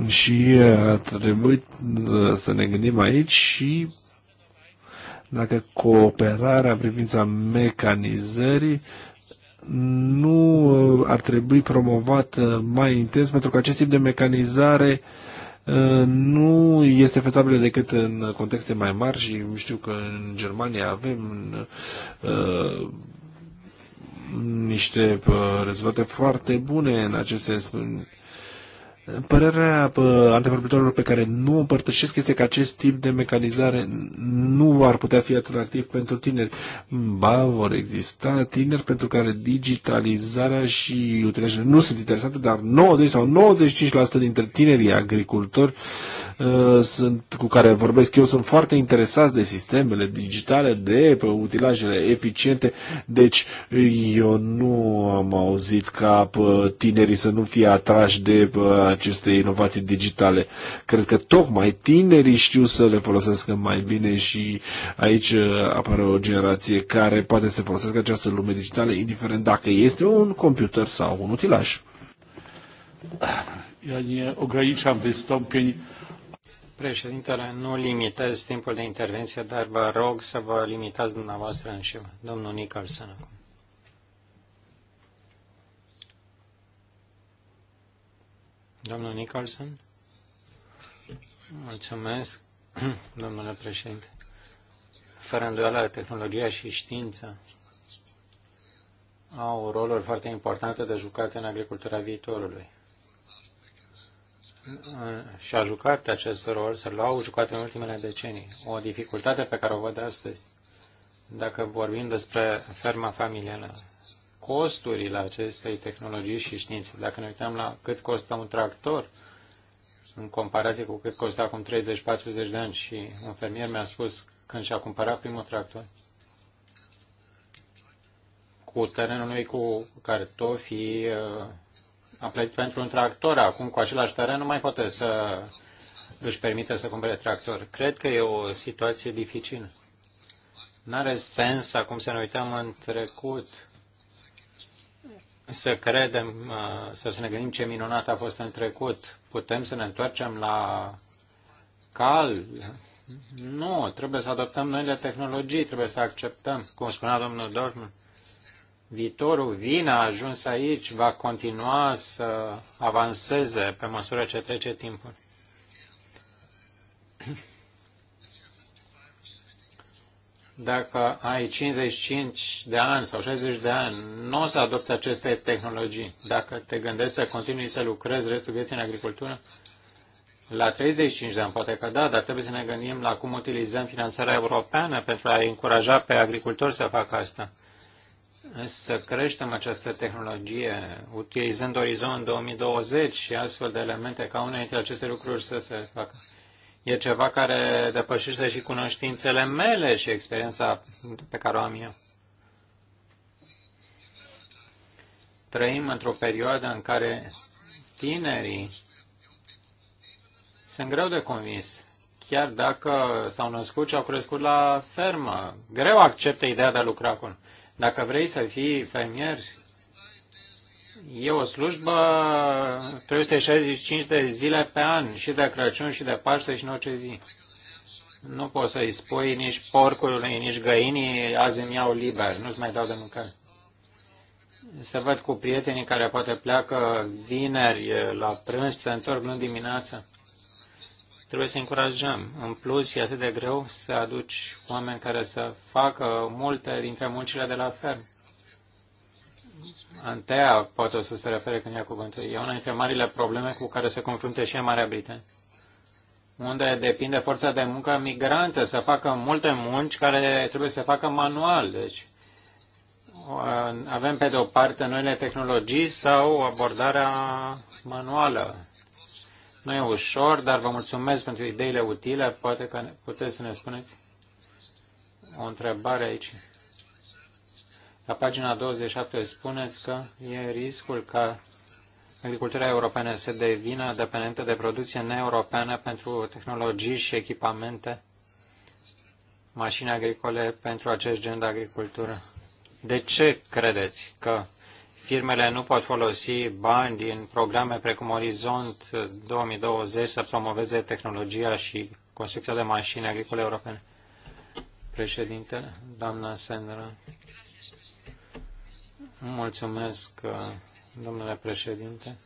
Și uh, trebuie uh, să ne gândim aici și dacă cooperarea în privința mecanizării nu uh, ar trebui promovată mai intens pentru că acest tip de mecanizare nu este fezabil decât în contexte mai mari și știu că în Germania avem niște rezultate foarte bune în acest sens. Părerea antevorbitorilor pe care nu o împărtășesc este că acest tip de mecanizare nu ar putea fi atractiv pentru tineri. Ba, vor exista tineri pentru care digitalizarea și utilajele nu sunt interesante, dar 90 sau 95% dintre tinerii agricultori uh, Uh, sunt, cu care vorbesc eu sunt foarte interesați de sistemele digitale, de utilajele eficiente, deci eu nu am auzit ca uh, tinerii să nu fie atrași de uh, aceste inovații digitale. Cred că tocmai tinerii știu să le folosească mai bine și aici apare o generație care poate să folosească această lume digitală, indiferent dacă este un computer sau un utilaj. Ja nie ograniczam wystąpień Președintele, nu limitez timpul de intervenție, dar vă rog să vă limitați dumneavoastră înșivă. Domnul Nicholson acum. Domnul Nicholson? Mulțumesc, <clears throat> domnule președinte. Fără îndoială, tehnologia și știința au roluri foarte importante de jucat în agricultura viitorului și a jucat acest rol, să l-au jucat în ultimele decenii. O dificultate pe care o văd astăzi, dacă vorbim despre ferma familială, costurile acestei tehnologii și științe. Dacă ne uităm la cât costă un tractor în comparație cu cât costa acum 30-40 de ani și un fermier mi-a spus când și-a cumpărat primul tractor, cu terenul lui cu cartofii, uh, am plătit pentru un tractor, acum cu același teren nu mai poate să își permite să cumpere tractor. Cred că e o situație dificilă. N-are sens acum să ne uităm în trecut, să credem, să ne gândim ce minunat a fost în trecut. Putem să ne întoarcem la cal. Nu, trebuie să adoptăm noile tehnologii, trebuie să acceptăm, cum spunea domnul Dorman viitorul vin a ajuns aici, va continua să avanseze pe măsură ce trece timpul. Dacă ai 55 de ani sau 60 de ani, nu o să adopți aceste tehnologii. Dacă te gândești să continui să lucrezi restul vieții în agricultură, la 35 de ani, poate că da, dar trebuie să ne gândim la cum utilizăm finanțarea europeană pentru a încuraja pe agricultori să facă asta să creștem această tehnologie utilizând Orizont 2020 și astfel de elemente ca unele dintre aceste lucruri să se facă. E ceva care depășește și cunoștințele mele și experiența pe care o am eu. Trăim într-o perioadă în care tinerii sunt greu de convins chiar dacă s-au născut și au crescut la fermă. Greu acceptă ideea de a lucra acolo. Dacă vrei să fii fermier, e o slujbă 365 de zile pe an, și de Crăciun, și de Paște, și în orice zi. Nu poți să-i spui nici porcului, nici găinii, azi îmi iau liber, nu-ți mai dau de mâncare. Să văd cu prietenii care poate pleacă vineri la prânz, se întorc luni dimineața Trebuie să încurajăm. În plus, e atât de greu să aduci oameni care să facă multe dintre muncile de la ferm. Antea poate o să se refere când ia cuvântul. E una dintre marile probleme cu care se confruntă și în Marea Britanie unde depinde forța de muncă migrantă să facă multe munci care trebuie să facă manual. Deci avem pe de o parte noile tehnologii sau abordarea manuală nu e ușor, dar vă mulțumesc pentru ideile utile. Poate că puteți să ne spuneți o întrebare aici. La pagina 27 spuneți că e riscul ca agricultura europeană să devină dependentă de producție neeuropeană pentru tehnologii și echipamente, mașini agricole pentru acest gen de agricultură. De ce credeți că firmele nu pot folosi bani din programe precum Orizont 2020 să promoveze tehnologia și construcția de mașini agricole europene. Președinte, doamna Mulțumesc, domnule președinte.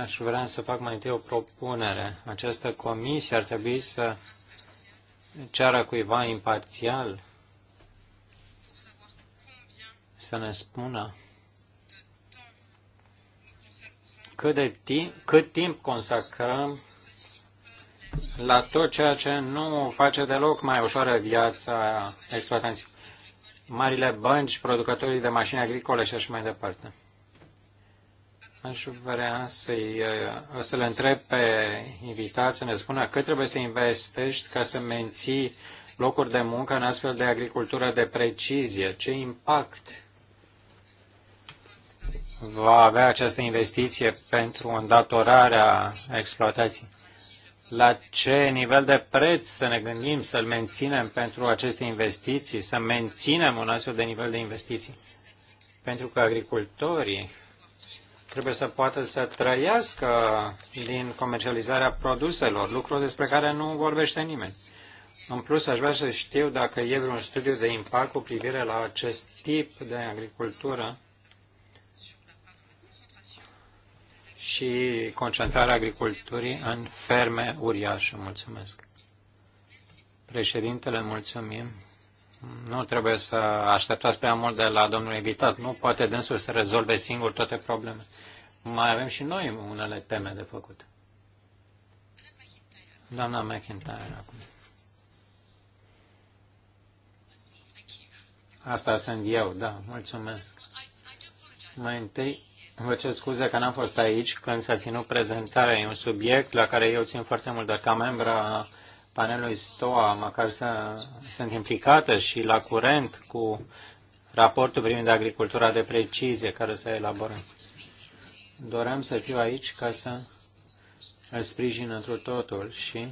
Aș vrea să fac mai întâi o propunere. Această comisie ar trebui să ceară cuiva imparțial să ne spună cât, de timp, cât timp consacrăm la tot ceea ce nu face deloc mai ușoară viața exploatanților. Marile bănci, producătorii de mașini agricole și așa mai departe. Aș vrea să să le întreb pe invitați să ne spună cât trebuie să investești ca să menții locuri de muncă în astfel de agricultură de precizie. Ce impact va avea această investiție pentru îndatorarea exploatației? La ce nivel de preț să ne gândim să-l menținem pentru aceste investiții, să menținem un astfel de nivel de investiții? Pentru că agricultorii trebuie să poată să trăiască din comercializarea produselor, lucru despre care nu vorbește nimeni. În plus, aș vrea să știu dacă e vreun studiu de impact cu privire la acest tip de agricultură și concentrarea agriculturii în ferme uriașe. Mulțumesc. Președintele, mulțumim. Nu trebuie să așteptați prea mult de la domnul invitat. Nu poate dânsul să rezolve singur toate problemele. Mai avem și noi unele teme de făcut. Doamna McIntyre acum. Asta sunt eu, da, mulțumesc. Mai întâi Vă cer scuze că n-am fost aici când s-a ținut prezentarea. E un subiect la care eu țin foarte mult, dar ca membra panelului STOA, măcar să sunt implicată și la curent cu raportul privind agricultura de precizie care se elaboră. Doream să fiu aici ca să îl sprijin întru totul și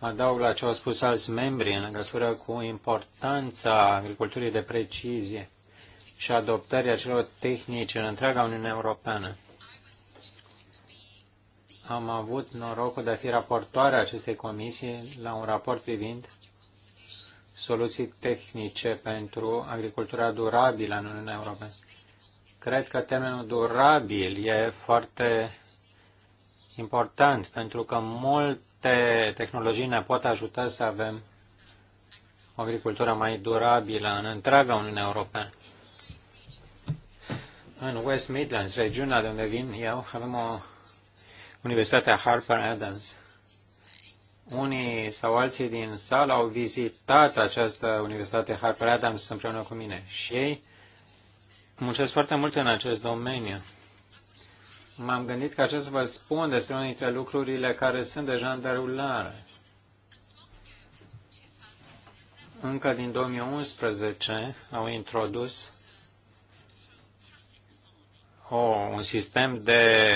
adaug la ce au spus alți membri în legătură cu importanța agriculturii de precizie și adoptării acelor tehnici în întreaga Uniune Europeană. Am avut norocul de a fi raportoare a acestei comisii la un raport privind soluții tehnice pentru agricultura durabilă în Uniunea Europeană. Cred că termenul durabil e foarte important pentru că multe tehnologii ne pot ajuta să avem o agricultură mai durabilă în întreaga Uniune Europeană. În West Midlands, regiunea de unde vin eu, avem o Universitatea Harper Adams. Unii sau alții din sală au vizitat această Universitate Harper Adams împreună cu mine și ei muncesc foarte mult în acest domeniu. M-am gândit că acest vă spun despre unul dintre lucrurile care sunt deja în derulare. Încă din 2011 au introdus o, un sistem de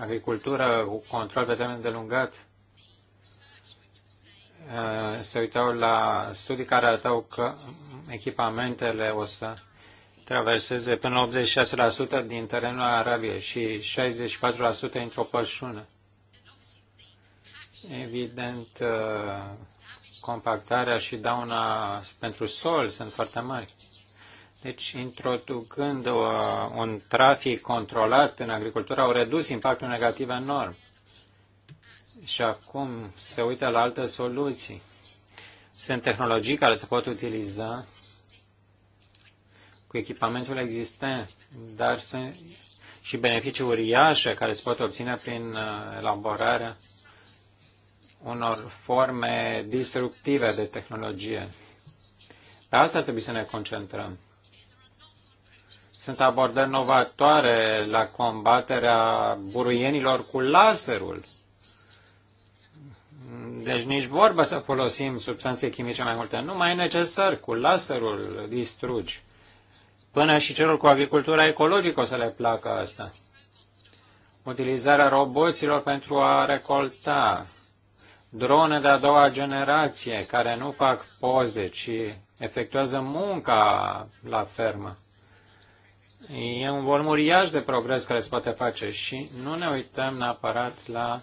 agricultură cu control pe termen delungat. Eh, se uitau la studii care arătau că echipamentele o să traverseze până la 86% din terenul Arabiei și 64% într-o pășună. Evident, eh, compactarea și dauna pentru sol sunt foarte mari. Deci, introducând o, un trafic controlat în agricultură, au redus impactul negativ enorm. Și acum se uită la alte soluții. Sunt tehnologii care se pot utiliza cu echipamentul existent, dar sunt și beneficii uriașe care se pot obține prin uh, elaborarea unor forme disruptive de tehnologie. Pe asta trebuie să ne concentrăm. Sunt abordări novatoare la combaterea buruienilor cu laserul. Deci nici vorba să folosim substanțe chimice mai multe. Nu mai e necesar. Cu laserul distrugi. Până și celor cu agricultura ecologică o să le placă asta. Utilizarea roboților pentru a recolta. Drone de a doua generație care nu fac poze, ci efectuează munca la fermă. E un volum uriaș de progres care se poate face și nu ne uităm neapărat la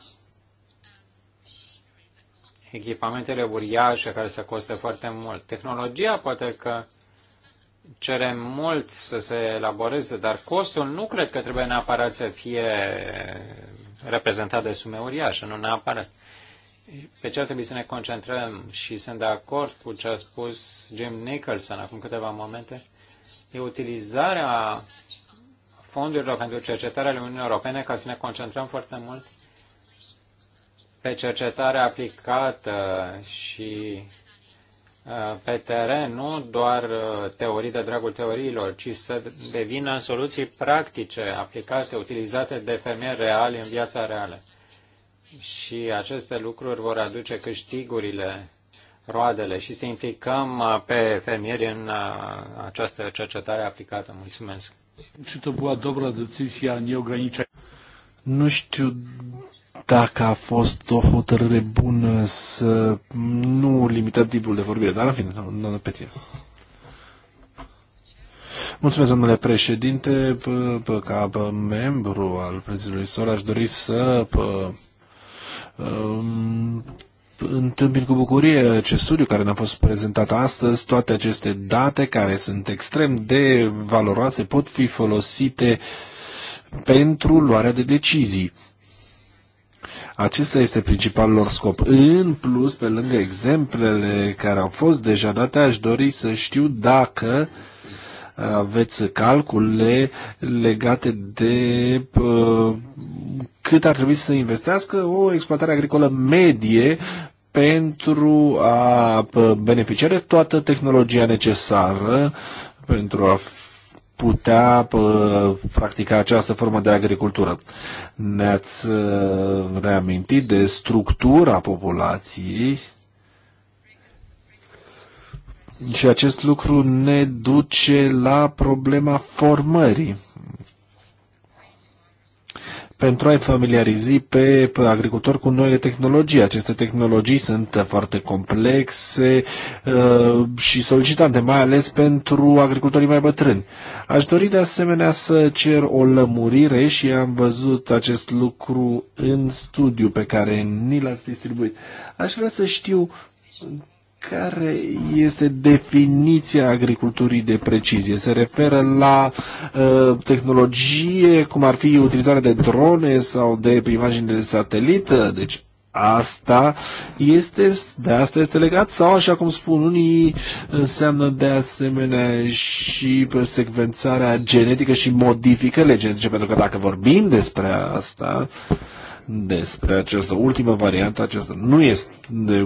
echipamentele uriașe care se costă foarte mult. Tehnologia poate că cere mult să se elaboreze, dar costul nu cred că trebuie neapărat să fie reprezentat de sume uriașe, nu neapărat. Pe ce trebuie să ne concentrăm și sunt de acord cu ce a spus Jim Nicholson acum câteva momente, e utilizarea fondurilor pentru cercetarea ale Uniunii Europene ca să ne concentrăm foarte mult pe cercetarea aplicată și uh, pe teren, nu doar uh, teorii de dragul teoriilor, ci să devină soluții practice, aplicate, utilizate de femei reale în viața reală. Și aceste lucruri vor aduce câștigurile roadele și să implicăm uh, pe fermieri în uh, această cercetare aplicată. Mulțumesc. Și to była dobra decyzja nieograniczenia. Nu știu dacă a fost o hotărâre bună să nu limităm timpul de vorbire, dar în fine, pe tine. Mulțumesc, domnule președinte. Ca membru al președintelui SOR aș dori să uh, întâmpin cu bucurie acest studiu care ne-a fost prezentat astăzi. Toate aceste date care sunt extrem de valoroase pot fi folosite pentru luarea de decizii. Acesta este principalul lor scop. În plus, pe lângă exemplele care au fost deja date, aș dori să știu dacă uh, aveți calcule legate de cât ar trebui să investească o exploatare agricolă medie pentru a beneficia de toată tehnologia necesară pentru a putea practica această formă de agricultură. Ne-ați reamintit de structura populației și acest lucru ne duce la problema formării pentru a-i familiarizi pe agricultori cu noile tehnologii. Aceste tehnologii sunt foarte complexe uh, și solicitante, mai ales pentru agricultorii mai bătrâni. Aș dori de asemenea să cer o lămurire și am văzut acest lucru în studiu pe care ni l-ați distribuit. Aș vrea să știu care este definiția agriculturii de precizie? Se referă la uh, tehnologie, cum ar fi utilizarea de drone sau de imagini de satelită? Deci asta este, de asta este legat sau, așa cum spun unii, înseamnă de asemenea și secvențarea genetică și modificările genetice, deci, pentru că dacă vorbim despre asta, uh, despre această ultimă variantă. Aceasta nu este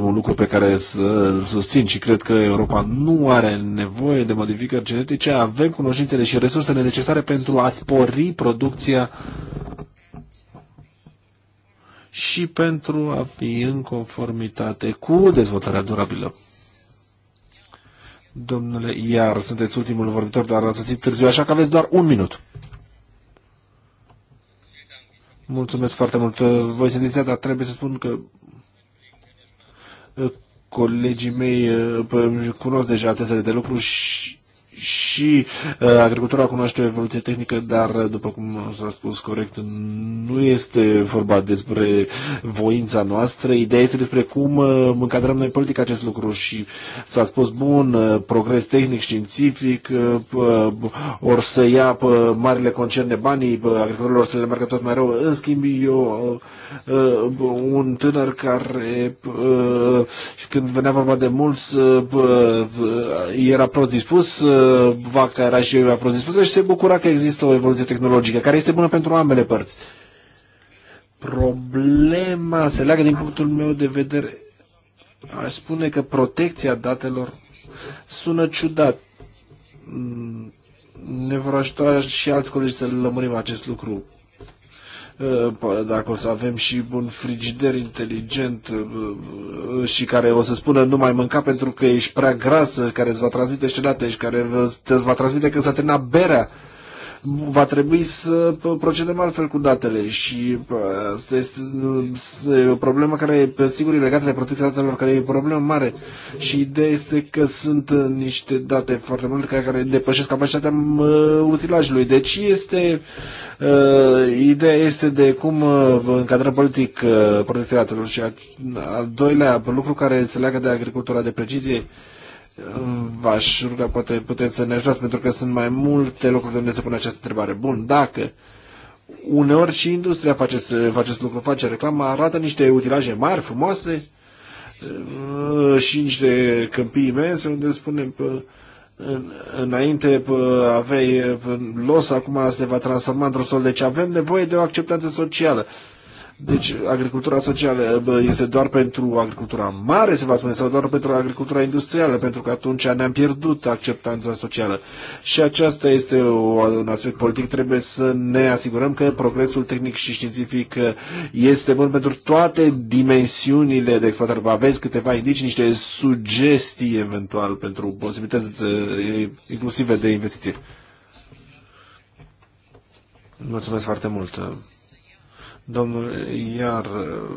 un lucru pe care să susțin și cred că Europa nu are nevoie de modificări genetice. Avem cunoștințele și resursele necesare pentru a spori producția și pentru a fi în conformitate cu dezvoltarea durabilă. Domnule, iar sunteți ultimul vorbitor, dar ați sosit târziu, așa că aveți doar un minut. Mulțumesc foarte mult. Uh, voi sintetiza, dar trebuie să spun că uh, colegii mei uh, cunosc deja atestele de lucru și și uh, agricultura cunoaște o evoluție tehnică, dar, uh, după cum s-a spus corect, nu este vorba despre voința noastră. Ideea este despre cum uh, încadrăm noi politic acest lucru și s-a spus, bun, uh, progres tehnic, științific, uh, uh ori să ia uh, marile concerne banii, uh, agricultorilor să le meargă tot mai rău. În schimb, eu, uh, uh, un tânăr care, uh, când venea vorba de mulți, uh, uh, era prost dispus, uh, vaca era și eu dispusă și deci se bucura că există o evoluție tehnologică care este bună pentru ambele părți. Problema se leagă din punctul meu de vedere. Aș spune că protecția datelor sună ciudat. Mm, ne vor ajuta și alți colegi să lămurim acest lucru. Eh, dacă o să avem și un frigider inteligent eh, și care o să spună nu mai mânca pentru că ești prea grasă, care îți va transmite și și care îți va transmite că s-a terminat berea va trebui să procedăm altfel cu datele și asta uh, este, este o problemă care, sigur, e legată de protecția datelor, care e o problemă mare. Și ideea este că sunt niște date foarte multe care, care depășesc capacitatea uh, utilajului. Deci este, uh, ideea este de cum uh, încadră politic protecția datelor. Și al doilea lucru care se leagă de agricultura de precizie, v-aș ruga, poate puteți să ne ajutați, pentru că sunt mai multe locuri unde se pune această întrebare. Bun, dacă uneori și industria face, acest lucru, face reclamă, arată niște utilaje mari, frumoase uh, și niște câmpii imense unde spunem în, înainte pă, aveai pă, los, acum se va transforma într-un sol. Deci avem nevoie de o acceptanță socială. Uh, deci agricultura socială este doar pentru agricultura mare, se va spune, sau doar pentru agricultura industrială, pentru că atunci ne-am pierdut acceptanța socială. Și aceasta este un aspect politic. Trebuie să ne asigurăm că progresul tehnic și științific uh, este bun pentru toate dimensiunile de exploatare. Aveți câteva indici, niște sugestii eventual pentru posibilități uh, inclusive de investiție. Mulțumesc foarte mult. Domnul Iar uh,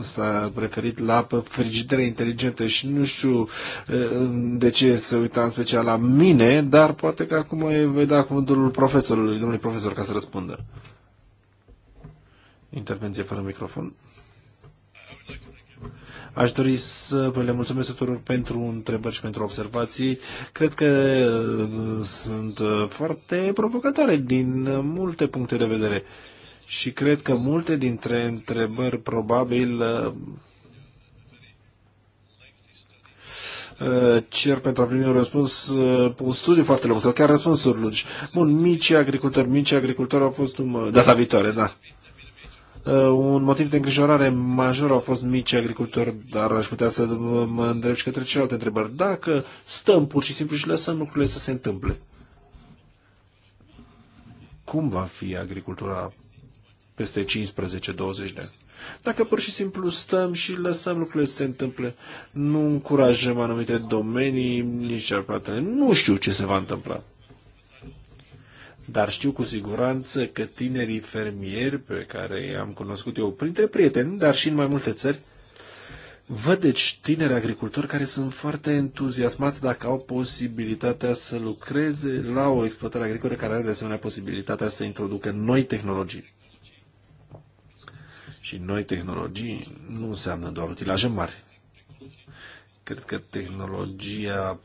s-a preferit la frigidere inteligente și nu știu uh, de ce se uita în special la mine, dar poate că acum îi voi da cuvântul profesorului, domnului profesor, ca să răspundă. Intervenție fără microfon. Aș dori să le mulțumesc tuturor pentru întrebări și pentru observații. Cred că uh, sunt foarte provocatoare din multe puncte de vedere și cred că multe dintre întrebări probabil uh, uh, cer pentru a primi un răspuns, uh, un studiu foarte lung sau chiar răspunsuri lungi. Bun, mici agricultori, mici agricultori au fost un... data viitoare, da. Un motiv de îngrijorare major au fost mici agricultori, dar aș putea să mă îndrept și către celelalte întrebări. Dacă stăm pur și simplu și lăsăm lucrurile să se întâmple, cum va fi agricultura peste 15-20 de ani. Dacă pur și simplu stăm și lăsăm lucrurile să se întâmple, nu încurajăm anumite domenii, nici altele, nu știu ce se va întâmpla. Dar știu cu siguranță că tinerii fermieri pe care i-am cunoscut eu printre prieteni, dar și în mai multe țări, Văd deci tineri agricultori care sunt foarte entuziasmați dacă au posibilitatea să lucreze la o exploatare agricolă care are de asemenea posibilitatea să introducă noi tehnologii și noi tehnologii nu înseamnă doar utilaje mari. Cred că tehnologia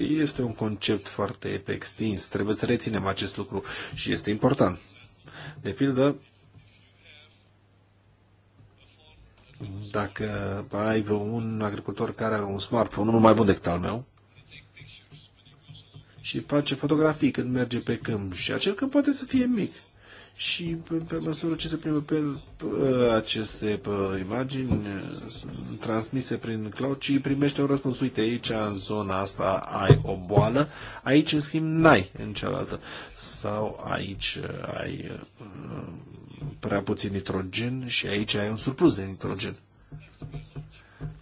este un concept foarte extins. Trebuie să reținem acest lucru și este important. De pildă, dacă ai un agricultor care are un smartphone, unul mai bun decât al meu, și face fotografii când merge pe câmp și acel câmp poate să fie mic și pe, pe măsură ce se primă pe el, aceste imagini transmise prin cloud și primește un răspuns. Uite, aici în zona asta ai o boală, aici în schimb n-ai în cealaltă. Sau aici ai uh, prea puțin nitrogen și aici ai un surplus de nitrogen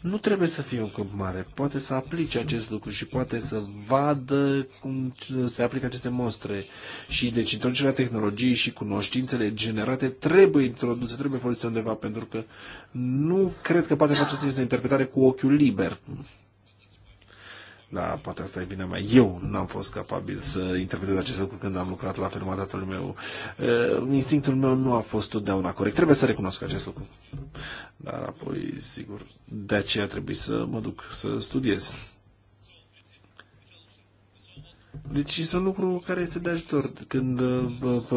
nu trebuie să fie un câmp mare. Poate să aplice acest lucru și poate să vadă cum se aplică aceste mostre. Și deci introducerea tehnologiei și cunoștințele generate trebuie introduse, trebuie folosite undeva, pentru că nu cred că poate face această interpretare cu ochiul liber. La da, poate asta e vina mea. Eu n-am fost capabil să interpretez acest lucru când am lucrat la firma datului meu. Instinctul meu nu a fost totdeauna corect. Trebuie să recunosc acest lucru. Dar apoi, sigur, de aceea trebuie să mă duc să studiez. Deci este un lucru care este de ajutor. Când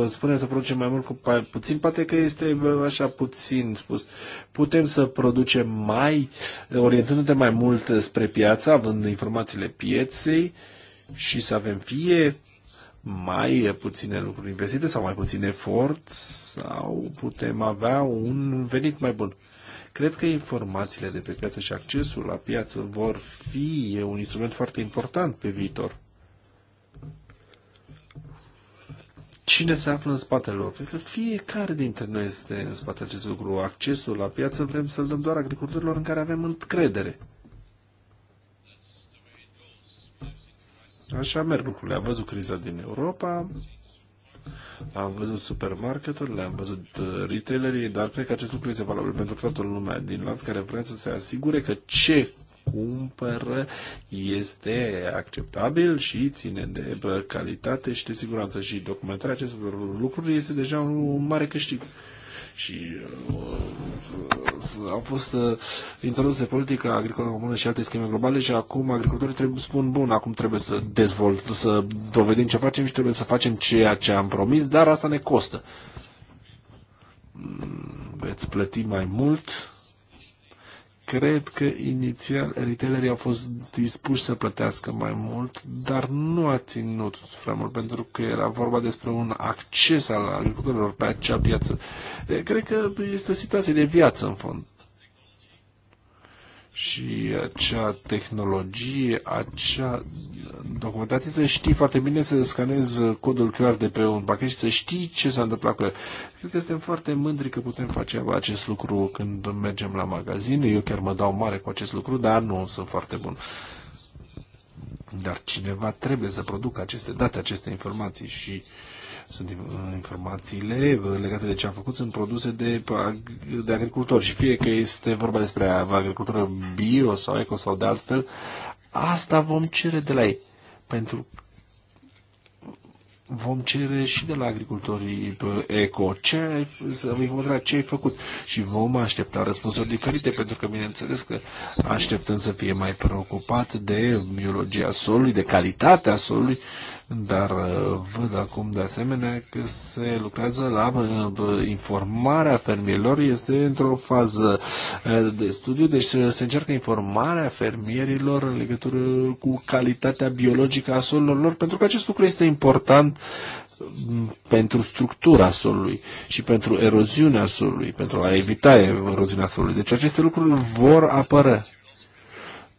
spunem să producem mai mult cu puțin, poate că este așa puțin spus. Putem să producem mai, orientându-te mai mult spre piață, având informațiile pieței și să avem fie mai puține lucruri investite sau mai puțin efort sau putem avea un venit mai bun. Cred că informațiile de pe piață și accesul la piață vor fi un instrument foarte important pe viitor. cine se află în spatele lor. Cred că fiecare dintre noi este în spatele acest lucru. Accesul la piață vrem să-l dăm doar agricultorilor în care avem încredere. Așa merg lucrurile. Am văzut criza din Europa, am văzut supermarketurile, am văzut uh, retailerii, dar cred că acest lucru este valabil pentru toată lumea din lanț care vrea să se asigure că ce cumpără este acceptabil și ține de calitate și de siguranță. Și documentarea acestor lucruri este deja un mare câștig și uh, au fost uh, introduse politica agricolă comună și alte scheme globale și acum agricultorii trebuie să spun bun, acum trebuie să dezvolt, să dovedim ce facem și trebuie să facem ceea ce am promis, dar asta ne costă. Mm, veți plăti mai mult Cred că inițial retailerii au fost dispuși să plătească mai mult, dar nu a ținut prea mult, pentru că era vorba despre un acces al agricultorilor pe acea piață. Cred că este o situație de viață, în fond și acea tehnologie, acea documentație, să știi foarte bine să scanezi codul QR de pe un pachet și să știi ce s-a întâmplat cu el. Cred că suntem foarte mândri că putem face acest lucru când mergem la magazin. Eu chiar mă dau mare cu acest lucru, dar nu sunt foarte bun. Dar cineva trebuie să producă aceste date, aceste informații și uh, sunt informațiile uh, legate de ce am făcut, sunt produse de, de agricultori și fie că este vorba despre agricultură bio sau eco sau de altfel, asta vom cere de la ei. Pentru vom cere și de la agricultorii eco ce, să îi vom întreba ce ai făcut și vom aștepta răspunsuri diferite pentru că bineînțeles că așteptăm să fie mai preocupat de biologia solului, de calitatea solului dar uh, văd acum de asemenea că se lucrează la uh, informarea fermierilor, este într-o fază uh, de studiu, deci se încearcă informarea fermierilor în legătură cu calitatea biologică a solurilor lor, pentru că acest lucru este important mm, pentru structura solului și pentru eroziunea solului, pentru a evita eroziunea solului. Deci aceste lucruri vor apărea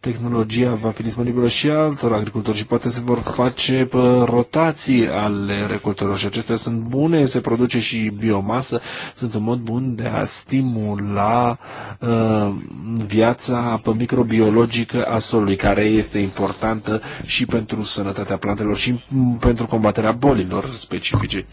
tehnologia va fi disponibilă și altor agricultori și poate se vor face rotații ale recoltelor și acestea sunt bune, se produce și biomasă, sunt un mod bun de a stimula uh, viața microbiologică a solului, care este importantă și pentru sănătatea plantelor și pentru combaterea bolilor specifice.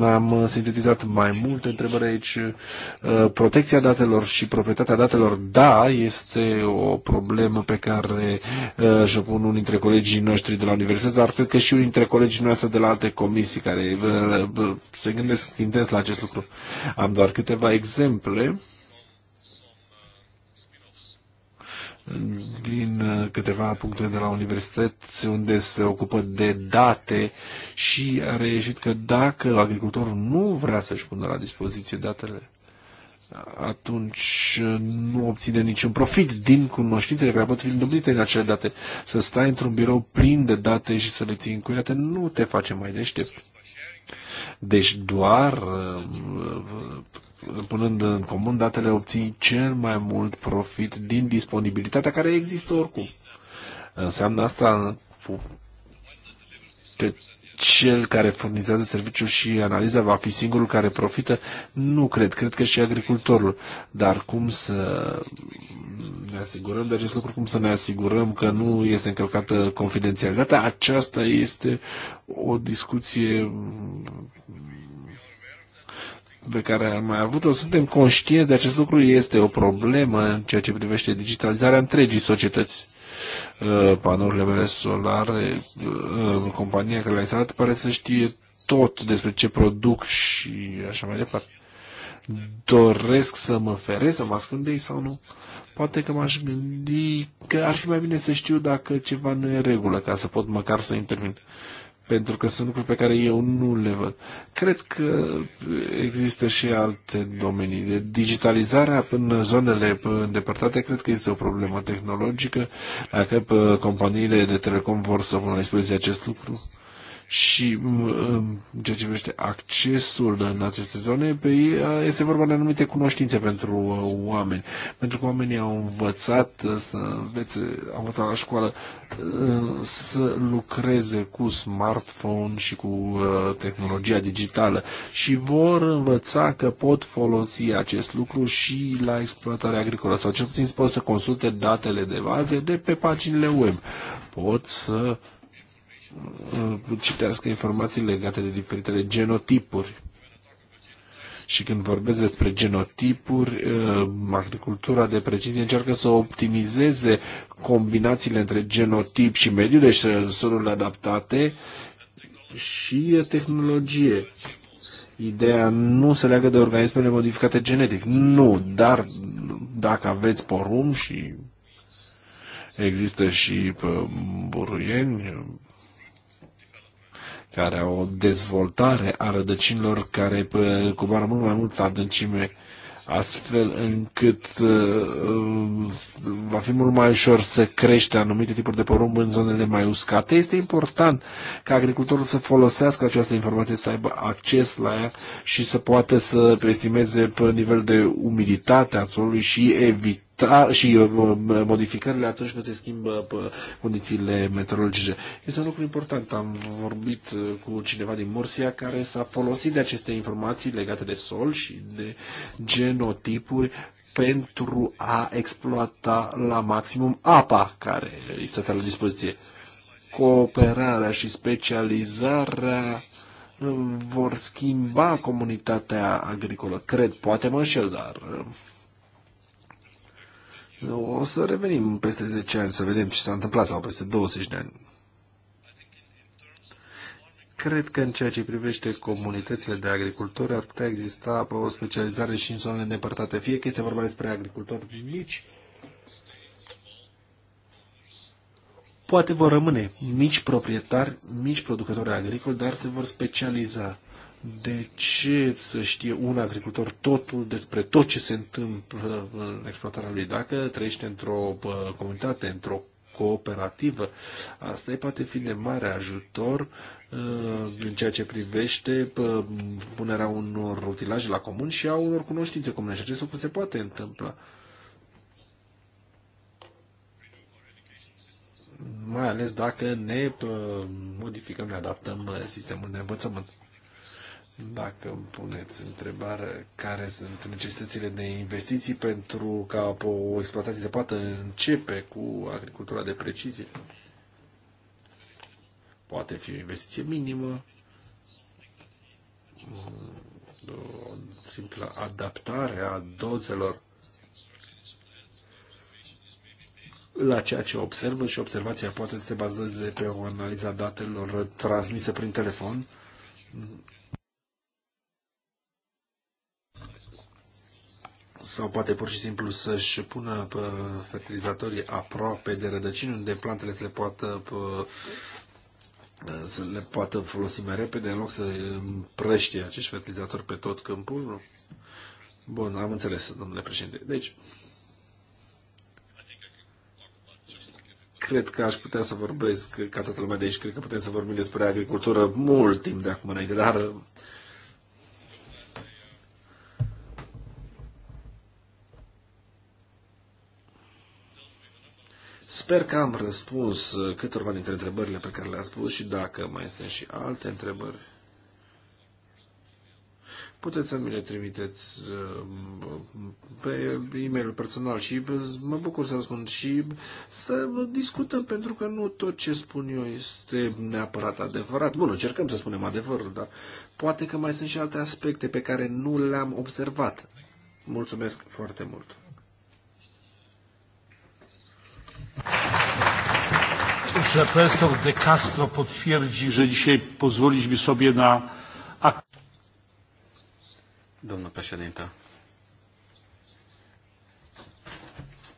Am sintetizat mai multe întrebări aici. Uh, protecția datelor și proprietatea datelor, da, este o problemă pe care uh, și-o pun unii dintre colegii noștri de la universitate, dar cred că și unii dintre colegii noastre de la alte comisii care uh, se gândesc intens la acest lucru. Am doar câteva exemple din uh, câteva puncte de la universități unde se ocupă de date și a reieșit că dacă agricultorul nu vrea să-și pună la dispoziție datele, atunci uh, nu obține niciun profit din cunoștințele care pot fi îndobite în acele date. Să stai într-un birou plin de date și să le ții încuiate nu te face mai deștept. Deci doar uh, punând în comun datele, obții cel mai mult profit din disponibilitatea care există oricum. Înseamnă asta că cel care furnizează serviciul și analiza va fi singurul care profită? Nu cred, cred că și agricultorul. Dar cum să ne asigurăm de acest lucru, cum să ne asigurăm că nu este încălcată confidențialitatea? Aceasta este o discuție pe care am mai avut-o, suntem conștienți de acest lucru, este o problemă în ceea ce privește digitalizarea întregii societăți. Uh, panourile mele solare, uh, compania care le-a instalat, pare să știe tot despre ce produc și așa mai departe. Doresc să mă feresc, să mă ascund de ei sau nu? Poate că m-aș gândi că ar fi mai bine să știu dacă ceva nu e regulă, ca să pot măcar să intervin. Uh, pentru că sunt lucruri pe care eu nu le văd. Cred că există și alte domenii. De digitalizarea în zonele îndepărtate cred că este o problemă tehnologică. Dacă uh, companiile de telecom vor să pună în acest lucru, și mm, în ceea ce privește accesul în aceste zone, pe este vorba de anumite cunoștințe pentru uh, oameni. Pentru că oamenii au învățat uh, să învețe, au învățat la școală uh, să lucreze cu smartphone și cu tehnologia digitală și vor învăța că pot folosi acest lucru și la exploatarea agricolă sau cel puțin pot să consulte datele de bază de pe paginile web. Pot să Uh, citească informații legate de diferitele genotipuri. Și când vorbesc despre genotipuri, uh, agricultura de precizie încearcă să optimizeze combinațiile între genotip și mediu, deci sensorurile adaptate și uh, tehnologie. Ideea nu se leagă de organismele modificate genetic. Nu, dar dacă aveți porum și există și buruieni, care au o dezvoltare a rădăcinilor care coboară mult mai mult adâncime astfel încât uh, uh, va fi mult mai ușor să crește anumite tipuri de porumb în zonele mai uscate. Este important ca agricultorul să folosească această informație, să aibă acces la ea și să poată să estimeze pe nivel de umiditate a solului și evite tra- și uh, modificările atunci când se schimbă condițiile meteorologice. Este un lucru important. Am vorbit uh, cu cineva din Mursia care s-a folosit de aceste informații legate de sol și de genotipuri pentru a exploata la maximum apa care este stătea la dispoziție. Cooperarea și specializarea uh, vor schimba comunitatea agricolă. Cred, poate mă înșel, dar o să revenim peste 10 ani să vedem ce s-a întâmplat sau peste 20 de ani. Cred că în ceea ce privește comunitățile de agricultori ar putea exista o specializare și în zonele îndepărtate, fie că este vorba despre agricultori mici, poate vor rămâne mici proprietari, mici producători agricoli, dar se vor specializa de ce să știe un agricultor totul despre tot ce se întâmplă în exploatarea lui? Dacă trăiește într-o uh, comunitate, într-o cooperativă, asta îi poate fi de mare ajutor uh, în ceea ce privește uh, punerea unor utilaje la comun și a unor cunoștințe comune. Și acest lucru se poate întâmpla. mai ales dacă ne modificăm, ne adaptăm sistemul de învățământ. Dacă îmi puneți întrebare, care sunt necesitățile de investiții pentru ca o exploatație să poată începe cu agricultura de precizie, poate fi o investiție minimă, o simplă adaptare a dozelor la ceea ce observă și observația poate să se bazeze pe o analiză a datelor transmise prin telefon sau poate pur și simplu să-și pună fertilizatorii aproape de rădăcini, unde plantele se le poată să le poată folosi mai repede în loc să împrăște acești fertilizatori pe tot câmpul. Bun, am înțeles, domnule președinte. Deci, cred că aș putea să vorbesc, ca toată lumea de aici, cred că putem să vorbim despre agricultură mult timp de acum înainte, dar Sper că am răspuns uh, câteva dintre întrebările pe care le-ați pus și dacă mai sunt și alte întrebări, puteți să mi le trimiteți uh, pe e mailul personal și mă bucur să răspund și să discutăm, pentru că nu tot ce spun eu este neapărat adevărat. Bun, încercăm să spunem adevărul, dar poate că mai sunt și alte aspecte pe care nu le-am observat. Mulțumesc foarte mult! że profesor De Castro potwierdzi, że dzisiaj pozwoliliśmy sobie na Domnul președinte,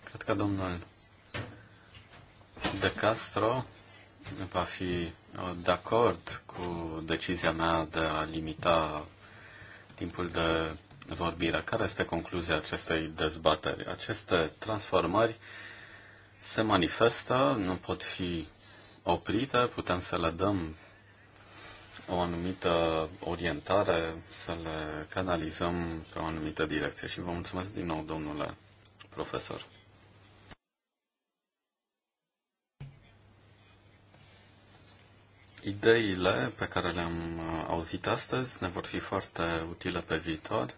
cred că domnul De Castro va fi uh, de acord cu decizia mea de a limita timpul de vorbire. Care este concluzia acestei dezbateri? Aceste transformări se manifestă, nu pot fi oprite, putem să le dăm o anumită orientare, să le canalizăm pe o anumită direcție. Și vă mulțumesc din nou, domnule profesor. Ideile pe care le-am uh, auzit astăzi ne vor fi foarte utile pe viitor,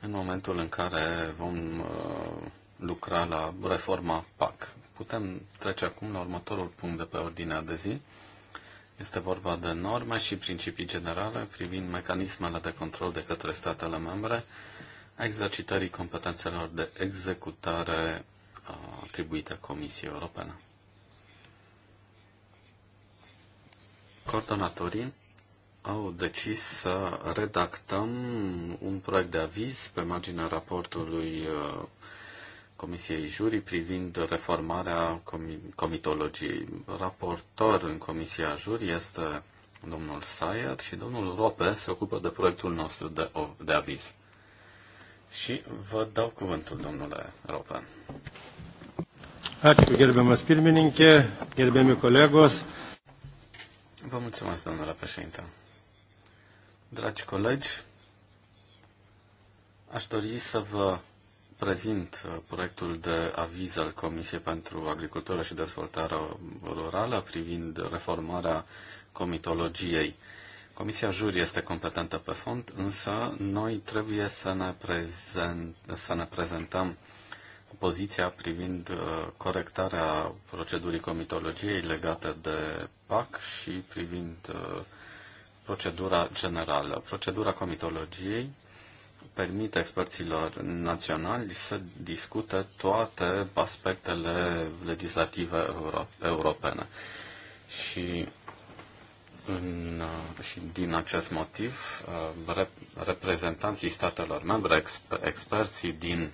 în momentul în care vom uh, lucra la reforma PAC. Putem trece acum la următorul punct de pe ordinea de zi. Este vorba de norme și principii generale privind mecanismele de control de către statele membre a exercitării competențelor de executare atribuite Comisiei Europene. Coordonatorii au decis să redactăm un proiect de aviz pe marginea raportului Comisiei Juri privind reformarea comitologiei. Raportor în Comisia Juri este domnul Sayer și domnul Rope se ocupă de proiectul nostru de, de aviz. Și vă dau cuvântul, domnule Rope. Ačiū, gerbiamas pirmininkė, gerbiami kolegos. Vă mulțumesc, domnule președinte. Dragi colegi, aș dori să vă prezint uh, proiectul de aviz al Comisiei pentru Agricultură și Dezvoltare Rurală privind reformarea comitologiei. Comisia Juri este competentă pe fond, însă noi trebuie să ne, prezent, să ne prezentăm poziția privind uh, corectarea procedurii comitologiei legate de PAC și privind uh, procedura generală. Procedura comitologiei permite experților naționali să discute toate aspectele legislative euro- europene. Și, în, uh, și din acest motiv, uh, reprezentanții statelor membre, ex- experții din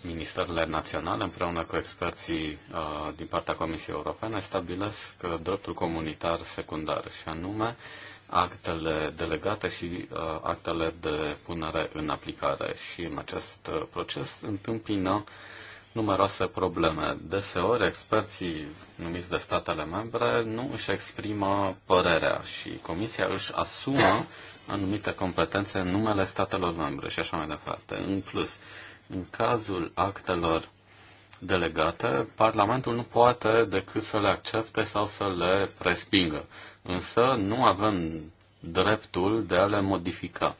ministerele naționale, împreună cu experții uh, din partea Comisiei Europene, stabilesc dreptul comunitar secundar, și anume actele delegate și uh, actele de punere în aplicare. Și în acest uh, proces întâmpină numeroase probleme. Deseori, experții numiți de statele membre nu își exprimă părerea și Comisia își asumă anumite competențe în numele statelor membre și așa mai departe. În plus, în cazul actelor delegate, Parlamentul nu poate decât să le accepte sau să le respingă însă nu avem dreptul de a le modifica.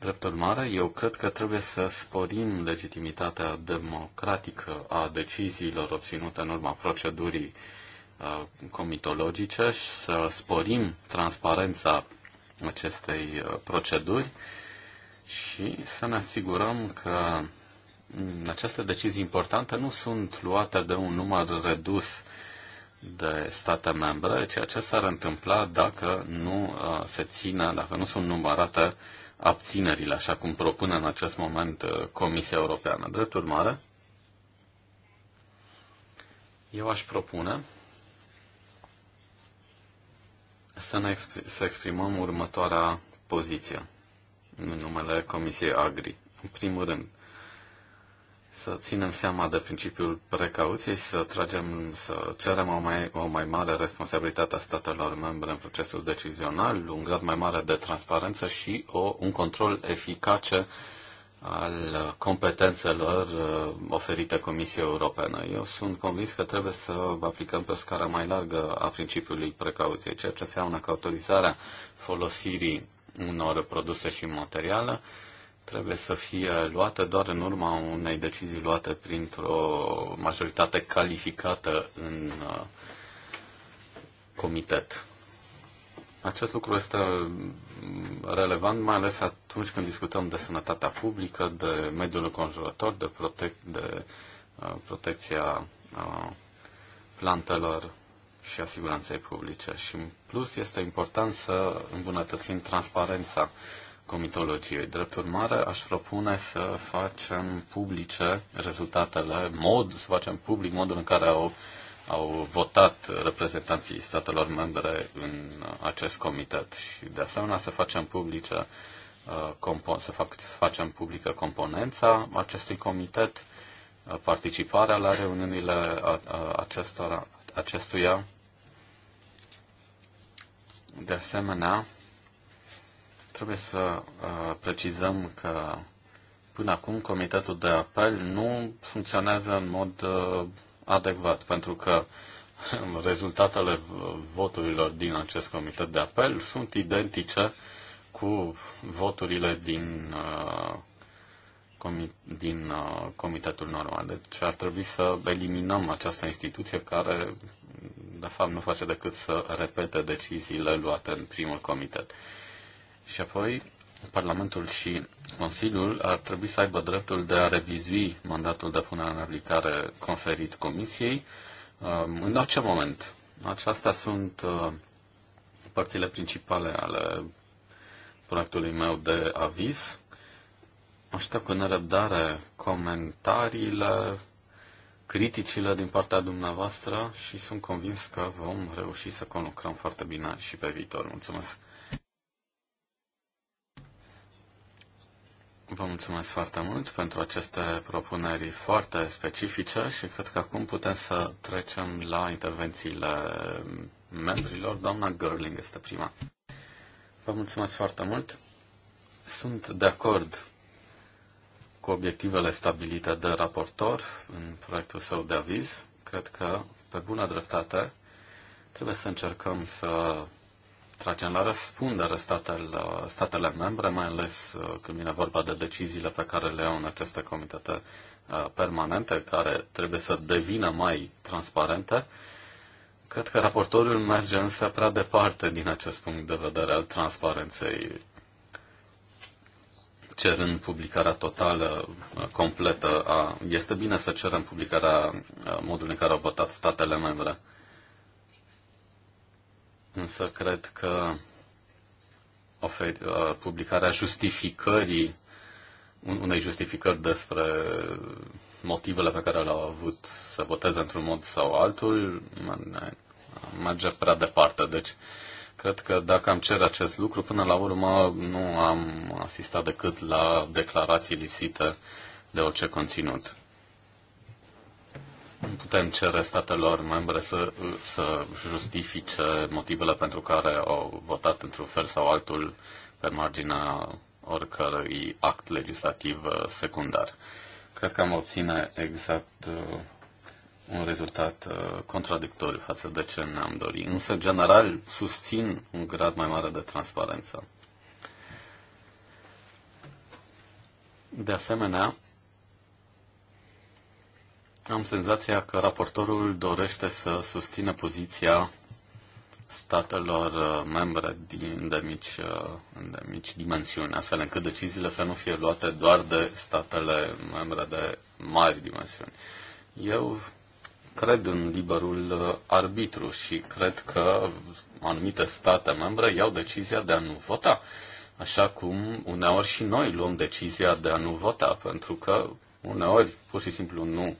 Drept urmare, eu cred că trebuie să sporim legitimitatea democratică a deciziilor obținute în urma procedurii uh, comitologice și să sporim transparența acestei uh, proceduri și să ne asigurăm că mm, aceste decizii importante nu sunt luate de un număr redus de state membre, ceea ce s-ar întâmpla dacă nu uh, se ține, dacă nu sunt numărate abținerile, așa cum propune în acest moment uh, Comisia Europeană. Drept urmare, eu aș propune să, ne exp- să exprimăm următoarea poziție în numele Comisiei Agri. În primul rând, să ținem seama de principiul precauției, să tragem, să cerem o mai, o mai mare responsabilitate a statelor membre în procesul decizional, un grad mai mare de transparență și o, un control eficace al competențelor uh, oferite Comisiei Europene. Eu sunt convins că trebuie să aplicăm pe o scară mai largă a principiului precauției, ceea ce înseamnă că autorizarea folosirii unor produse și materiale trebuie să fie luată doar în urma unei decizii luate printr-o majoritate calificată în uh, comitet. Acest lucru este relevant mai ales atunci când discutăm de sănătatea publică, de mediul înconjurător, de, protec- de uh, protecția uh, plantelor și a siguranței publice. Și în plus este important să îmbunătățim transparența uh, comitologiei. Drept urmare, aș propune să facem publice rezultatele, mod, să facem public modul în care au, au votat reprezentanții statelor membre în acest comitet și, de asemenea, să facem publice uh, să fac, facem publică componența acestui comitet, uh, participarea la reuniunile acestora, acestuia. De asemenea, Trebuie să uh, precizăm că până acum comitetul de apel nu funcționează în mod uh, adecvat, pentru că <laughs> rezultatele voturilor din acest comitet de apel sunt identice cu voturile din, uh, comi- din uh, comitetul normal. Deci ar trebui să eliminăm această instituție care, de fapt, nu face decât să repete deciziile luate în primul comitet. Și apoi, Parlamentul și Consiliul ar trebui să aibă dreptul de a revizui mandatul de punere în aplicare conferit Comisiei uh, în orice moment. Aceasta sunt uh, părțile principale ale proiectului meu de aviz. Aștept cu nerăbdare comentariile, criticile din partea dumneavoastră și sunt convins că vom reuși să conlucrăm foarte bine și pe viitor. Mulțumesc! Vă mulțumesc foarte mult pentru aceste propuneri foarte specifice și cred că acum putem să trecem la intervențiile membrilor. Doamna Görling este prima. Vă mulțumesc foarte mult. Sunt de acord cu obiectivele stabilite de raportor în proiectul său de aviz. Cred că, pe bună dreptate, trebuie să încercăm să tragem la răspundere statele, statele membre, mai ales uh, când vine vorba de deciziile pe care le au în aceste comitete uh, permanente, care trebuie să devină mai transparente. Cred că raportorul merge însă prea departe din acest punct de vedere al transparenței, cerând publicarea totală, uh, completă. A... Este bine să cerem publicarea modului în care au votat statele membre însă cred că oferi, uh, publicarea justificării, unei justificări despre motivele pe care le-au avut să voteze într-un mod sau altul, merge prea departe. Deci, cred că dacă am cer acest lucru, până la urmă nu am asistat decât la declarații lipsite de orice conținut putem cere statelor membre să, să justifice motivele pentru care au votat într-un fel sau altul pe marginea oricărui act legislativ uh, secundar. Cred că am obține exact uh, un rezultat uh, contradictoriu față de ce ne-am dorit. Însă, în general, susțin un grad mai mare de transparență. De asemenea, am senzația că raportorul dorește să susțină poziția statelor uh, membre din, de, mici, uh, de mici dimensiuni, astfel încât deciziile să nu fie luate doar de statele membre de mari dimensiuni. Eu cred în liberul uh, arbitru și cred că anumite state membre iau decizia de a nu vota, așa cum uneori și noi luăm decizia de a nu vota, pentru că uneori pur și simplu nu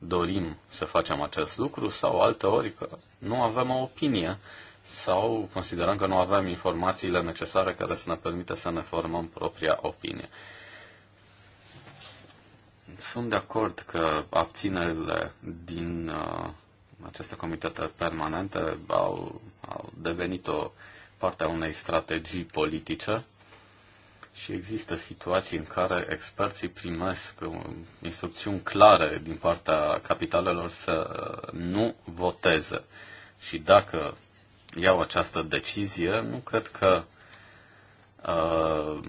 dorim să facem acest lucru sau alte ori că nu avem o opinie sau considerăm că nu avem informațiile necesare care să ne permită să ne formăm propria opinie. Sunt de acord că abținerile din uh, aceste comitete permanente au, au devenit o parte a unei strategii politice și există situații în care experții primesc uh, instrucțiuni clare din partea capitalelor să uh, nu voteze. Și dacă iau această decizie, nu cred că uh,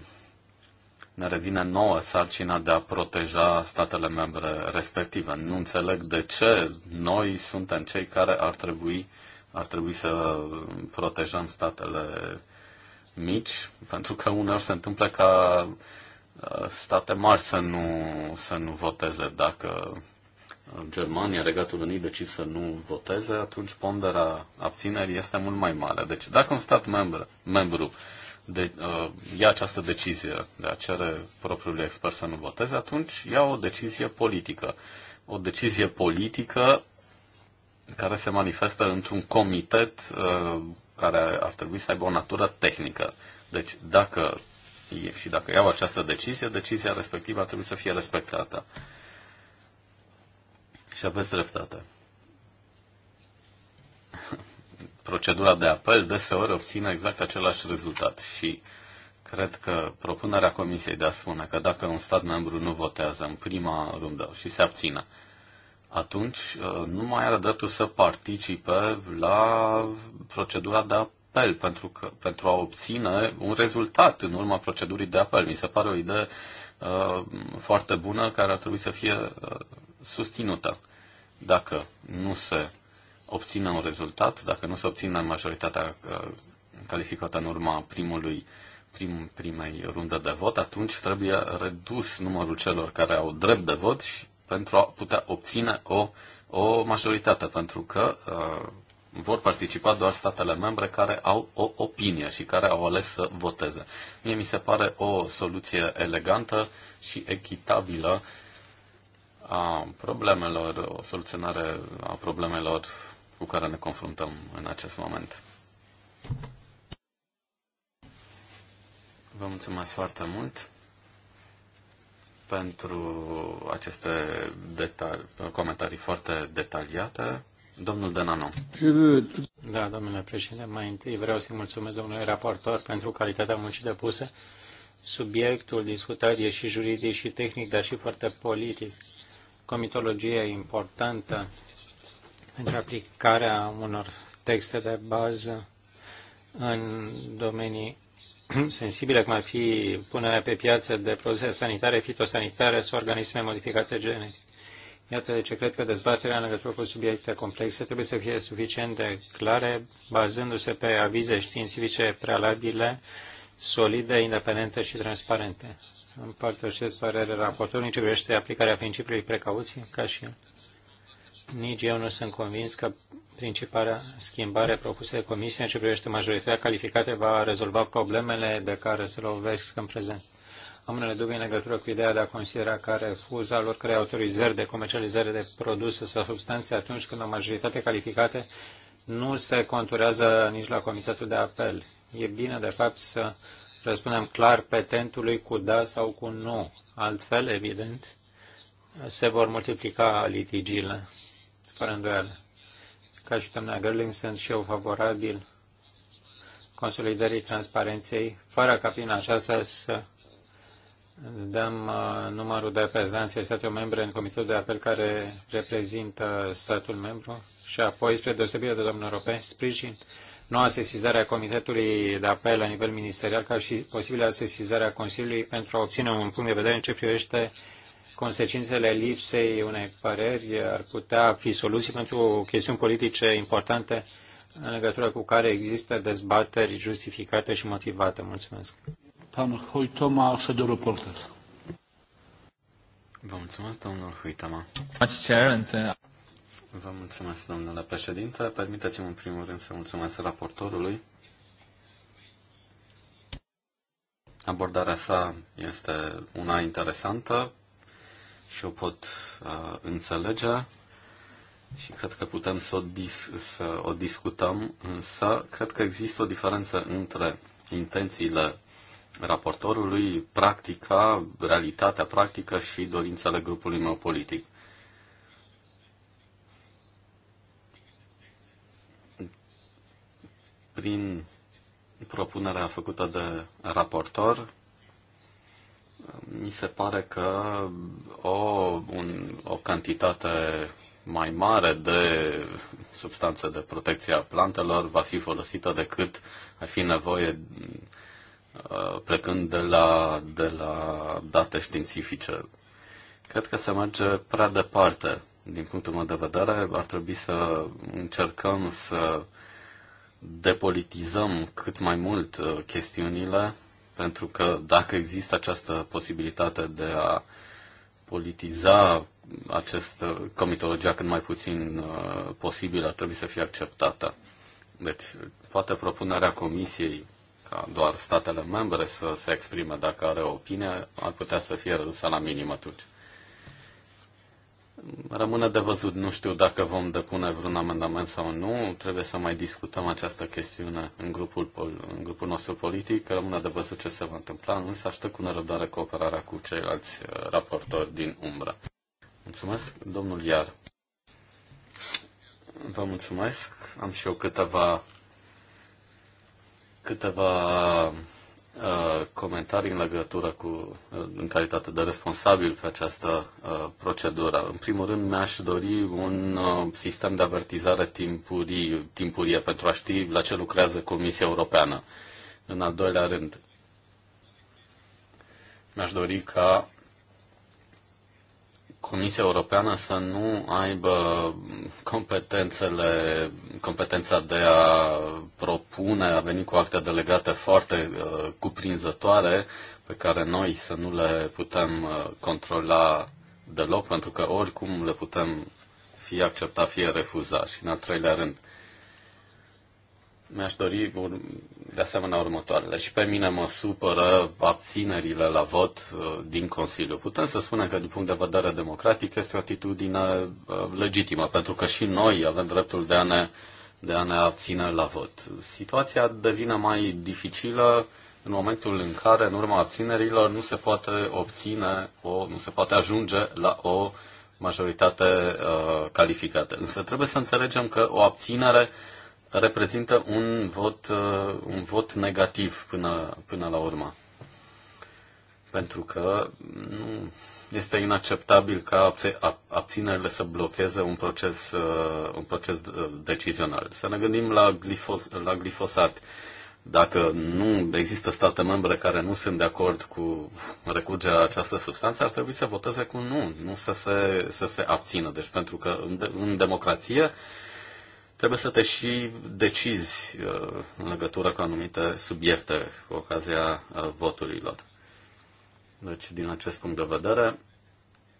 ne revine nouă sarcina de a proteja statele membre respective. Nu înțeleg de ce noi suntem cei care ar trebui, ar trebui să protejăm statele mici, pentru că uneori se întâmplă ca uh, state mari să nu, să nu voteze. Dacă uh, Germania, Regatul Unit decid să nu voteze, atunci ponderea abținerii este mult mai mare. Deci dacă un stat membru, membru de, uh, ia această decizie de a cere propriului expert să nu voteze, atunci ia o decizie politică. O decizie politică care se manifestă într-un comitet uh, care ar trebui să aibă o natură tehnică. Deci dacă și dacă iau această decizie, decizia respectivă ar trebui să fie respectată. Și aveți dreptate. Procedura de apel deseori obține exact același rezultat și cred că propunerea Comisiei de a spune că dacă un stat membru nu votează în prima rundă și se abține, atunci uh, nu mai are dreptul să participe la procedura de apel pentru, că, pentru a obține un rezultat în urma procedurii de apel. Mi se pare o idee uh, foarte bună care ar trebui să fie uh, susținută. Dacă nu se obține un rezultat, dacă nu se obține majoritatea uh, calificată în urma primului prim, primei runde de vot, atunci trebuie redus numărul celor care au drept de vot și pentru a putea obține o, o majoritate, pentru că uh, vor participa doar statele membre care au o opinie și care au ales să voteze. Mie mi se pare o soluție elegantă și echitabilă a problemelor, o soluționare a problemelor cu care ne confruntăm în acest moment. Vă mulțumesc foarte mult pentru aceste detali, comentarii foarte detaliate. Domnul Denano. Da, domnule președinte, mai întâi vreau să-i mulțumesc domnului raportor pentru calitatea muncii depuse. Subiectul discutat e și juridic și tehnic, dar și foarte politic. Comitologia e importantă pentru aplicarea unor texte de bază în domenii <clears throat> sensibile, cum ar fi punerea pe piață de produse sanitare, fitosanitare sau organisme modificate genetic. Iată de ce cred că dezbaterea în legătură cu subiecte complexe trebuie să fie suficient de clare, bazându-se pe avize științifice prealabile, solide, independente și transparente. Împărtășesc părerea raportorului în ce privește aplicarea principiului precauții, ca și Nici eu nu sunt convins că Principala schimbare propusă de Comisie în ce privește majoritatea calificată va rezolva problemele de care se lovesc în prezent. Am unele dubii în legătură cu ideea de a considera ca refuza lor care autorizări de comercializare de produse sau substanțe atunci când o majoritate calificată nu se conturează nici la Comitetul de Apel. E bine, de fapt, să răspundem clar petentului cu da sau cu nu. Altfel, evident, se vor multiplica litigiile, fără îndoială ca și doamna Gerling, sunt și eu favorabil consolidării transparenței, fără ca prin aceasta să dăm uh, numărul de reprezentanți ai statelor membre în comitetul de apel care reprezintă statul membru și apoi, spre deosebire de domnul Europe, sprijin noua sesizare a comitetului de apel la nivel ministerial, ca și posibilă sesizare a Consiliului pentru a obține un punct de vedere în ce privește consecințele lipsei unei păreri ar putea fi soluții pentru chestiuni politice importante în legătură cu care există dezbateri justificate și motivate. Mulțumesc. Vă mulțumesc, domnul Huitama. Uh, Vă mulțumesc, domnule președinte. Permiteți-mi în primul rând să mulțumesc raportorului. Abordarea sa este una interesantă și o pot uh, înțelege și cred că putem să o, dis- să o discutăm, însă cred că există o diferență între intențiile raportorului, practica, realitatea practică și dorințele grupului meu politic. Prin propunerea făcută de raportor, mi se pare că o, un, o cantitate mai mare de substanță de protecție a plantelor va fi folosită decât ar fi nevoie uh, plecând de la, de la date științifice. Cred că se merge prea departe. Din punctul meu de vedere, ar trebui să încercăm să depolitizăm cât mai mult uh, chestiunile pentru că dacă există această posibilitate de a politiza această comitologia cât mai puțin uh, posibil, ar trebui să fie acceptată. Deci, poate propunerea Comisiei ca doar statele membre să se exprime dacă are o opinie, ar putea să fie redusă la minim atunci. Rămâne de văzut. Nu știu dacă vom depune vreun amendament sau nu. Trebuie să mai discutăm această chestiune în grupul, în grupul nostru politic. Rămâne de văzut ce se va întâmpla, însă aștept cu nerăbdare cooperarea cu ceilalți uh, raportori din umbră. Mulțumesc, domnul Iar. Vă mulțumesc. Am și eu câteva câteva Uh, comentarii în legătură cu, uh, în calitate de responsabil pe această uh, procedură. În primul rând, mi-aș dori un sistem de avertizare timpurie, timpurie pentru a ști la ce lucrează Comisia Europeană. În al doilea rând, mi-aș dori ca Comisia Europeană să nu aibă competențele, competența de a propune, a veni cu acte delegate foarte uh, cuprinzătoare pe care noi să nu le putem uh, controla deloc, pentru că oricum le putem fie accepta, fie refuza. Și în al treilea rând, mi-aș dori de asemenea următoarele. Și pe mine mă supără abținerile la vot uh, din Consiliu. Putem să spunem că, din punct de vedere democratic, este o atitudine uh, legitimă, pentru că și noi avem dreptul de a ne, de a ne abține la vot. Situația devine mai dificilă în momentul în care, în urma abținerilor, nu se poate obține, o, nu se poate ajunge la o majoritate uh, calificată. Însă trebuie să înțelegem că o abținere uh, reprezintă un vot, uh, un vot negativ până, până la urmă. Pentru că nu, este inacceptabil ca abținerile să blocheze un proces, uh, un proces uh, decizional. Să ne gândim la, glifos, la glifosat. Dacă nu există state membre care nu sunt de acord cu recurgerea această substanță, ar trebui să voteze cu nu, nu să se, să se abțină. Deci pentru că în, în democrație trebuie să te și decizi uh, în legătură cu anumite subiecte cu ocazia uh, voturilor. Deci, din acest punct de vedere,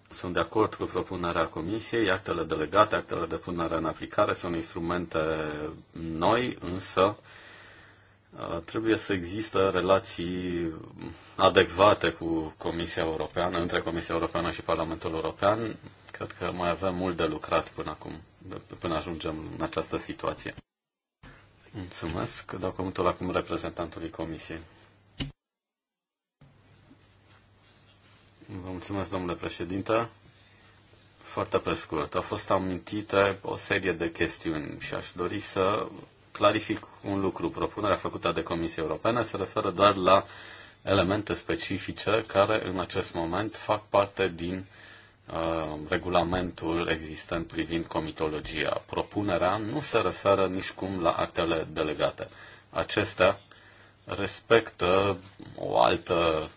sunt de acord cu propunerea Comisiei. Actele delegate, actele de punere în aplicare sunt instrumente noi, însă uh, trebuie să există relații adecvate cu Comisia Europeană, între Comisia Europeană și Parlamentul European. Cred că mai avem mult de lucrat până acum până ajungem în această situație. Mulțumesc. Dau cuvântul acum reprezentantului Comisiei. Vă mulțumesc, domnule președinte. Foarte pe scurt. Au fost amintite o serie de chestiuni și aș dori să clarific un lucru. Propunerea făcută de Comisia Europeană se referă doar la elemente specifice care în acest moment fac parte din uh, Uh, regulamentul existent privind comitologia. Propunerea nu se referă nici cum la actele delegate. Acestea respectă o altă,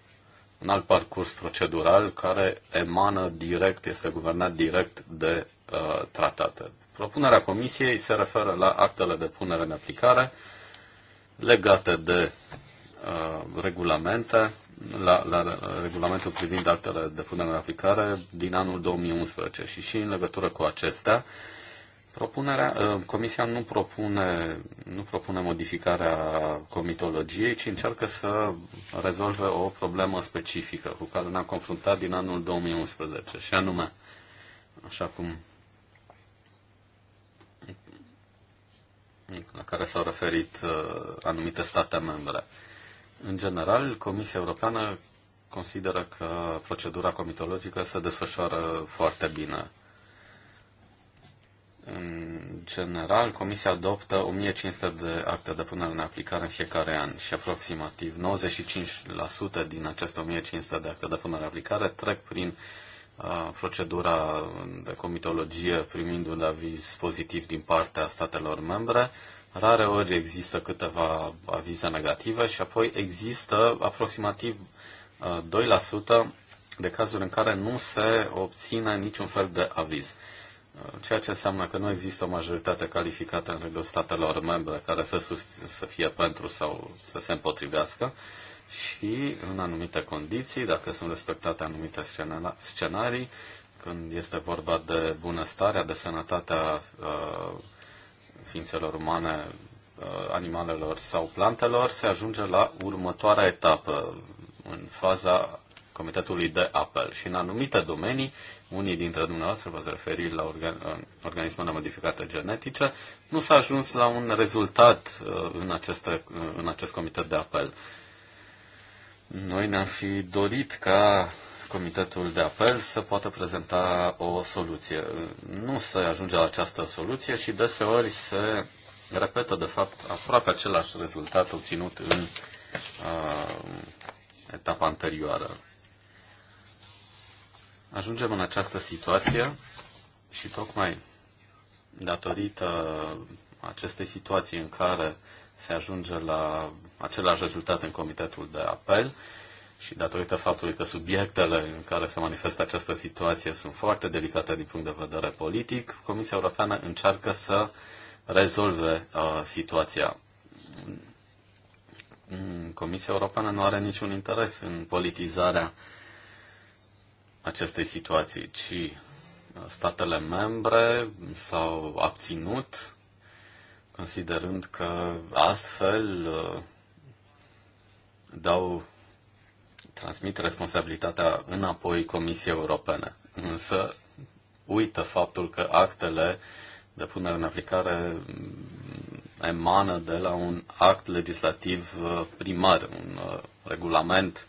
un alt parcurs procedural care emană direct, este guvernat direct de uh, tratate. Propunerea Comisiei se referă la actele de punere în aplicare legate de uh, regulamente la, la regulamentul privind actele de punere în aplicare din anul 2011 și și în legătură cu acestea, propunerea, ă, Comisia nu propune, nu propune modificarea comitologiei, ci încearcă să rezolve o problemă specifică cu care ne-am confruntat din anul 2011 și anume, așa cum la care s-au referit uh, anumite state membre. În general, Comisia Europeană consideră că procedura comitologică se desfășoară foarte bine. În general, Comisia adoptă 1500 de acte de punere în aplicare în fiecare an și aproximativ 95% din aceste 1500 de acte de punere în aplicare trec prin procedura de comitologie primind un aviz pozitiv din partea statelor membre Rare ori există câteva avize negative și apoi există aproximativ 2% uh, de cazuri în care nu se obține niciun fel de aviz. Uh, ceea ce înseamnă că nu există o majoritate calificată în regulă statelor membre care să, sus- să fie pentru sau să se împotrivească și în anumite condiții, dacă sunt respectate anumite scenarii, când este vorba de bunăstarea, de sănătatea uh, ființelor umane, uh, animalelor sau plantelor, se ajunge la următoarea etapă, în faza Comitetului de Apel. Și în anumite domenii, unii dintre dumneavoastră vă referi la uh, organismele modificate genetice, nu s-a ajuns la un rezultat uh, în, aceste, în acest comitet de apel. Noi ne-am fi dorit ca Comitetul de Apel să poată prezenta o soluție. Nu se ajunge la această soluție și deseori se repetă, de fapt, aproape același rezultat obținut în uh, etapa anterioară. Ajungem în această situație și tocmai datorită acestei situații în care se ajunge la același rezultat în comitetul de apel, uh, și datorită faptului că subiectele în care se manifestă această situație sunt foarte delicate din punct de vedere politic, Comisia Europeană încearcă să rezolve uh, situația. Mm, Comisia Europeană nu are niciun interes în politizarea acestei situații, ci uh, statele membre s-au abținut, considerând că astfel uh, dau transmit responsabilitatea înapoi Comisiei Europene. Însă uită faptul că actele de punere în aplicare emană de la un act legislativ uh, primar, un uh, regulament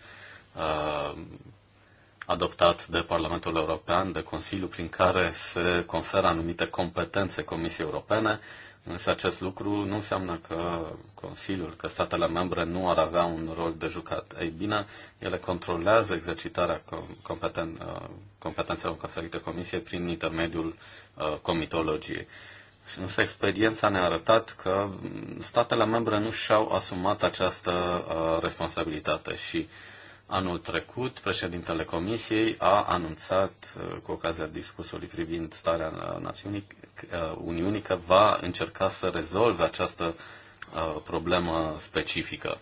uh, adoptat de Parlamentul European, de Consiliu, prin care se conferă anumite competențe Comisiei Europene Însă acest lucru nu înseamnă că Consiliul, că statele membre nu ar avea un rol de jucat. Ei bine, ele controlează exercitarea competen- uh, competențelor conferite Comisiei prin intermediul uh, comitologiei. Însă experiența ne-a arătat că statele membre nu și-au asumat această uh, responsabilitate și anul trecut președintele Comisiei a anunțat cu ocazia discursului privind starea națiunii Uh, Uniunii că va încerca să rezolve această uh, problemă specifică.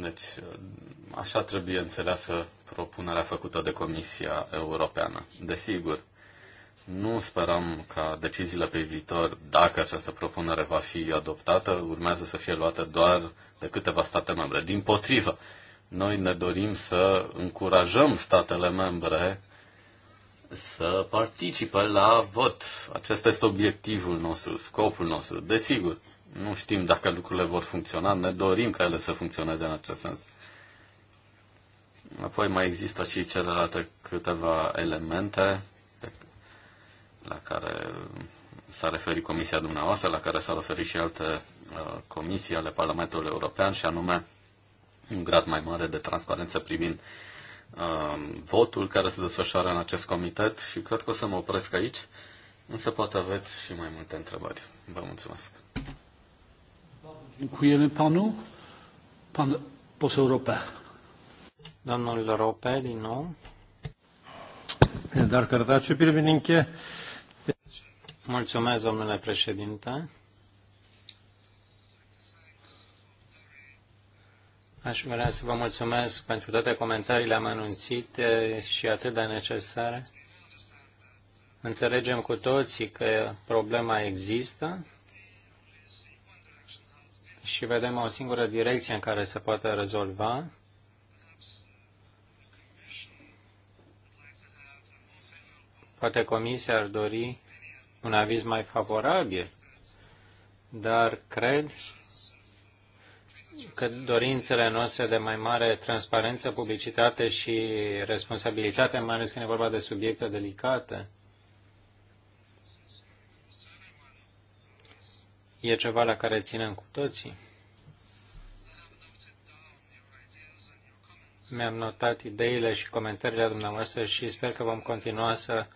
Deci, uh, așa trebuie înțeleasă propunerea făcută de Comisia Europeană. Desigur, nu sperăm ca deciziile pe viitor, dacă această propunere va fi adoptată, urmează să fie luată doar de câteva state membre. Din potrivă, noi ne dorim să încurajăm statele membre să participe la vot. Acesta este obiectivul nostru, scopul nostru. Desigur, nu știm dacă lucrurile vor funcționa, ne dorim ca ele să funcționeze în acest sens. Apoi mai există și celelalte câteva elemente la care s-a referit comisia dumneavoastră, la care s-au referit și alte uh, comisii ale Parlamentului European, și anume un grad mai mare de transparență privind uh, Um, votul care se desfășoară în acest comitet și cred că o să mă opresc aici, însă poate aveți și mai multe întrebări. Vă mulțumesc. Dziękujemy panu. Pan poseł Rope. Domnul Rope, din nou. Dar, cărtaciu, pirmininkė. Mulțumesc, domnule președinte. Aș vrea să vă mulțumesc pentru toate comentariile amănunțite și atât de necesare. Înțelegem cu toții că problema există și vedem o singură direcție în care se poate rezolva. Poate Comisia ar dori un aviz mai favorabil, dar cred că dorințele noastre de mai mare transparență, publicitate și responsabilitate, mai ales când e vorba de subiecte delicate, e ceva la care ținem cu toții. Mi-am notat ideile și comentariile dumneavoastră și sper că vom continua să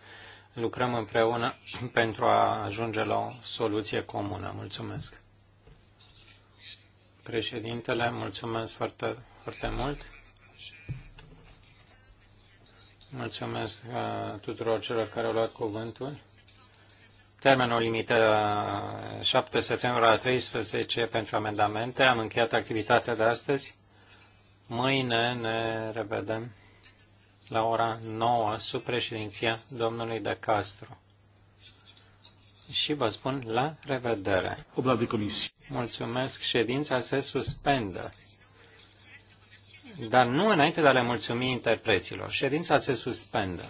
lucrăm împreună pentru a ajunge la o soluție comună. Mulțumesc! Președintele, mulțumesc foarte, foarte mult. Mulțumesc uh, tuturor celor care au luat cuvântul. Termenul limită 7 uh, septembrie la 13 pentru amendamente. Am încheiat activitatea de astăzi. Mâine ne revedem la ora 9 sub președinția domnului De Castro și vă spun la revedere. de comisie. Mulțumesc, ședința se suspendă. Dar nu înainte de a le mulțumi interpreților. Ședința se suspendă.